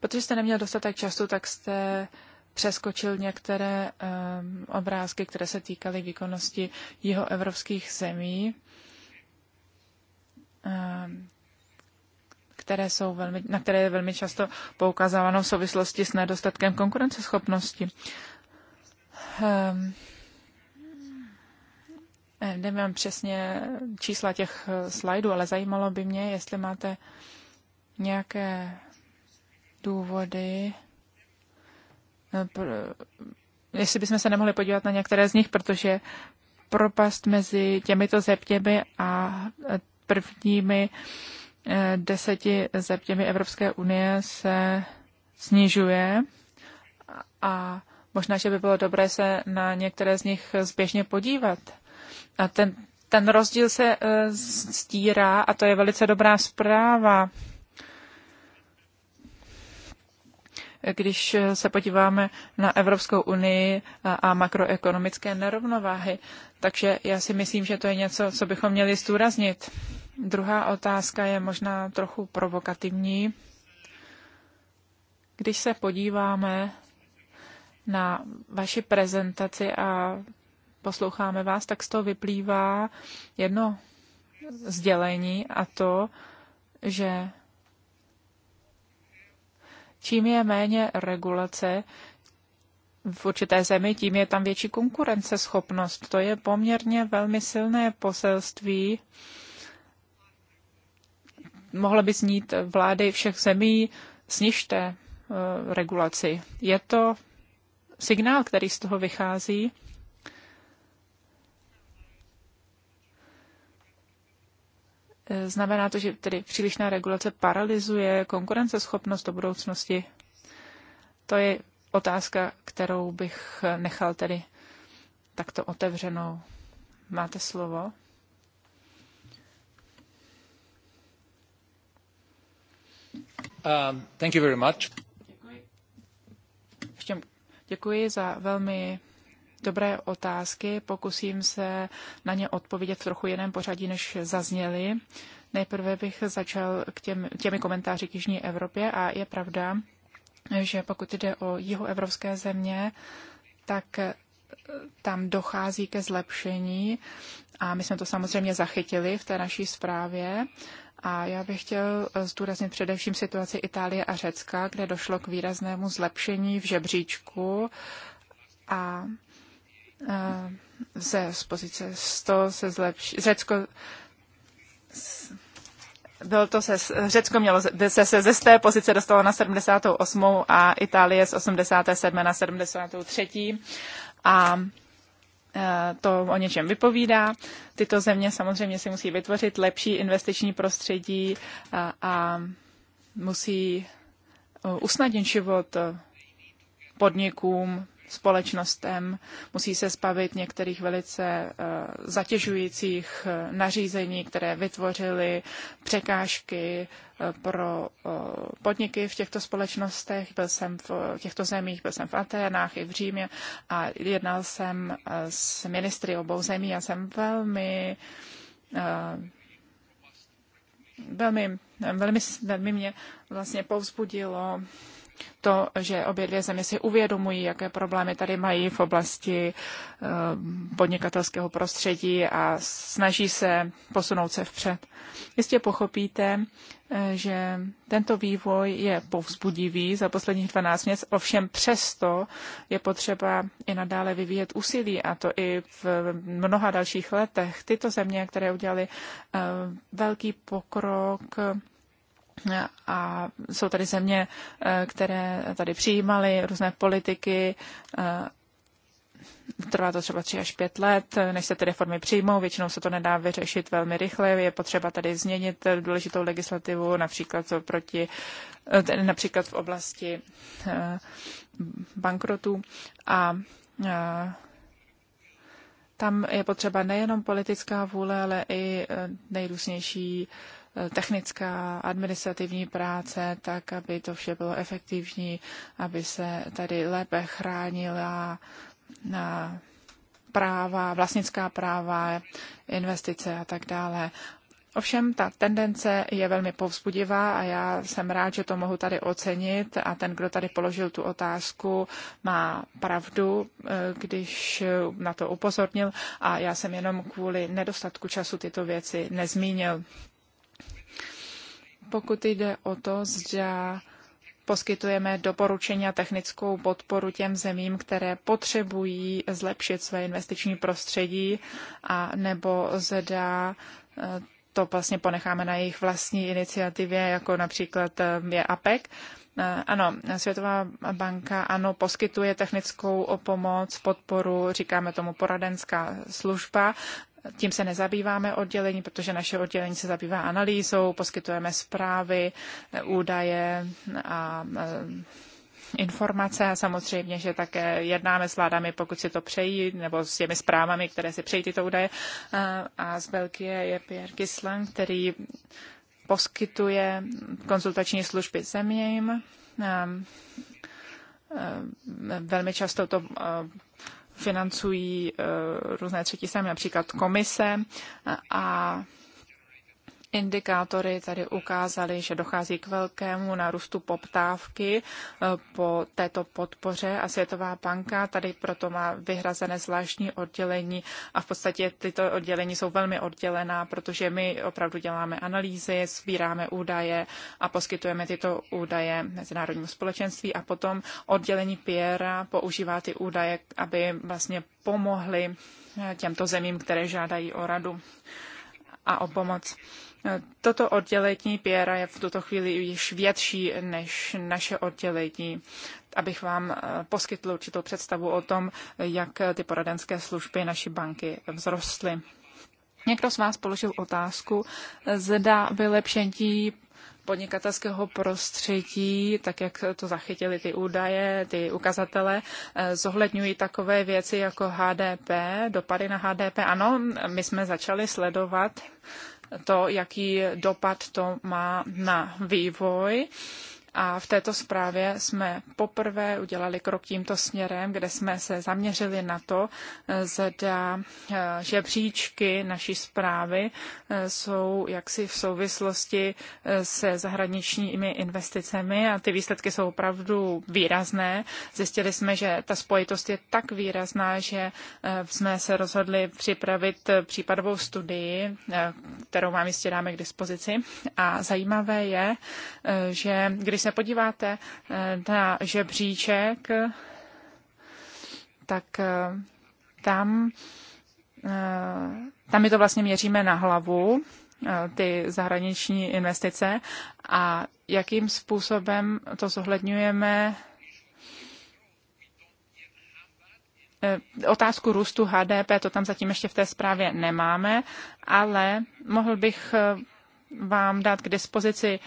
Protože jste neměl dostatek času, tak jste přeskočil některé um, obrázky, které se týkaly výkonnosti evropských zemí. Um, které jsou velmi, na které je velmi často poukazováno v souvislosti s nedostatkem konkurenceschopnosti. Um, ehm, eh, Nemám přesně čísla těch eh, slajdů, ale zajímalo by mě, jestli máte nějaké důvody, eh, jestli bychom se nemohli podívat na některé z nich, protože propast mezi těmito zeptěmi a prvními deseti zeměmi Evropské unie se snižuje a možná, že by bylo dobré se na některé z nich zběžně podívat. A ten, ten rozdíl se eh, stírá a to je velice dobrá zpráva. když eh, se podíváme na Evropskou unii eh, a makroekonomické nerovnováhy. Takže já si myslím, že to je něco, co bychom měli zdůraznit. Druhá otázka je možná trochu provokativní. Když se podíváme na vaši prezentaci a posloucháme vás, tak z toho vyplývá jedno sdělení a to, že čím je méně regulace v určité zemi, tím je tam větší konkurenceschopnost. To je poměrně velmi silné poselství, mohla by znít vlády všech zemí, snižte eh, regulaci. Je to signál, který z toho vychází. Eh, znamená to, že tedy přílišná regulace paralyzuje konkurenceschopnost do budoucnosti? To je otázka, kterou bych nechal tedy takto otevřenou. Máte slovo? Um, thank you very much. Děkuji. děkuji za velmi dobré otázky. Pokusím se na ně odpovědět v trochu jiném pořadí, než zazněly. Nejprve bych začal k těm, těmi komentáři k Jižní Evropě a je pravda, že pokud jde o jihoevropské země, tak tam dochází ke zlepšení a my jsme to samozřejmě zachytili v té naší zprávě. A já bych chtěl eh, zdůraznit především situaci Itálie a Řecka, kde došlo k výraznému zlepšení v žebříčku a eh, ze z pozice 100 se zlepší. Řecko bylo to se, Řecko mělo, se, se ze té pozice dostalo na 78. a Itálie z 87. na 73 a e, to o něčem vypovídá. Tyto země samozřejmě si musí vytvořit lepší investiční prostředí a, e, a musí e, usnadnit život podnikům, společnostem, musí se spavit některých velice eh, zatěžujících eh, nařízení, které vytvořily překážky eh, pro podniky v těchto společnostech. Byl jsem v těchto zemích, byl jsem v Aténách i v Římě a jednal jsem s ministry obou zemí a jsem velmi velmi, velmi, velmi mě vlastně povzbudilo to, že obě dvě země si uvědomují, jaké problémy tady mají v oblasti eh, podnikatelského prostředí a snaží se posunout se vpřed. Jistě pochopíte, eh, že tento vývoj je povzbudivý za posledních 12 měsíců, ovšem přesto je potřeba i nadále vyvíjet úsilí, a to i v mnoha dalších letech. Tyto země, které udělaly eh, velký pokrok, a jsou tady země, eh, které tady přijímaly různé politiky. Eh, trvá to třeba 3 až 5 let, než se ty reformy přijmou. Většinou se to nedá vyřešit velmi rychle. Je potřeba tady změnit důležitou legislativu, například proti eh, například v oblasti bankrotů. A tam je potřeba nejenom politická vůle, ale i nejrůznější Eh, technická administrativní práce, tak aby to vše bylo efektivní, aby se tady lépe chránila na eh, práva, vlastnická práva, investice a tak dále. Ovšem, ta tendence je velmi povzbudivá a já jsem rád, že to mohu tady ocenit a ten, kdo tady položil tu otázku, má pravdu, eh, když na to upozornil a já jsem jenom kvůli nedostatku času tyto věci nezmínil pokud jde o to, zda poskytujeme doporučení a technickou podporu těm zemím, které potřebují zlepšit své investiční prostředí a nebo zda eh, to vlastně ponecháme na jejich vlastní iniciativě, jako například eh, je APEC. Eh, ano, Světová banka ano, poskytuje technickou pomoc, podporu, říkáme tomu poradenská služba, tím se nezabýváme oddělení, protože naše oddělení se zabývá analýzou, poskytujeme zprávy, údaje a e, informace a samozřejmě, že také jednáme s vládami, pokud si to přejí, nebo s těmi zprávami, které si přejí tyto údaje. E, a z Belgie je Pierre Gislang, který poskytuje konzultační služby zeměm. E, velmi často to financují eh, různé třetí strany, například komise a Indikátory tady ukázaly, že dochází k velkému narůstu poptávky eh, po této podpoře a Světová banka tady proto má vyhrazené zvláštní oddělení a v podstatě tyto oddělení jsou velmi oddělená, protože my opravdu děláme analýzy, sbíráme údaje a poskytujeme tyto údaje mezinárodnímu společenství a potom oddělení Piera používá ty údaje, aby vlastně pomohly eh, těmto zemím, které žádají o radu a o pomoc. Toto oddělení Piera je v tuto chvíli již větší než naše oddělení, abych vám eh, poskytl určitou představu o tom, jak eh, ty poradenské služby naší banky vzrostly. Někdo z vás položil otázku, eh, zda vylepšení podnikatelského prostředí, tak jak to zachytili ty údaje, ty ukazatele, zohledňují takové věci jako HDP, dopady na HDP. Ano, my jsme začali sledovat to, jaký dopad to má na vývoj a v této zprávě jsme poprvé udělali krok tímto směrem, kde jsme se zaměřili na to, zda eh, žebříčky naší zprávy eh, jsou jaksi v souvislosti eh, se zahraničními investicemi a ty výsledky jsou opravdu výrazné. Zjistili jsme, že ta spojitost je tak výrazná, že jsme se rozhodli připravit případovou studii, kterou vám jistě dáme k dispozici. A zajímavé je, že když když se podíváte eh, na žebříček, tak eh, tam, eh, tam my to vlastně měříme na hlavu, ty zahraniční investice a jakým způsobem to zohledňujeme Otázku růstu HDP, to tam zatím ještě v té zprávě nemáme, ale mohl bych vám dát k dispozici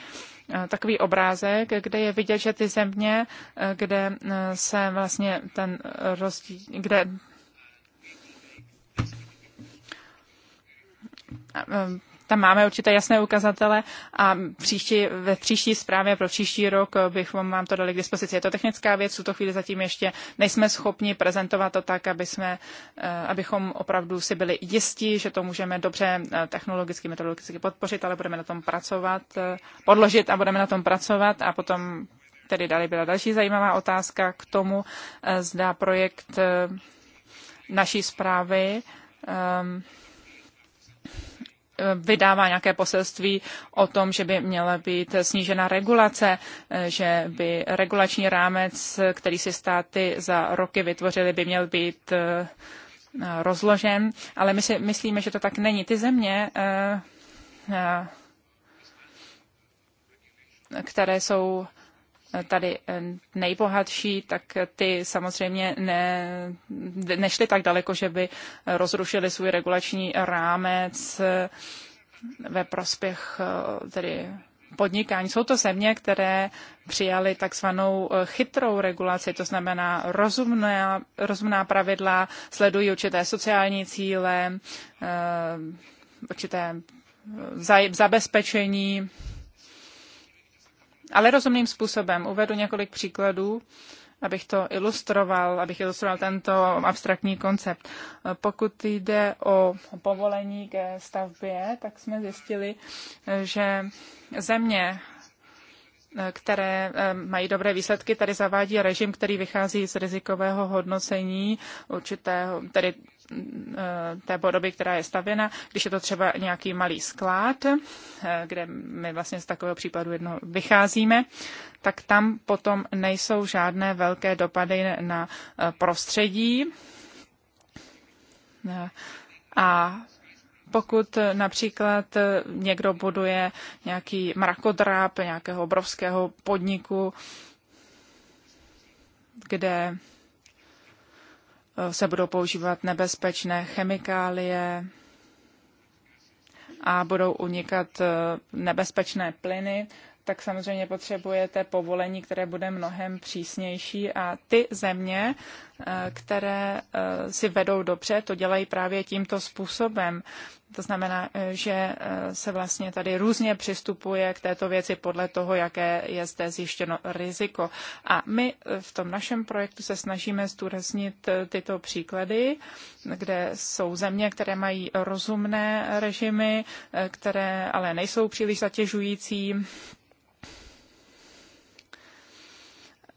Eh, takový obrázek, kde je vidět, že ty země, eh, kde eh, se vlastně ten rozdíl, kde tam máme určité jasné ukazatele a příští, ve příští zprávě pro příští rok bychom vám to dali k dispozici. Je to technická věc, v tuto chvíli zatím ještě nejsme schopni prezentovat to tak, aby jsme, eh, abychom opravdu si byli jistí, že to můžeme dobře eh, technologicky, metodologicky podpořit, ale budeme na tom pracovat, eh, podložit a budeme na tom pracovat a potom tedy dali byla další zajímavá otázka k tomu, zda projekt naší zprávy um, vydává nějaké poselství o tom, že by měla být snížena regulace, že by regulační rámec, který si státy za roky vytvořily, by měl být eh, rozložen, ale my si myslíme, že to tak není. Ty země, eh, eh, které jsou tady eh, nejbohatší, tak ty samozřejmě ne, nešly tak daleko, že by rozrušili svůj regulační rámec eh, ve prospěch eh, tedy podnikání. Jsou to země, které přijali takzvanou chytrou regulaci, to znamená rozumná, rozumná pravidla, sledují určité sociální cíle, určité zabezpečení ale rozumným způsobem. Uvedu několik příkladů, abych to ilustroval, abych ilustroval tento abstraktní koncept. Pokud jde o povolení ke stavbě, tak jsme zjistili, že země které eh, mají dobré výsledky, tady zavádí režim, který vychází z rizikového hodnocení určitého, tedy Eh, té podoby, která je stavěna, když je to třeba nějaký malý sklad, eh, kde my vlastně z takového případu jedno vycházíme, tak tam potom nejsou žádné velké dopady na eh, prostředí. A pokud například někdo buduje nějaký mrakodráp nějakého obrovského podniku, kde se budou používat nebezpečné chemikálie a budou unikat eh, nebezpečné plyny, tak samozřejmě potřebujete povolení, které bude mnohem přísnější a ty země, Eh, které eh, si vedou dobře, to dělají právě tímto způsobem. To znamená, eh, že se vlastně tady různě přistupuje k této věci podle toho, jaké je zde zjištěno riziko. A my v tom našem projektu se snažíme zdůraznit tyto příklady, kde jsou země, které mají rozumné režimy, které ale nejsou příliš zatěžující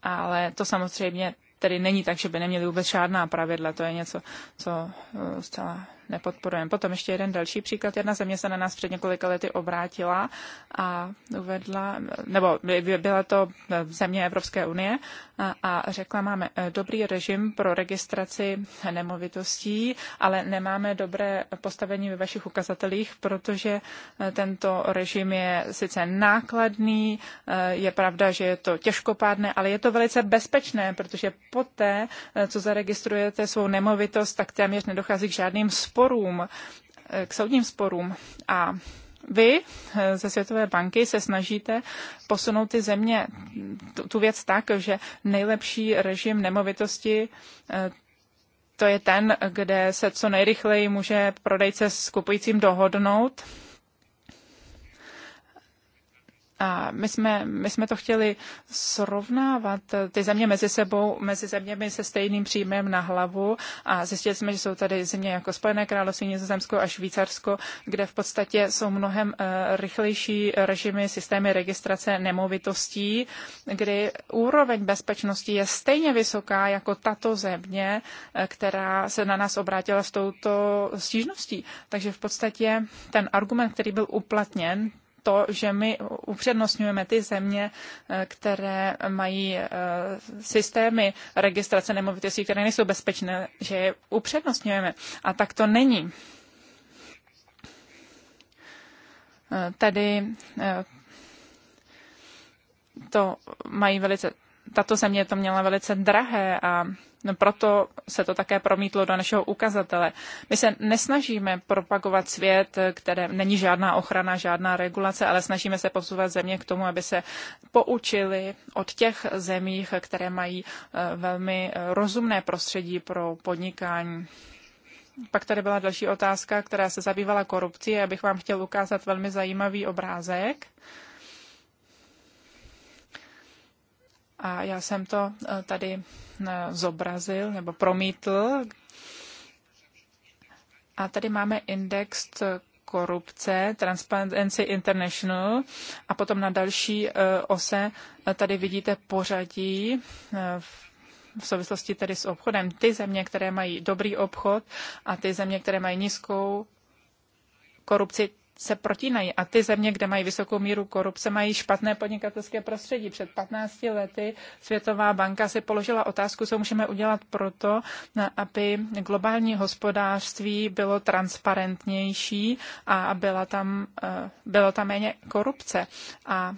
ale to samozřejmě tedy není tak, že by neměli vůbec žádná pravidla, to je něco, co eh, zcela nepodporujeme. Potom ještě jeden další příklad. Jedna země se na nás před několika lety obrátila a uvedla, nebo byla to země Evropské unie a, a řekla, máme dobrý režim pro registraci nemovitostí, ale nemáme dobré postavení ve vašich ukazatelích, protože tento režim je sice nákladný, je pravda, že je to těžkopádné, ale je to velice bezpečné, protože poté, co zaregistrujete svou nemovitost, tak téměř nedochází k žádným sporům sporům, eh, k soudním sporům. A vy eh, ze Světové banky se snažíte posunout ty země tu, tu věc tak, že nejlepší režim nemovitosti eh, to je ten, kde se co nejrychleji může prodejce s kupujícím dohodnout a my jsme, my jsme to chtěli srovnávat eh, ty země mezi sebou, mezi zeměmi se stejným příjmem na hlavu a zjistili jsme, že jsou tady země jako Spojené království, Nizozemsko a Švýcarsko, kde v podstatě jsou mnohem eh, rychlejší režimy, systémy registrace nemovitostí, kdy úroveň bezpečnosti je stejně vysoká jako tato země, eh, která se na nás obrátila s touto stížností. Takže v podstatě ten argument, který byl uplatněn, to, že my upřednostňujeme ty země, eh, které mají eh, systémy registrace nemovitostí, které nejsou bezpečné, že je upřednostňujeme. A tak to není. Eh, tady to mají velice tato země to měla velice drahé a proto se to také promítlo do našeho ukazatele. My se nesnažíme propagovat svět, které není žádná ochrana, žádná regulace, ale snažíme se posouvat země k tomu, aby se poučili od těch zemích, které mají eh, velmi eh, rozumné prostředí pro podnikání. Pak tady byla další otázka, která se zabývala korupcí. Já bych vám chtěl ukázat velmi zajímavý obrázek. Uh, A já jsem to eh, tady eh, zobrazil nebo promítl. A tady máme index korupce, Transparency International a potom na další eh, ose tady vidíte pořadí v souvislosti tedy s obchodem. Ty země, které mají dobrý obchod a ty země, které mají nízkou korupci, se protínají. A ty země, kde mají vysokou míru korupce, mají špatné podnikatelské prostředí. Před 15 lety Světová banka si položila otázku, co můžeme udělat proto, aby globální hospodářství bylo transparentnější a byla tam, eh, bylo tam méně korupce. A,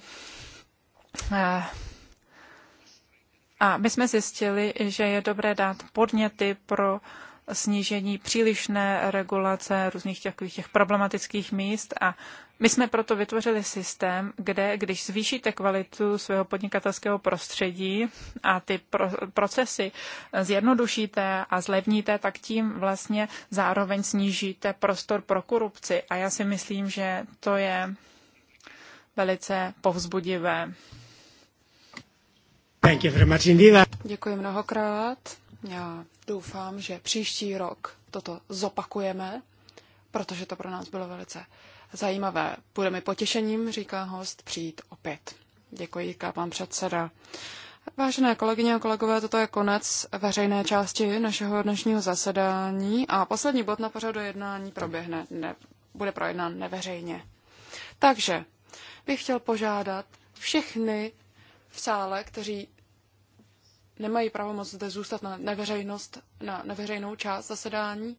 a eh, a my jsme zjistili, že je dobré dát podněty pro snížení přílišné regulace různých takových těch problematických míst a my jsme proto vytvořili systém, kde když zvýšíte kvalitu svého podnikatelského prostředí a ty pro, procesy zjednodušíte a zlevníte, tak tím vlastně zároveň snížíte prostor pro korupci. A já si myslím, že to je velice povzbudivé. Děkuji mnohokrát. Já doufám, že příští rok toto zopakujeme, protože to pro nás bylo velice zajímavé. Bude mi potěšením, říká host, přijít opět. Děkuji, říká pan předseda. Vážené kolegyně a kolegové, toto je konec veřejné části našeho dnešního zasedání a poslední bod na pořadu jednání proběhne, ne, bude projednán neveřejně. Takže bych chtěl požádat všechny v sále, kteří nemají pravomoc zde zůstat na, na veřejnost, na, na veřejnou část zasedání,